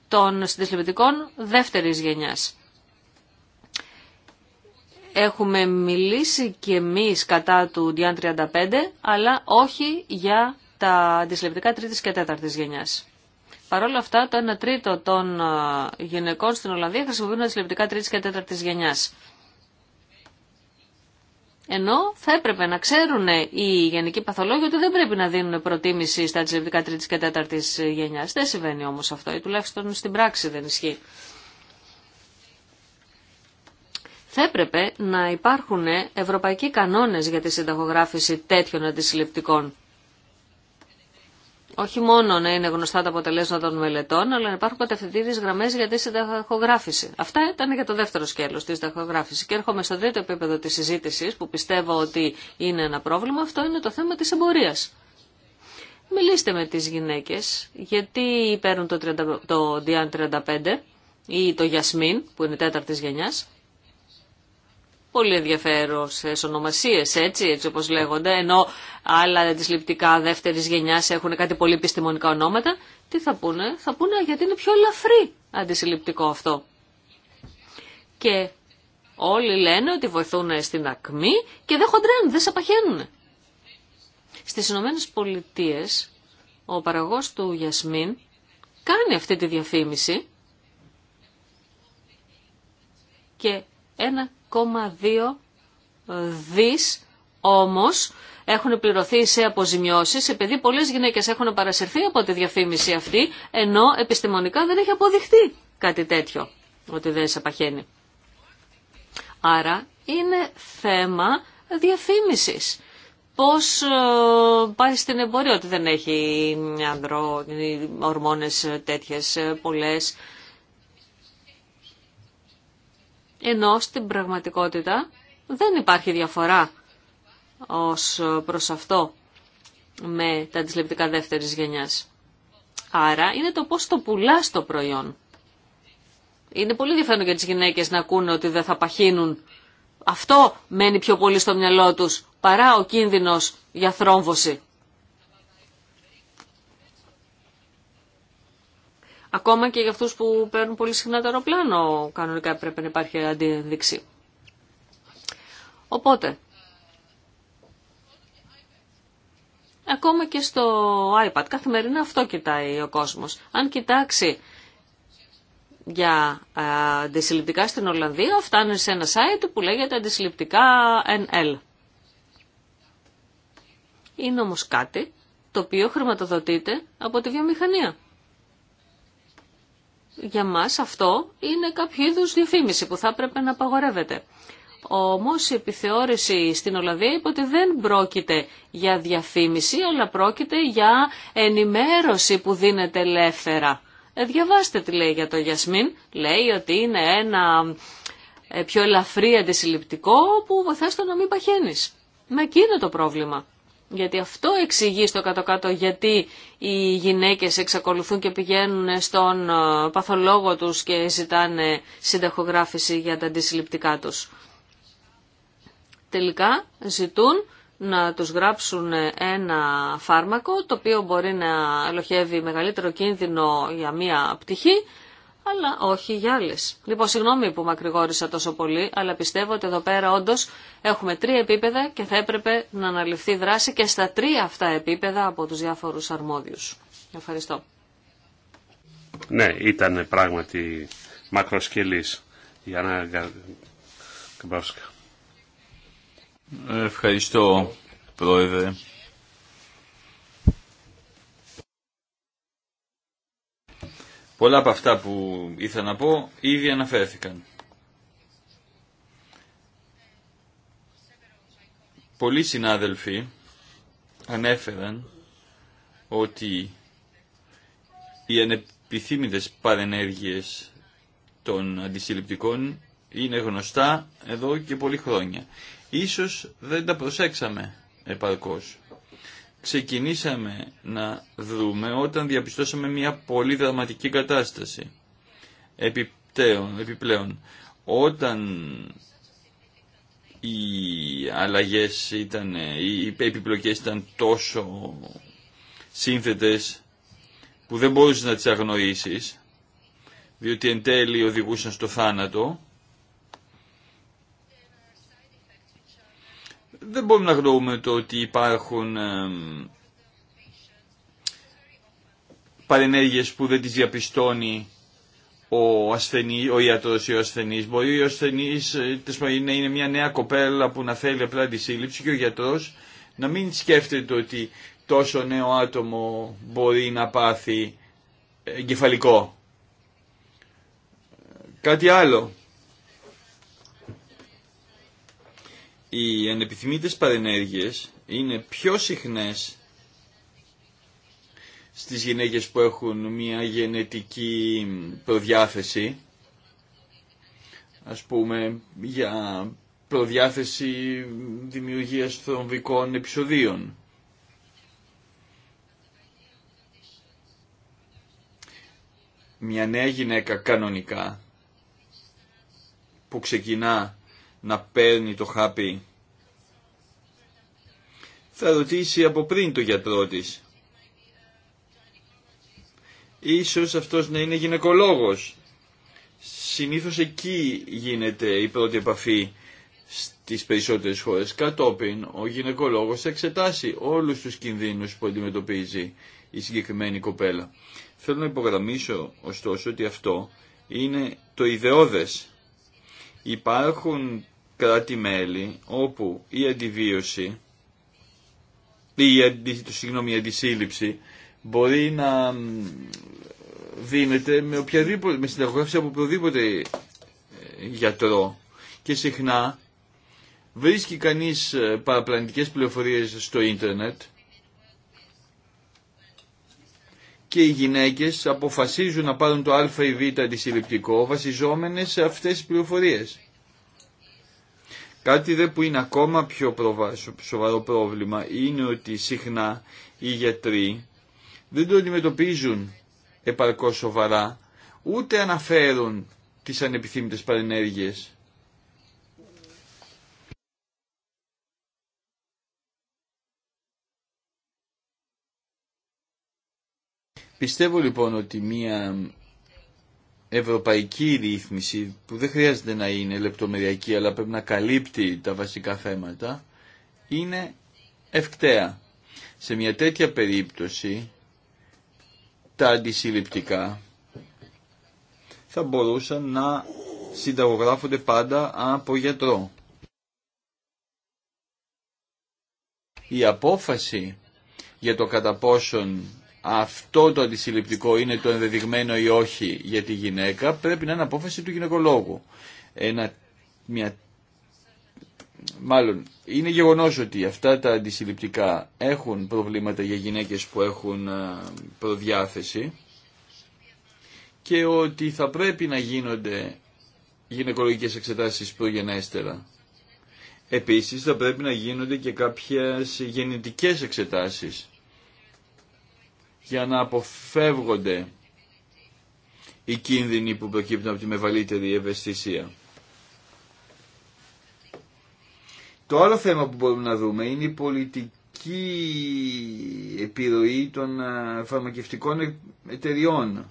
των συντεσλεπτικών δεύτερης γενιάς. Έχουμε μιλήσει και εμείς κατά του Dian 35, αλλά όχι για τα αντισλεπτικά τρίτης και τέταρτης γενιάς. Παρ' όλα αυτά, το 1 τρίτο των ε, γυναικών στην Ολλανδία χρησιμοποιούν αντισυλληπτικά τρίτη και τέταρτη γενιά. Ενώ θα έπρεπε να ξέρουν οι γενικοί παθολόγοι ότι δεν πρέπει να δίνουν προτίμηση στα αντισυλληπτικά τρίτη και τέταρτη γενιά. Δεν συμβαίνει όμω αυτό, ή τουλάχιστον στην πράξη δεν ισχύει. Θα έπρεπε να υπάρχουν ευρωπαϊκοί κανόνες για τη συνταγογράφηση τέτοιων αντισυλληπτικών όχι μόνο να είναι γνωστά τα αποτελέσματα των μελετών, αλλά να υπάρχουν κατευθυντήριε γραμμέ για τη συνταχογράφηση. Αυτά ήταν για το δεύτερο σκέλο τη συνταχογράφηση. Και έρχομαι στο τρίτο επίπεδο τη συζήτηση, που πιστεύω ότι είναι ένα πρόβλημα, αυτό είναι το θέμα τη εμπορία. Μιλήστε με τι γυναίκε γιατί παίρνουν το, 30, το Dian 35 ή το Γιασμίν, που είναι τέταρτη γενιά πολύ σε ονομασίες έτσι, έτσι όπως λέγονται, ενώ άλλα αντισληπτικά δεύτερης γενιάς έχουν κάτι πολύ επιστημονικά ονόματα, τι θα πούνε, θα πούνε γιατί είναι πιο ελαφρύ αντισυλληπτικό αυτό. Και όλοι λένε ότι βοηθούν στην ακμή και δεν χοντρένουν, δεν σαπαχαίνουν. Στις Ηνωμένε Πολιτείε ο παραγό του Γιασμίν κάνει αυτή τη διαφήμιση και ένα 1,2 δις όμως έχουν πληρωθεί σε αποζημιώσεις επειδή πολλές γυναίκες έχουν παρασυρθεί από τη διαφήμιση αυτή ενώ επιστημονικά δεν έχει αποδειχθεί κάτι τέτοιο ότι δεν σε παχαίνει. Άρα είναι θέμα διαφήμισης. Πώς ε, πάει στην εμπορία ότι δεν έχει άνδρο, ορμόνες τέτοιες ε, πολλές. ενώ στην πραγματικότητα δεν υπάρχει διαφορά ως προς αυτό με τα αντισλεπτικά δεύτερης γενιάς. Άρα είναι το πώς το πουλάς το προϊόν. Είναι πολύ ενδιαφέρον για τις γυναίκες να ακούνε ότι δεν θα παχύνουν. Αυτό μένει πιο πολύ στο μυαλό τους παρά ο κίνδυνος για θρόμβωση. Ακόμα και για αυτούς που παίρνουν πολύ συχνά το αεροπλάνο, κανονικά πρέπει να υπάρχει αντίδειξη. Οπότε, ακόμα και στο iPad, καθημερινά αυτό κοιτάει ο κόσμος. Αν κοιτάξει για αντισυλληπτικά στην Ολλανδία, φτάνει σε ένα site που λέγεται αντισυλληπτικά NL. Είναι όμως κάτι το οποίο χρηματοδοτείται από τη βιομηχανία για μας αυτό είναι κάποιο είδους διαφήμιση που θα έπρεπε να απαγορεύεται. Όμως η επιθεώρηση στην Ολλανδία είπε ότι δεν πρόκειται για διαφήμιση, αλλά πρόκειται για ενημέρωση που δίνεται ελεύθερα. Ε, διαβάστε τι λέει για το Γιασμίν. Λέει ότι είναι ένα ε, πιο ελαφρύ αντισυλληπτικό που βοηθά στο να μην παχαίνεις. Με εκεί το πρόβλημα. Γιατί αυτό εξηγεί στο κάτω-κάτω γιατί οι γυναίκες εξακολουθούν και πηγαίνουν στον ε, παθολόγο τους και ζητάνε συνταχογράφηση για τα αντισυλληπτικά τους. Τελικά ζητούν να τους γράψουν ένα φάρμακο το οποίο μπορεί να ελοχεύει μεγαλύτερο κίνδυνο για μία πτυχή αλλά όχι για άλλε. Λοιπόν, συγγνώμη που μακρηγόρησα τόσο πολύ, αλλά πιστεύω ότι εδώ πέρα όντω έχουμε τρία επίπεδα και θα έπρεπε να αναλυφθεί δράση και στα τρία αυτά επίπεδα από του διάφορου αρμόδιου. Ευχαριστώ. Ναι, ήταν πράγματι μακροσκελής η Άννα Ευχαριστώ, Πρόεδρε. Πολλά από αυτά που ήθελα να πω ήδη αναφέρθηκαν. Πολλοί συνάδελφοι ανέφεραν ότι οι ανεπιθύμητες παρενέργειες των αντισυλληπτικών είναι γνωστά εδώ και πολλή χρόνια. Ίσως δεν τα προσέξαμε επαρκώς ξεκινήσαμε να δούμε όταν διαπιστώσαμε μια πολύ δραματική κατάσταση. Επιπτέον, επιπλέον, όταν οι αλλαγές ήταν, οι επιπλοκές ήταν τόσο σύνθετες που δεν μπορούσες να τις αγνοήσεις, διότι εν τέλει οδηγούσαν στο θάνατο, δεν μπορούμε να γνωρούμε το ότι υπάρχουν παρενέργειες που δεν τις διαπιστώνει ο, ασθενή, ο ιατρός ή ο ασθενής. Μπορεί ο ασθενής ε, να είναι μια νέα κοπέλα που να θέλει απλά τη σύλληψη και ο γιατρός να μην σκέφτεται ότι τόσο νέο άτομο μπορεί να πάθει εγκεφαλικό. Ε, κάτι άλλο οι ανεπιθυμίτες παρενέργειες είναι πιο συχνές στις γυναίκες που έχουν μια γενετική προδιάθεση, ας πούμε για προδιάθεση δημιουργίας θρομβικών επεισοδίων. Μια νέα γυναίκα κανονικά που ξεκινά να παίρνει το χάπι. Θα ρωτήσει από πριν το γιατρό της. Ίσως αυτός να είναι γυναικολόγος. Συνήθως εκεί γίνεται η πρώτη επαφή στις περισσότερες χώρες. Κατόπιν ο γυναικολόγος θα εξετάσει όλους τους κινδύνους που αντιμετωπίζει η συγκεκριμένη κοπέλα. Θέλω να υπογραμμίσω ωστόσο ότι αυτό είναι το ιδεώδες. Υπάρχουν κράτη-μέλη όπου η αντιβίωση ή η, αντι, συγγνώμη, η αντισύλληψη μπορεί να δίνεται με, οποιαδήποτε, με συνταγογράφηση από οποιοδήποτε ε, γιατρό και συχνά βρίσκει κανείς ε, παραπλανητικές πληροφορίες στο ίντερνετ και οι γυναίκες αποφασίζουν να πάρουν το α ή β αντισυλληπτικό βασιζόμενες σε αυτές τις πληροφορίες. Κάτι δε που είναι ακόμα πιο σοβαρό πρόβλημα είναι ότι συχνά οι γιατροί δεν το αντιμετωπίζουν επαρκώς σοβαρά, ούτε αναφέρουν τις ανεπιθύμητες παρενέργειες. Πιστεύω λοιπόν ότι μία ευρωπαϊκή ρύθμιση που δεν χρειάζεται να είναι λεπτομεριακή αλλά πρέπει να καλύπτει τα βασικά θέματα είναι ευκταία. Σε μια τέτοια περίπτωση τα αντισυλληπτικά θα μπορούσαν να συνταγογράφονται πάντα από γιατρό. Η απόφαση για το κατά πόσον αυτό το αντισυλληπτικό είναι το ενδεδειγμένο ή όχι για τη γυναίκα πρέπει να είναι απόφαση του γυναικολόγου. Ένα, μάλλον είναι γεγονός ότι αυτά τα αντισυλληπτικά έχουν προβλήματα για γυναίκες που έχουν προδιάθεση και ότι θα πρέπει να γίνονται γυναικολογικές εξετάσεις προγενέστερα. Επίσης θα πρέπει να γίνονται και κάποιες γεννητικές εξετάσεις για να αποφεύγονται οι κίνδυνοι που προκύπτουν από τη μεγαλύτερη ευαισθησία. Το άλλο θέμα που μπορούμε να δούμε είναι η πολιτική επιρροή των φαρμακευτικών ε, εταιριών.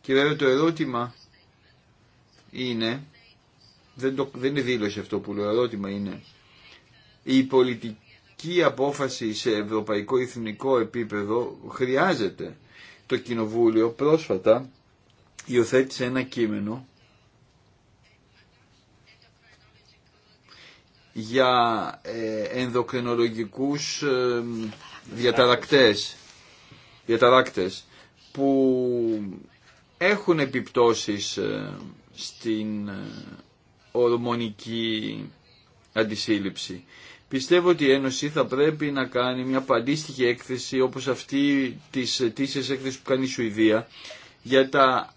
Και βέβαια το ερώτημα είναι, δεν, το, δεν είναι δήλωση αυτό που λέω, ερώτημα είναι, η πολιτική πολιτική απόφαση σε ευρωπαϊκό εθνικό επίπεδο χρειάζεται. Το Κοινοβούλιο πρόσφατα υιοθέτησε ένα κείμενο για ε, ενδοκρινολογικούς ε, διαταρακτές, διαταράκτες που έχουν επιπτώσεις ε, στην ορμονική αντισύλληψη. Πιστεύω ότι η Ένωση θα πρέπει να κάνει μια παντίστοιχη έκθεση όπως αυτή της της έκθεσης που κάνει η Σουηδία για τα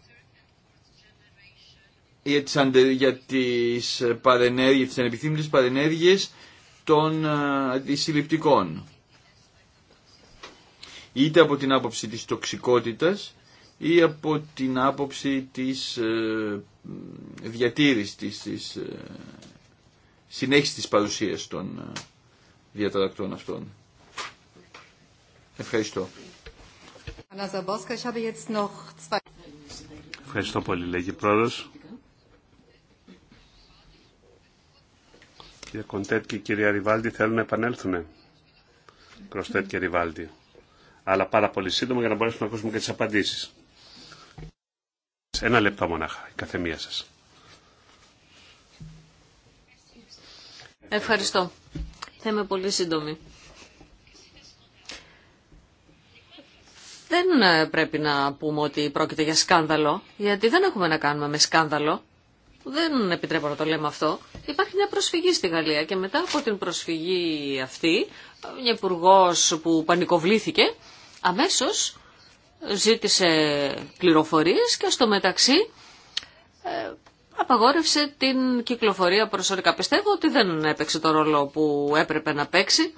για τις, αντε, για τις, παρενέργειες, τις ανεπιθύμητες παρενέργειες των αντισυλληπτικών. Ε, Είτε από την άποψη της τοξικότητας ή από την άποψη της ε, διατήρησης της ε, συνέχιση της παρουσίας των ε, διαταρακτών αυτών. Ευχαριστώ. Ευχαριστώ πολύ, λέγει πρόεδρος. Κύριε Κοντέτ και η κυρία Ριβάλτη θέλουν να επανέλθουν. Κροστέτ και Ριβάλτη. Αλλά πάρα πολύ σύντομα για να μπορέσουμε να ακούσουμε και τις απαντήσεις. Ένα λεπτό μονάχα, η καθεμία σας. Ευχαριστώ. Θα είμαι πολύ σύντομη. Δεν ε, πρέπει να πούμε ότι πρόκειται για σκάνδαλο, γιατί δεν έχουμε να κάνουμε με σκάνδαλο. Δεν επιτρέπω να το λέμε αυτό. Υπάρχει μια προσφυγή στη Γαλλία και μετά από την προσφυγή αυτή, μια υπουργό που πανικοβλήθηκε, αμέσως ζήτησε πληροφορίες και στο μεταξύ ε, απαγόρευσε την κυκλοφορία προσωρικά. Πιστεύω ότι δεν έπαιξε το ρόλο που έπρεπε να παίξει.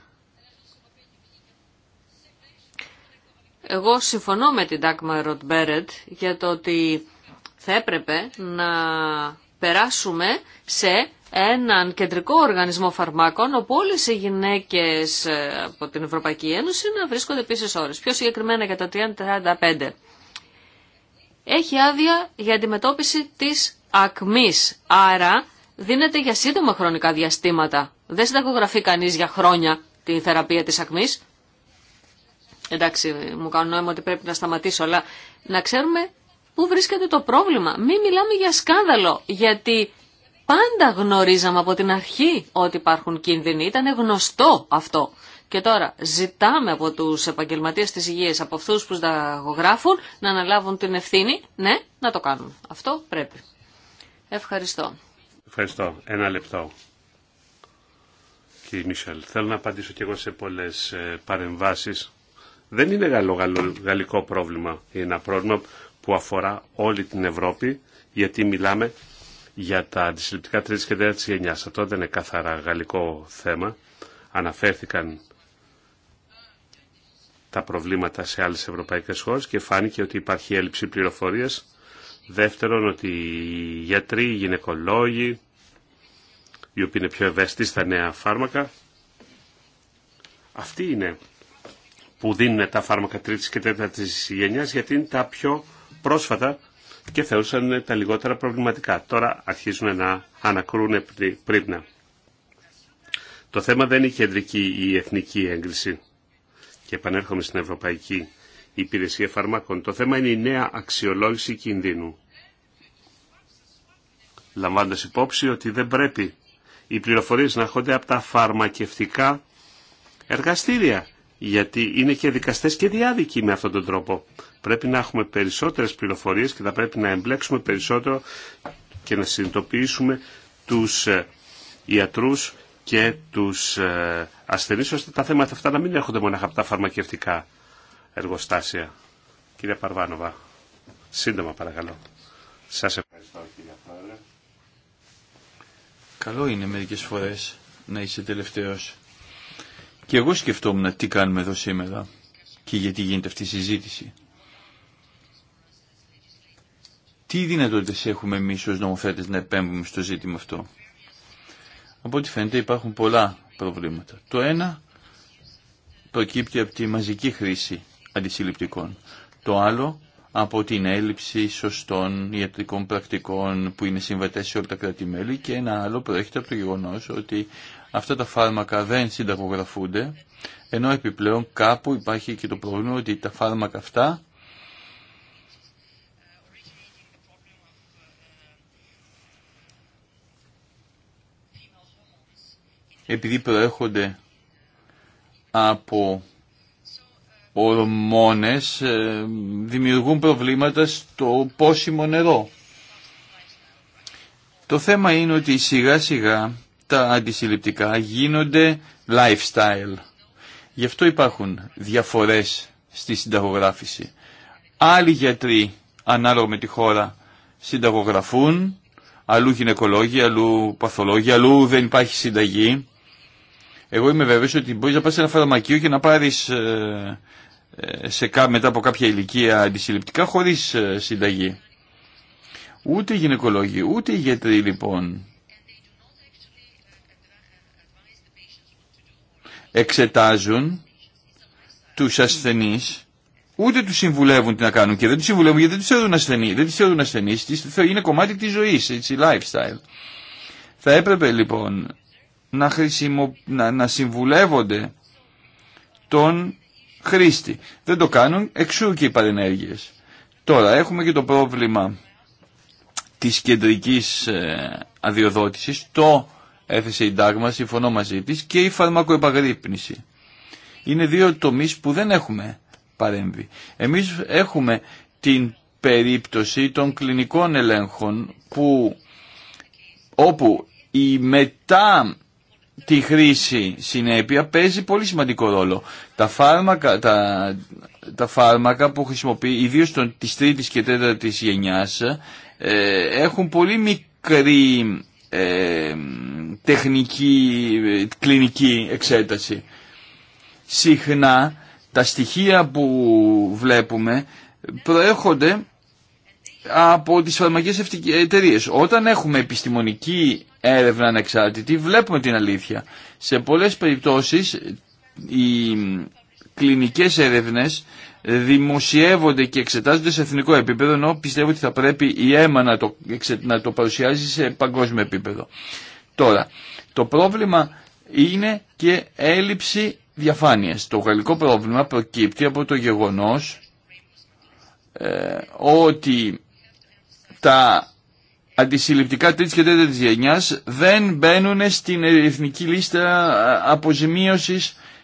Εγώ συμφωνώ με την Dagmar Ροτμπέρετ για το ότι θα έπρεπε να περάσουμε σε έναν κεντρικό οργανισμό φαρμάκων όπου όλες οι γυναίκες ε, από την Ευρωπαϊκή Ένωση να βρίσκονται επίσης ώρες. Πιο συγκεκριμένα για το 35 έχει άδεια για αντιμετώπιση της ακμής. Άρα δίνεται για σύντομα χρονικά διαστήματα. Δεν συνταγογραφεί κανείς για χρόνια τη θεραπεία της ακμής. Εντάξει, μου κάνω νόημα ότι πρέπει να σταματήσω, αλλά να ξέρουμε πού βρίσκεται το πρόβλημα. Μην μιλάμε για σκάνδαλο, γιατί πάντα γνωρίζαμε από την αρχή ότι υπάρχουν κίνδυνοι. Ήταν γνωστό αυτό. Και τώρα ζητάμε από τους επαγγελματίες της υγείας, από αυτούς που γράφουν, να αναλάβουν την ευθύνη. Ναι, να το κάνουν. Αυτό πρέπει. Ευχαριστώ. Ευχαριστώ. Ένα λεπτό. Κύριε Μίσελ, θέλω να απαντήσω κι εγώ σε πολλές ε, παρεμβάσεις. Δεν είναι γαλλο, γαλλο, γαλλικό πρόβλημα. Είναι ένα πρόβλημα που αφορά όλη την Ευρώπη, γιατί μιλάμε για τα αντισυλληπτικά τρίτη και τέταρτη γενιά. Αυτό δεν είναι καθαρά γαλλικό θέμα. Αναφέρθηκαν τα προβλήματα σε άλλες ευρωπαϊκές χώρες και φάνηκε ότι υπάρχει έλλειψη πληροφορίας. Δεύτερον, ότι οι γιατροί, οι γυναικολόγοι, οι οποίοι είναι πιο ευαίσθητοι στα νέα φάρμακα, αυτοί είναι που δίνουν τα φάρμακα τρίτης και τέταρτης γενιάς γιατί είναι τα πιο πρόσφατα και θεωρούσαν τα λιγότερα προβληματικά. Τώρα αρχίζουν να ανακρούν πρίπνα. Το θέμα δεν είναι η κεντρική ή η εθνική έγκριση και επανέρχομαι στην Ευρωπαϊκή Υπηρεσία Φαρμάκων. Το θέμα είναι η νέα αξιολόγηση κινδύνου. Λαμβάνοντας υπόψη ότι δεν πρέπει οι πληροφορίες να έρχονται από τα φαρμακευτικά εργαστήρια, γιατί είναι και δικαστές και διάδικοι με αυτόν τον τρόπο. Πρέπει να έχουμε περισσότερες πληροφορίες και θα πρέπει να εμπλέξουμε περισσότερο και να συνειδητοποιήσουμε τους ε, ιατρούς και τους ε, ασθενείς, ώστε τα θέματα αυτά να μην έρχονται μόνο από τα φαρμακευτικά εργοστάσια. Κύριε Παρβάνοβα, σύντομα παρακαλώ. Σας ευχαριστώ κύριε Πρόεδρε. Καλό είναι μερικές φορές να είσαι τελευταίος. Και εγώ σκεφτόμουν τι κάνουμε εδώ σήμερα και γιατί γίνεται αυτή η συζήτηση. Τι δυνατότητες έχουμε εμείς ως νομοθέτες να επέμβουμε στο ζήτημα αυτό. Από ό,τι φαίνεται υπάρχουν πολλά προβλήματα. Το ένα προκύπτει από τη μαζική χρήση αντισυλληπτικών. Το άλλο από την έλλειψη σωστών ιατρικών πρακτικών που είναι συμβατές σε όλα τα κράτη-μέλη και ένα άλλο προέρχεται από το γεγονός ότι αυτά τα φάρμακα δεν συνταγογραφούνται ενώ επιπλέον κάπου υπάρχει και το πρόβλημα ότι τα φάρμακα αυτά επειδή προέρχονται από ορμόνες ε, δημιουργούν προβλήματα στο πόσιμο νερό. Το θέμα είναι ότι σιγά σιγά τα αντισυλληπτικά γίνονται lifestyle. Γι' αυτό υπάρχουν διαφορές στη συνταγογράφηση. Άλλοι γιατροί ανάλογα με τη χώρα συνταγογραφούν, αλλού γυναικολόγοι, αλλού παθολόγοι, αλλού δεν υπάρχει συνταγή. Εγώ είμαι βέβαιος ότι μπορείς να πας σε ένα φαρμακείο και να πάρεις ε, ε, σε, μετά από κάποια ηλικία αντισυλληπτικά χωρίς ε, συνταγή. Ούτε οι γυναικολόγοι, ούτε οι γιατροί λοιπόν εξετάζουν τους ασθενείς ούτε τους συμβουλεύουν τι να κάνουν και δεν τους συμβουλεύουν γιατί δεν τους θεωρούν ασθενείς, δεν τους θεωρούν ασθενείς, είναι κομμάτι της ζωής, έτσι, lifestyle. Θα έπρεπε λοιπόν να, χρησιμο... να, να συμβουλεύονται τον χρήστη. Δεν το κάνουν, εξού και οι παρενέργειες. Τώρα έχουμε και το πρόβλημα της κεντρικής ε, αδειοδότησης, το έθεσε η Ντάγμα, συμφωνώ μαζί της, και η φαρμακοεπαγρύπνηση. Είναι δύο τομείς που δεν έχουμε παρέμβει. Εμείς έχουμε την περίπτωση των κλινικών ελέγχων που, όπου η μετά τη χρήση συνέπεια παίζει πολύ σημαντικό ρόλο. Τα φάρμακα, τα, τα φάρμακα που χρησιμοποιεί ιδίως των, της τρίτης και τέταρτης γενιάς ε, έχουν πολύ μικρή ε, τεχνική, ε, κλινική εξέταση. Συχνά τα στοιχεία που βλέπουμε προέρχονται από τις φαρμακές εταιρείε. Όταν έχουμε επιστημονική έρευνα ανεξάρτητη βλέπουμε την αλήθεια. Σε πολλές περιπτώσεις οι κλινικές έρευνες δημοσιεύονται και εξετάζονται σε εθνικό επίπεδο ενώ πιστεύω ότι θα πρέπει η αίμα να το, παρουσιάζει σε παγκόσμιο επίπεδο. Τώρα, το πρόβλημα είναι και έλλειψη διαφάνειας. Το γαλλικό πρόβλημα προκύπτει από το γεγονός ε, ότι τα αντισυλληπτικά τρίτη και τέταρτη γενιά δεν μπαίνουν στην εθνική λίστα αποζημίωση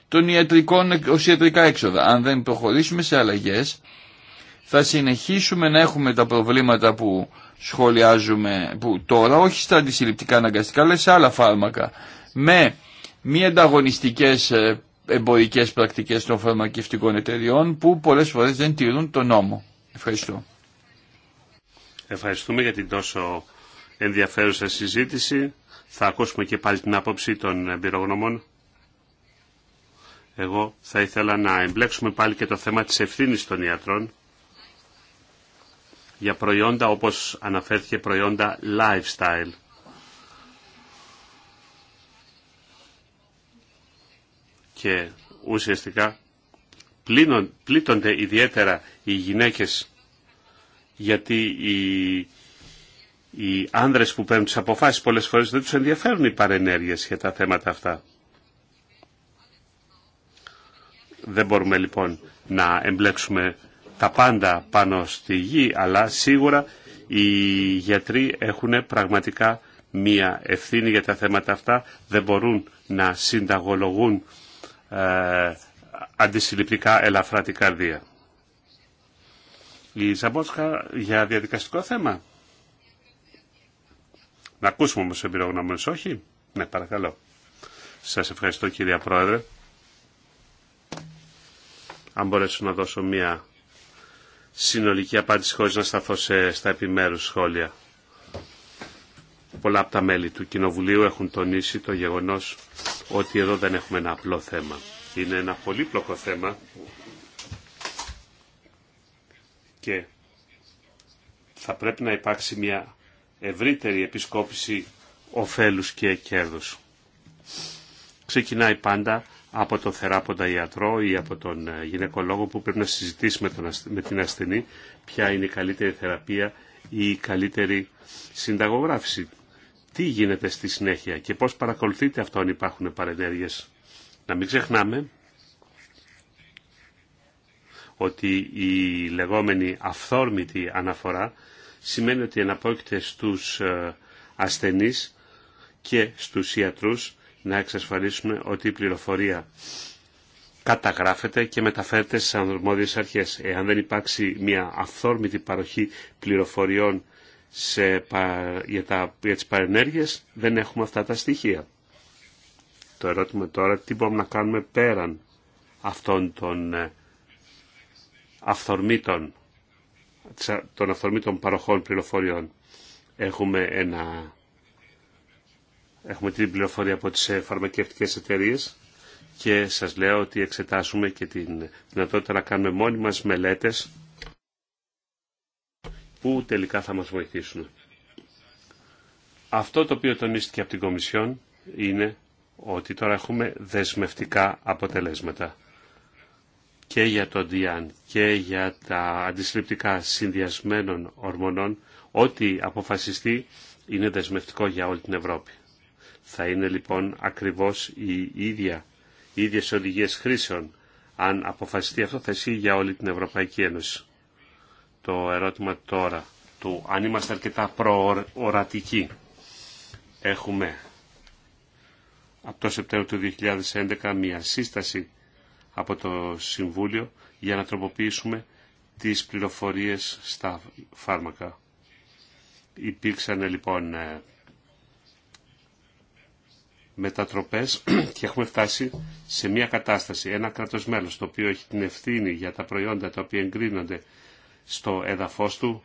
των ιατρικών ω ιατρικά έξοδα. Αν δεν προχωρήσουμε σε αλλαγέ, θα συνεχίσουμε να έχουμε τα προβλήματα που σχολιάζουμε που τώρα, όχι στα αντισυλληπτικά αναγκαστικά, αλλά σε άλλα φάρμακα, με μη ανταγωνιστικέ ε, εμπορικέ πρακτικέ των φαρμακευτικών εταιριών που πολλέ φορέ δεν τηρούν τον νόμο. Ευχαριστώ. Ευχαριστούμε για την τόσο ενδιαφέρουσα συζήτηση. Θα ακούσουμε και πάλι την άποψη των εμπειρογνωμών. Εγώ θα ήθελα να εμπλέξουμε πάλι και το θέμα της ευθύνης των ιατρών για προϊόντα όπως αναφέρθηκε προϊόντα lifestyle. Και ουσιαστικά πλήττονται ιδιαίτερα οι γυναίκες γιατί οι, οι άνδρες που παίρνουν τις αποφάσεις πολλές φορές δεν τους ενδιαφέρουν οι παρενέργειες για τα θέματα αυτά. Δεν μπορούμε λοιπόν να εμπλέξουμε τα πάντα πάνω στη γη, αλλά σίγουρα οι γιατροί έχουν πραγματικά μία ευθύνη για τα θέματα αυτά, δεν μπορούν να συνταγολογούν ε, αντισυλληπτικά ελαφρά την καρδία η για διαδικαστικό θέμα. Να ακούσουμε όμως εμπειρογνώμονες, όχι. Ναι, παρακαλώ. Σας ευχαριστώ κυρία Πρόεδρε. Αν μπορέσω να δώσω μία συνολική απάντηση χωρίς να σταθώ στα επιμέρους σχόλια. Πολλά από τα μέλη του Κοινοβουλίου έχουν τονίσει το γεγονός ότι εδώ δεν έχουμε ένα απλό θέμα. Είναι ένα πολύπλοκο θέμα και θα πρέπει να υπάρξει μια ευρύτερη επισκόπηση οφέλους και κέρδους. Ξεκινάει πάντα από τον θεράποντα ιατρό ή από τον ε, γυναικολόγο που πρέπει να συζητήσει με, τον, με την ασθενή ποια είναι η καλύτερη θεραπεία ή η καλύτερη συνταγογράφηση. Τι γίνεται στη συνέχεια και πώς παρακολουθείτε αυτό αν υπάρχουν παρενέργειες. Να μην ξεχνάμε ότι η λεγόμενη αυθόρμητη αναφορά σημαίνει ότι εναπόκειται στους ε, ασθενείς και στους ιατρούς να εξασφαλίσουμε ότι η πληροφορία καταγράφεται και μεταφέρεται στις ανδρομόδιες αρχές. Εάν δεν υπάρξει μια αυθόρμητη παροχή πληροφοριών σε, για, τα, για τις παρενέργειες, δεν έχουμε αυτά τα στοιχεία. Το ερώτημα τώρα, τι μπορούμε να κάνουμε πέραν αυτών των ε, αυθορμήτων, των αυθορμήτων παροχών πληροφοριών. Έχουμε, ένα, έχουμε την πληροφορία από τις ε, φαρμακευτικές εταιρείες και σας λέω ότι εξετάσουμε και την δυνατότητα να κάνουμε μόνοι μας μελέτες που τελικά θα μας βοηθήσουν. Αυτό το οποίο τονίστηκε από την Κομισιόν είναι ότι τώρα έχουμε δεσμευτικά αποτελέσματα και για το Διάν και για τα αντισυλληπτικά συνδυασμένων ορμονών, ό,τι αποφασιστεί είναι δεσμευτικό για όλη την Ευρώπη. Θα είναι λοιπόν ακριβώς η ίδια, οι ίδιες οδηγίες χρήσεων. Αν αποφασιστεί αυτό θα για όλη την Ευρωπαϊκή Ένωση. Το ερώτημα τώρα του αν είμαστε αρκετά προορατικοί. Έχουμε από το Σεπτέμβριο του 2011 μια σύσταση από το Συμβούλιο για να τροποποιήσουμε τις πληροφορίες στα φάρμακα. Υπήρξαν λοιπόν ε, μετατροπές [clears throat] και έχουμε φτάσει σε μια κατάσταση. Ένα κρατος μέλος το οποίο έχει την ευθύνη για τα προϊόντα τα οποία εγκρίνονται στο έδαφος του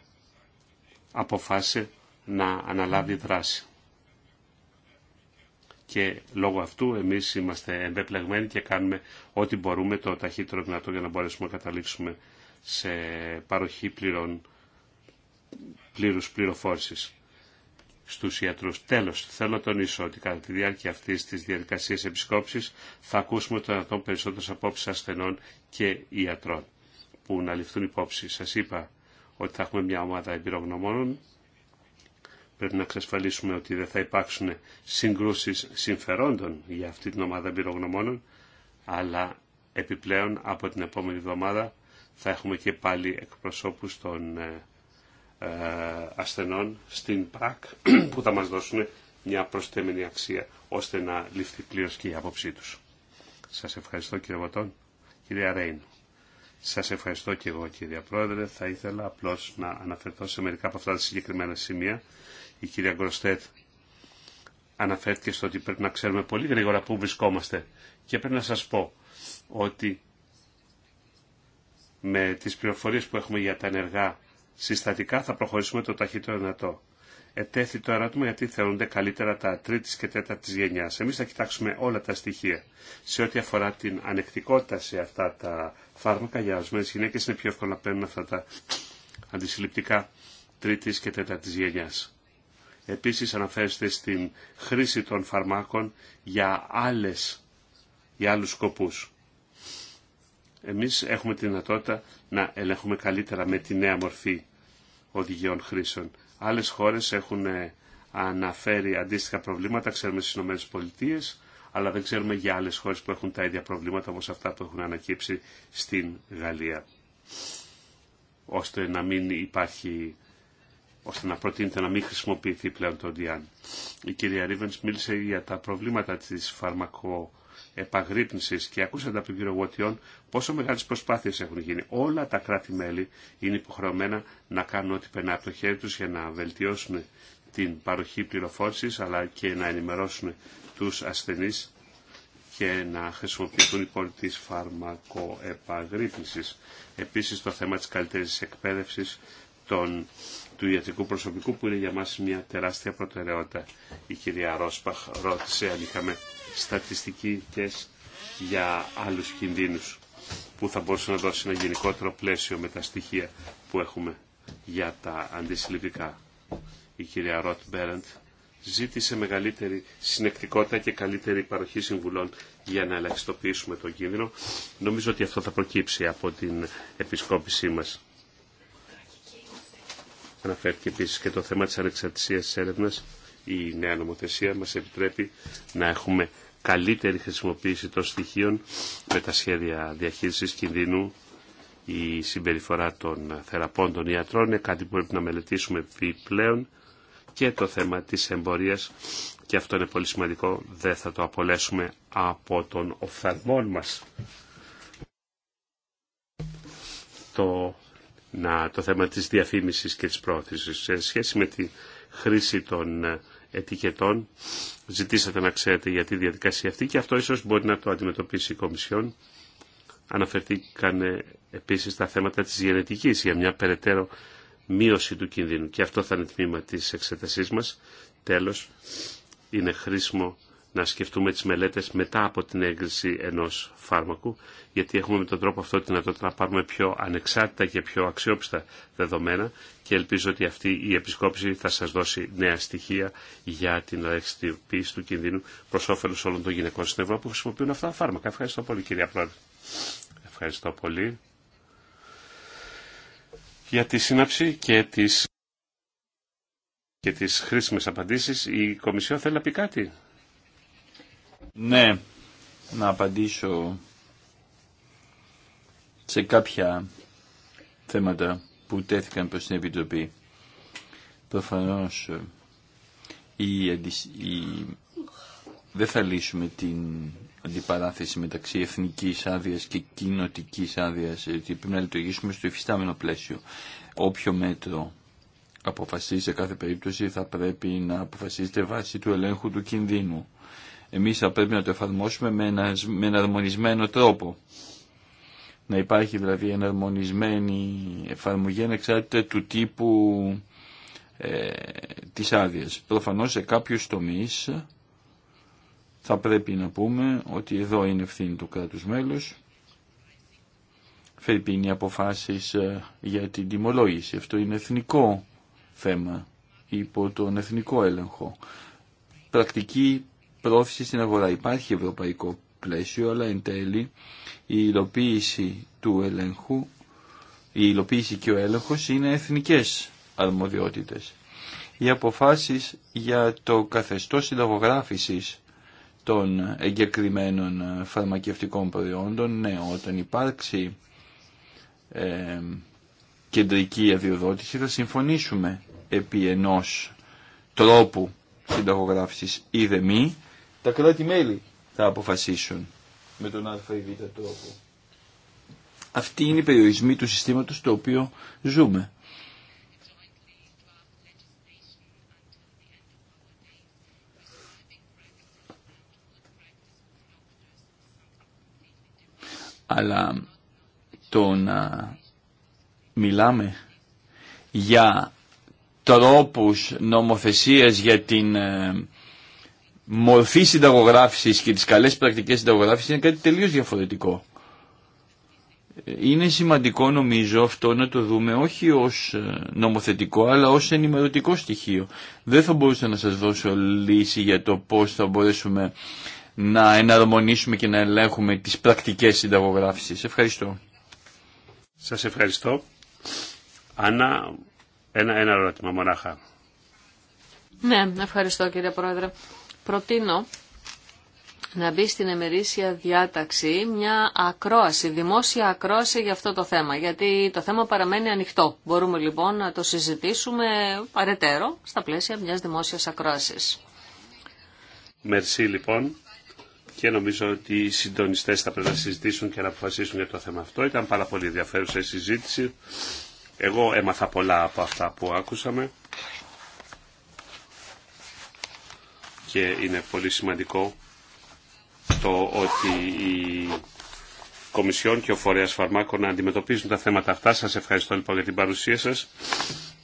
αποφάσισε να αναλάβει δράση και λόγω αυτού εμείς είμαστε εμπεπλεγμένοι και κάνουμε ό,τι μπορούμε το ταχύτερο δυνατό για να μπορέσουμε να καταλήξουμε σε παροχή πληρών, πλήρους πληροφόρησης στους ιατρούς. Τέλος, θέλω να τονίσω ότι κατά τη διάρκεια αυτής της διαδικασίας επισκόψης θα ακούσουμε το δυνατόν περισσότερες απόψεις ασθενών και ιατρών που να ληφθούν υπόψη. Σας είπα ότι θα έχουμε μια ομάδα εμπειρογνωμόνων Πρέπει να εξασφαλίσουμε ότι δεν θα υπάρξουν συγκρούσεις συμφερόντων για αυτή την ομάδα εμπειρογνωμόνων, αλλά επιπλέον από την επόμενη εβδομάδα θα έχουμε και πάλι εκπροσώπους των ε, ε, ασθενών στην ΠΡΑΚ [clears throat] που θα μας δώσουν μια προσθέμενη αξία ώστε να ληφθεί πλήρως και η άποψή τους. Σας ευχαριστώ κύριε Βατών. Κυρία Ρέιν, σας ευχαριστώ και εγώ κύριε Πρόεδρε. Θα ήθελα απλώς να αναφερθώ σε μερικά από αυτά τα συγκεκριμένα σημεία η κυρία Γκροστέτ αναφέρθηκε στο ότι πρέπει να ξέρουμε πολύ γρήγορα πού βρισκόμαστε. Και πρέπει να σας πω ότι με τις πληροφορίες που έχουμε για τα ενεργά συστατικά θα προχωρήσουμε το ταχύτερο δυνατό. Ετέθη το ερώτημα γιατί θεωρούνται καλύτερα τα τρίτη και τέταρτη γενιά. Εμεί θα κοιτάξουμε όλα τα στοιχεία. Σε ό,τι αφορά την ανεκτικότητα σε αυτά τα φάρμακα, για ορισμένε γυναίκε είναι πιο εύκολο να παίρνουν αυτά τα αντισυλληπτικά τρίτη και τέταρτη γενιά. Επίσης αναφέρεστε στην χρήση των φαρμάκων για, άλλες, για άλλους σκοπούς. Εμείς έχουμε τη δυνατότητα να ελέγχουμε καλύτερα με τη νέα μορφή οδηγιών χρήσεων. Άλλες χώρες έχουν ε, αναφέρει αντίστοιχα προβλήματα, ξέρουμε στις Ηνωμένες Πολιτείες, αλλά δεν ξέρουμε για άλλες χώρες που έχουν τα ίδια προβλήματα όπως αυτά που έχουν ανακύψει στην Γαλλία, ώστε να μην υπάρχει ώστε να προτείνεται να μην χρησιμοποιηθεί πλέον το Διάν. Η κυρία Ρίβενς μίλησε για τα προβλήματα της φαρμακοεπαγρύπνησης και ακούσατε από τον κύριο πόσο μεγάλες προσπάθειες έχουν γίνει. Όλα τα κράτη-μέλη είναι υποχρεωμένα να κάνουν ό,τι περνά από το χέρι τους για να βελτιώσουν την παροχή πληροφόρησης αλλά και να ενημερώσουν τους ασθενείς και να χρησιμοποιηθούν οι πόροι της φαρμακοεπαγρύπνησης. Επίσης το θέμα της καλύτερης εκπαίδευση των του ιατρικού προσωπικού που είναι για μας μια τεράστια προτεραιότητα. Η κυρία Ρόσπαχ ρώτησε αν είχαμε στατιστικές για άλλους κινδύνους που θα μπορούσε να δώσει ένα γενικότερο πλαίσιο με τα στοιχεία που έχουμε για τα αντισυλληπτικά. Η κυρία Ροτ Μπέραντ ζήτησε μεγαλύτερη συνεκτικότητα και καλύτερη παροχή συμβουλών για να ελαχιστοποιήσουμε τον κίνδυνο. Νομίζω ότι αυτό θα προκύψει από την επισκόπησή μας. Αναφέρθηκε επίση και το θέμα της ανεξαρτησία τη έρευνα. Η νέα νομοθεσία μας επιτρέπει να έχουμε καλύτερη χρησιμοποίηση των στοιχείων με τα σχέδια διαχείρισης κινδύνου. Η συμπεριφορά των θεραπών των ιατρών είναι κάτι που πρέπει να μελετήσουμε επιπλέον και το θέμα της εμπορίας και αυτό είναι πολύ σημαντικό, δεν θα το απολέσουμε από τον οφθαλμό μας. Το να, το θέμα της διαφήμισης και της πρόθεσης. Σε σχέση με τη χρήση των ε, ετικετών, ζητήσατε να ξέρετε για τη διαδικασία αυτή και αυτό ίσως μπορεί να το αντιμετωπίσει η Κομισιόν. Αναφερθήκαν επίσης τα θέματα της γενετικής για μια περαιτέρω μείωση του κινδύνου και αυτό θα είναι τμήμα της εξετασής μας. Τέλος, είναι χρήσιμο να σκεφτούμε τις μελέτες μετά από την έγκριση ενός φάρμακου, γιατί έχουμε με τον τρόπο αυτό τη δυνατότητα να πάρουμε πιο ανεξάρτητα και πιο αξιόπιστα δεδομένα και ελπίζω ότι αυτή η επισκόπηση θα σας δώσει νέα στοιχεία για την ελαχιστοποίηση του κινδύνου προς όφελος όλων των γυναικών στην Ευρώπη που χρησιμοποιούν αυτά τα φάρμακα. Ευχαριστώ πολύ κυρία Πρόεδρε. Ευχαριστώ πολύ για τη σύναψη και τις, και τις χρήσιμες απαντήσεις. Η Κομισιόν θέλει να πει κάτι. Ναι, να απαντήσω σε κάποια θέματα που τέθηκαν προς την Επιτροπή. Προφανώς ε, η, η, δεν θα λύσουμε την αντιπαράθεση μεταξύ εθνικής άδεια και κοινοτική άδεια, ε, γιατί πρέπει να λειτουργήσουμε στο υφιστάμενο πλαίσιο. Όποιο μέτρο αποφασίζει σε κάθε περίπτωση θα πρέπει να αποφασίζεται βάσει του ελέγχου του κινδύνου. Εμείς θα πρέπει να το εφαρμόσουμε με, ένα, εναρμονισμένο τρόπο. Να υπάρχει δηλαδή εναρμονισμένη εφαρμογή ανεξάρτητα του τύπου ε, της άδεια. Προφανώς σε κάποιους τομείς θα πρέπει να πούμε ότι εδώ είναι ευθύνη του κράτους μέλους. Φερπίνει αποφάσεις ε, για την τιμολόγηση. Αυτό είναι εθνικό θέμα υπό τον εθνικό έλεγχο. Πρακτική πρόθεση στην αγορά. Υπάρχει ευρωπαϊκό πλαίσιο, αλλά εν τέλει η υλοποίηση του ελέγχου, η υλοποίηση και ο έλεγχος είναι εθνικές αρμοδιότητες. Οι αποφάσεις για το καθεστώς συνταγογράφησης των εγκεκριμένων φαρμακευτικών προϊόντων, ναι, όταν υπάρξει ε, κεντρική αδειοδότηση θα συμφωνήσουμε επί ενός τρόπου συνταγογράφησης ή δε μη, τα κράτη-μέλη θα αποφασίσουν με τον α ή β τρόπο. Αυτή είναι η περιορισμοί του συστήματος το οποίο ζούμε. Αλλά το να μιλάμε για τρόπους νομοθεσίας για την ε, μορφή συνταγογράφησης και τις καλέ πρακτικές συνταγογράφησης είναι κάτι τελείω διαφορετικό. Είναι σημαντικό νομίζω αυτό να το δούμε όχι ως ε, νομοθετικό αλλά ως ενημερωτικό στοιχείο. Δεν θα μπορούσα να σας δώσω λύση για το πώς θα μπορέσουμε να εναρμονίσουμε και να ελέγχουμε τις πρακτικές συνταγογράφησης. Ευχαριστώ. Σας ευχαριστώ. Άννα, ένα, ένα ερώτημα μονάχα. Ναι, ευχαριστώ κύριε Πρόεδρε προτείνω να μπει στην εμερήσια διάταξη μια ακρόαση, δημόσια ακρόαση για αυτό το θέμα, γιατί το θέμα παραμένει ανοιχτό. Μπορούμε λοιπόν να το συζητήσουμε παρετέρω στα πλαίσια μιας δημόσιας ακρόασης. Μερσή λοιπόν και νομίζω ότι οι συντονιστές θα πρέπει να συζητήσουν και να αποφασίσουν για το θέμα αυτό. Ήταν πάρα πολύ ενδιαφέρουσα η συζήτηση. Εγώ έμαθα πολλά από αυτά που άκουσαμε. και είναι πολύ σημαντικό το ότι η Κομισιόν και ο Φορέας Φαρμάκων να αντιμετωπίζουν τα θέματα αυτά. Σας ευχαριστώ λοιπόν για την παρουσία σας.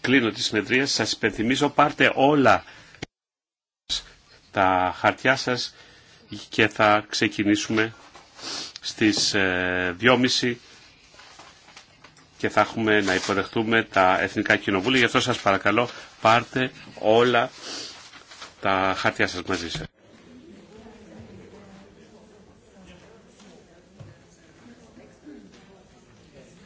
Κλείνω τη συνεδρία. Σας υπενθυμίζω πάρτε όλα τα χαρτιά σας και θα ξεκινήσουμε στις 2.30 ε, και θα έχουμε να υποδεχτούμε τα Εθνικά Κοινοβούλια. Γι' αυτό σας παρακαλώ πάρτε όλα τα χαρτιά σας μαζί σας.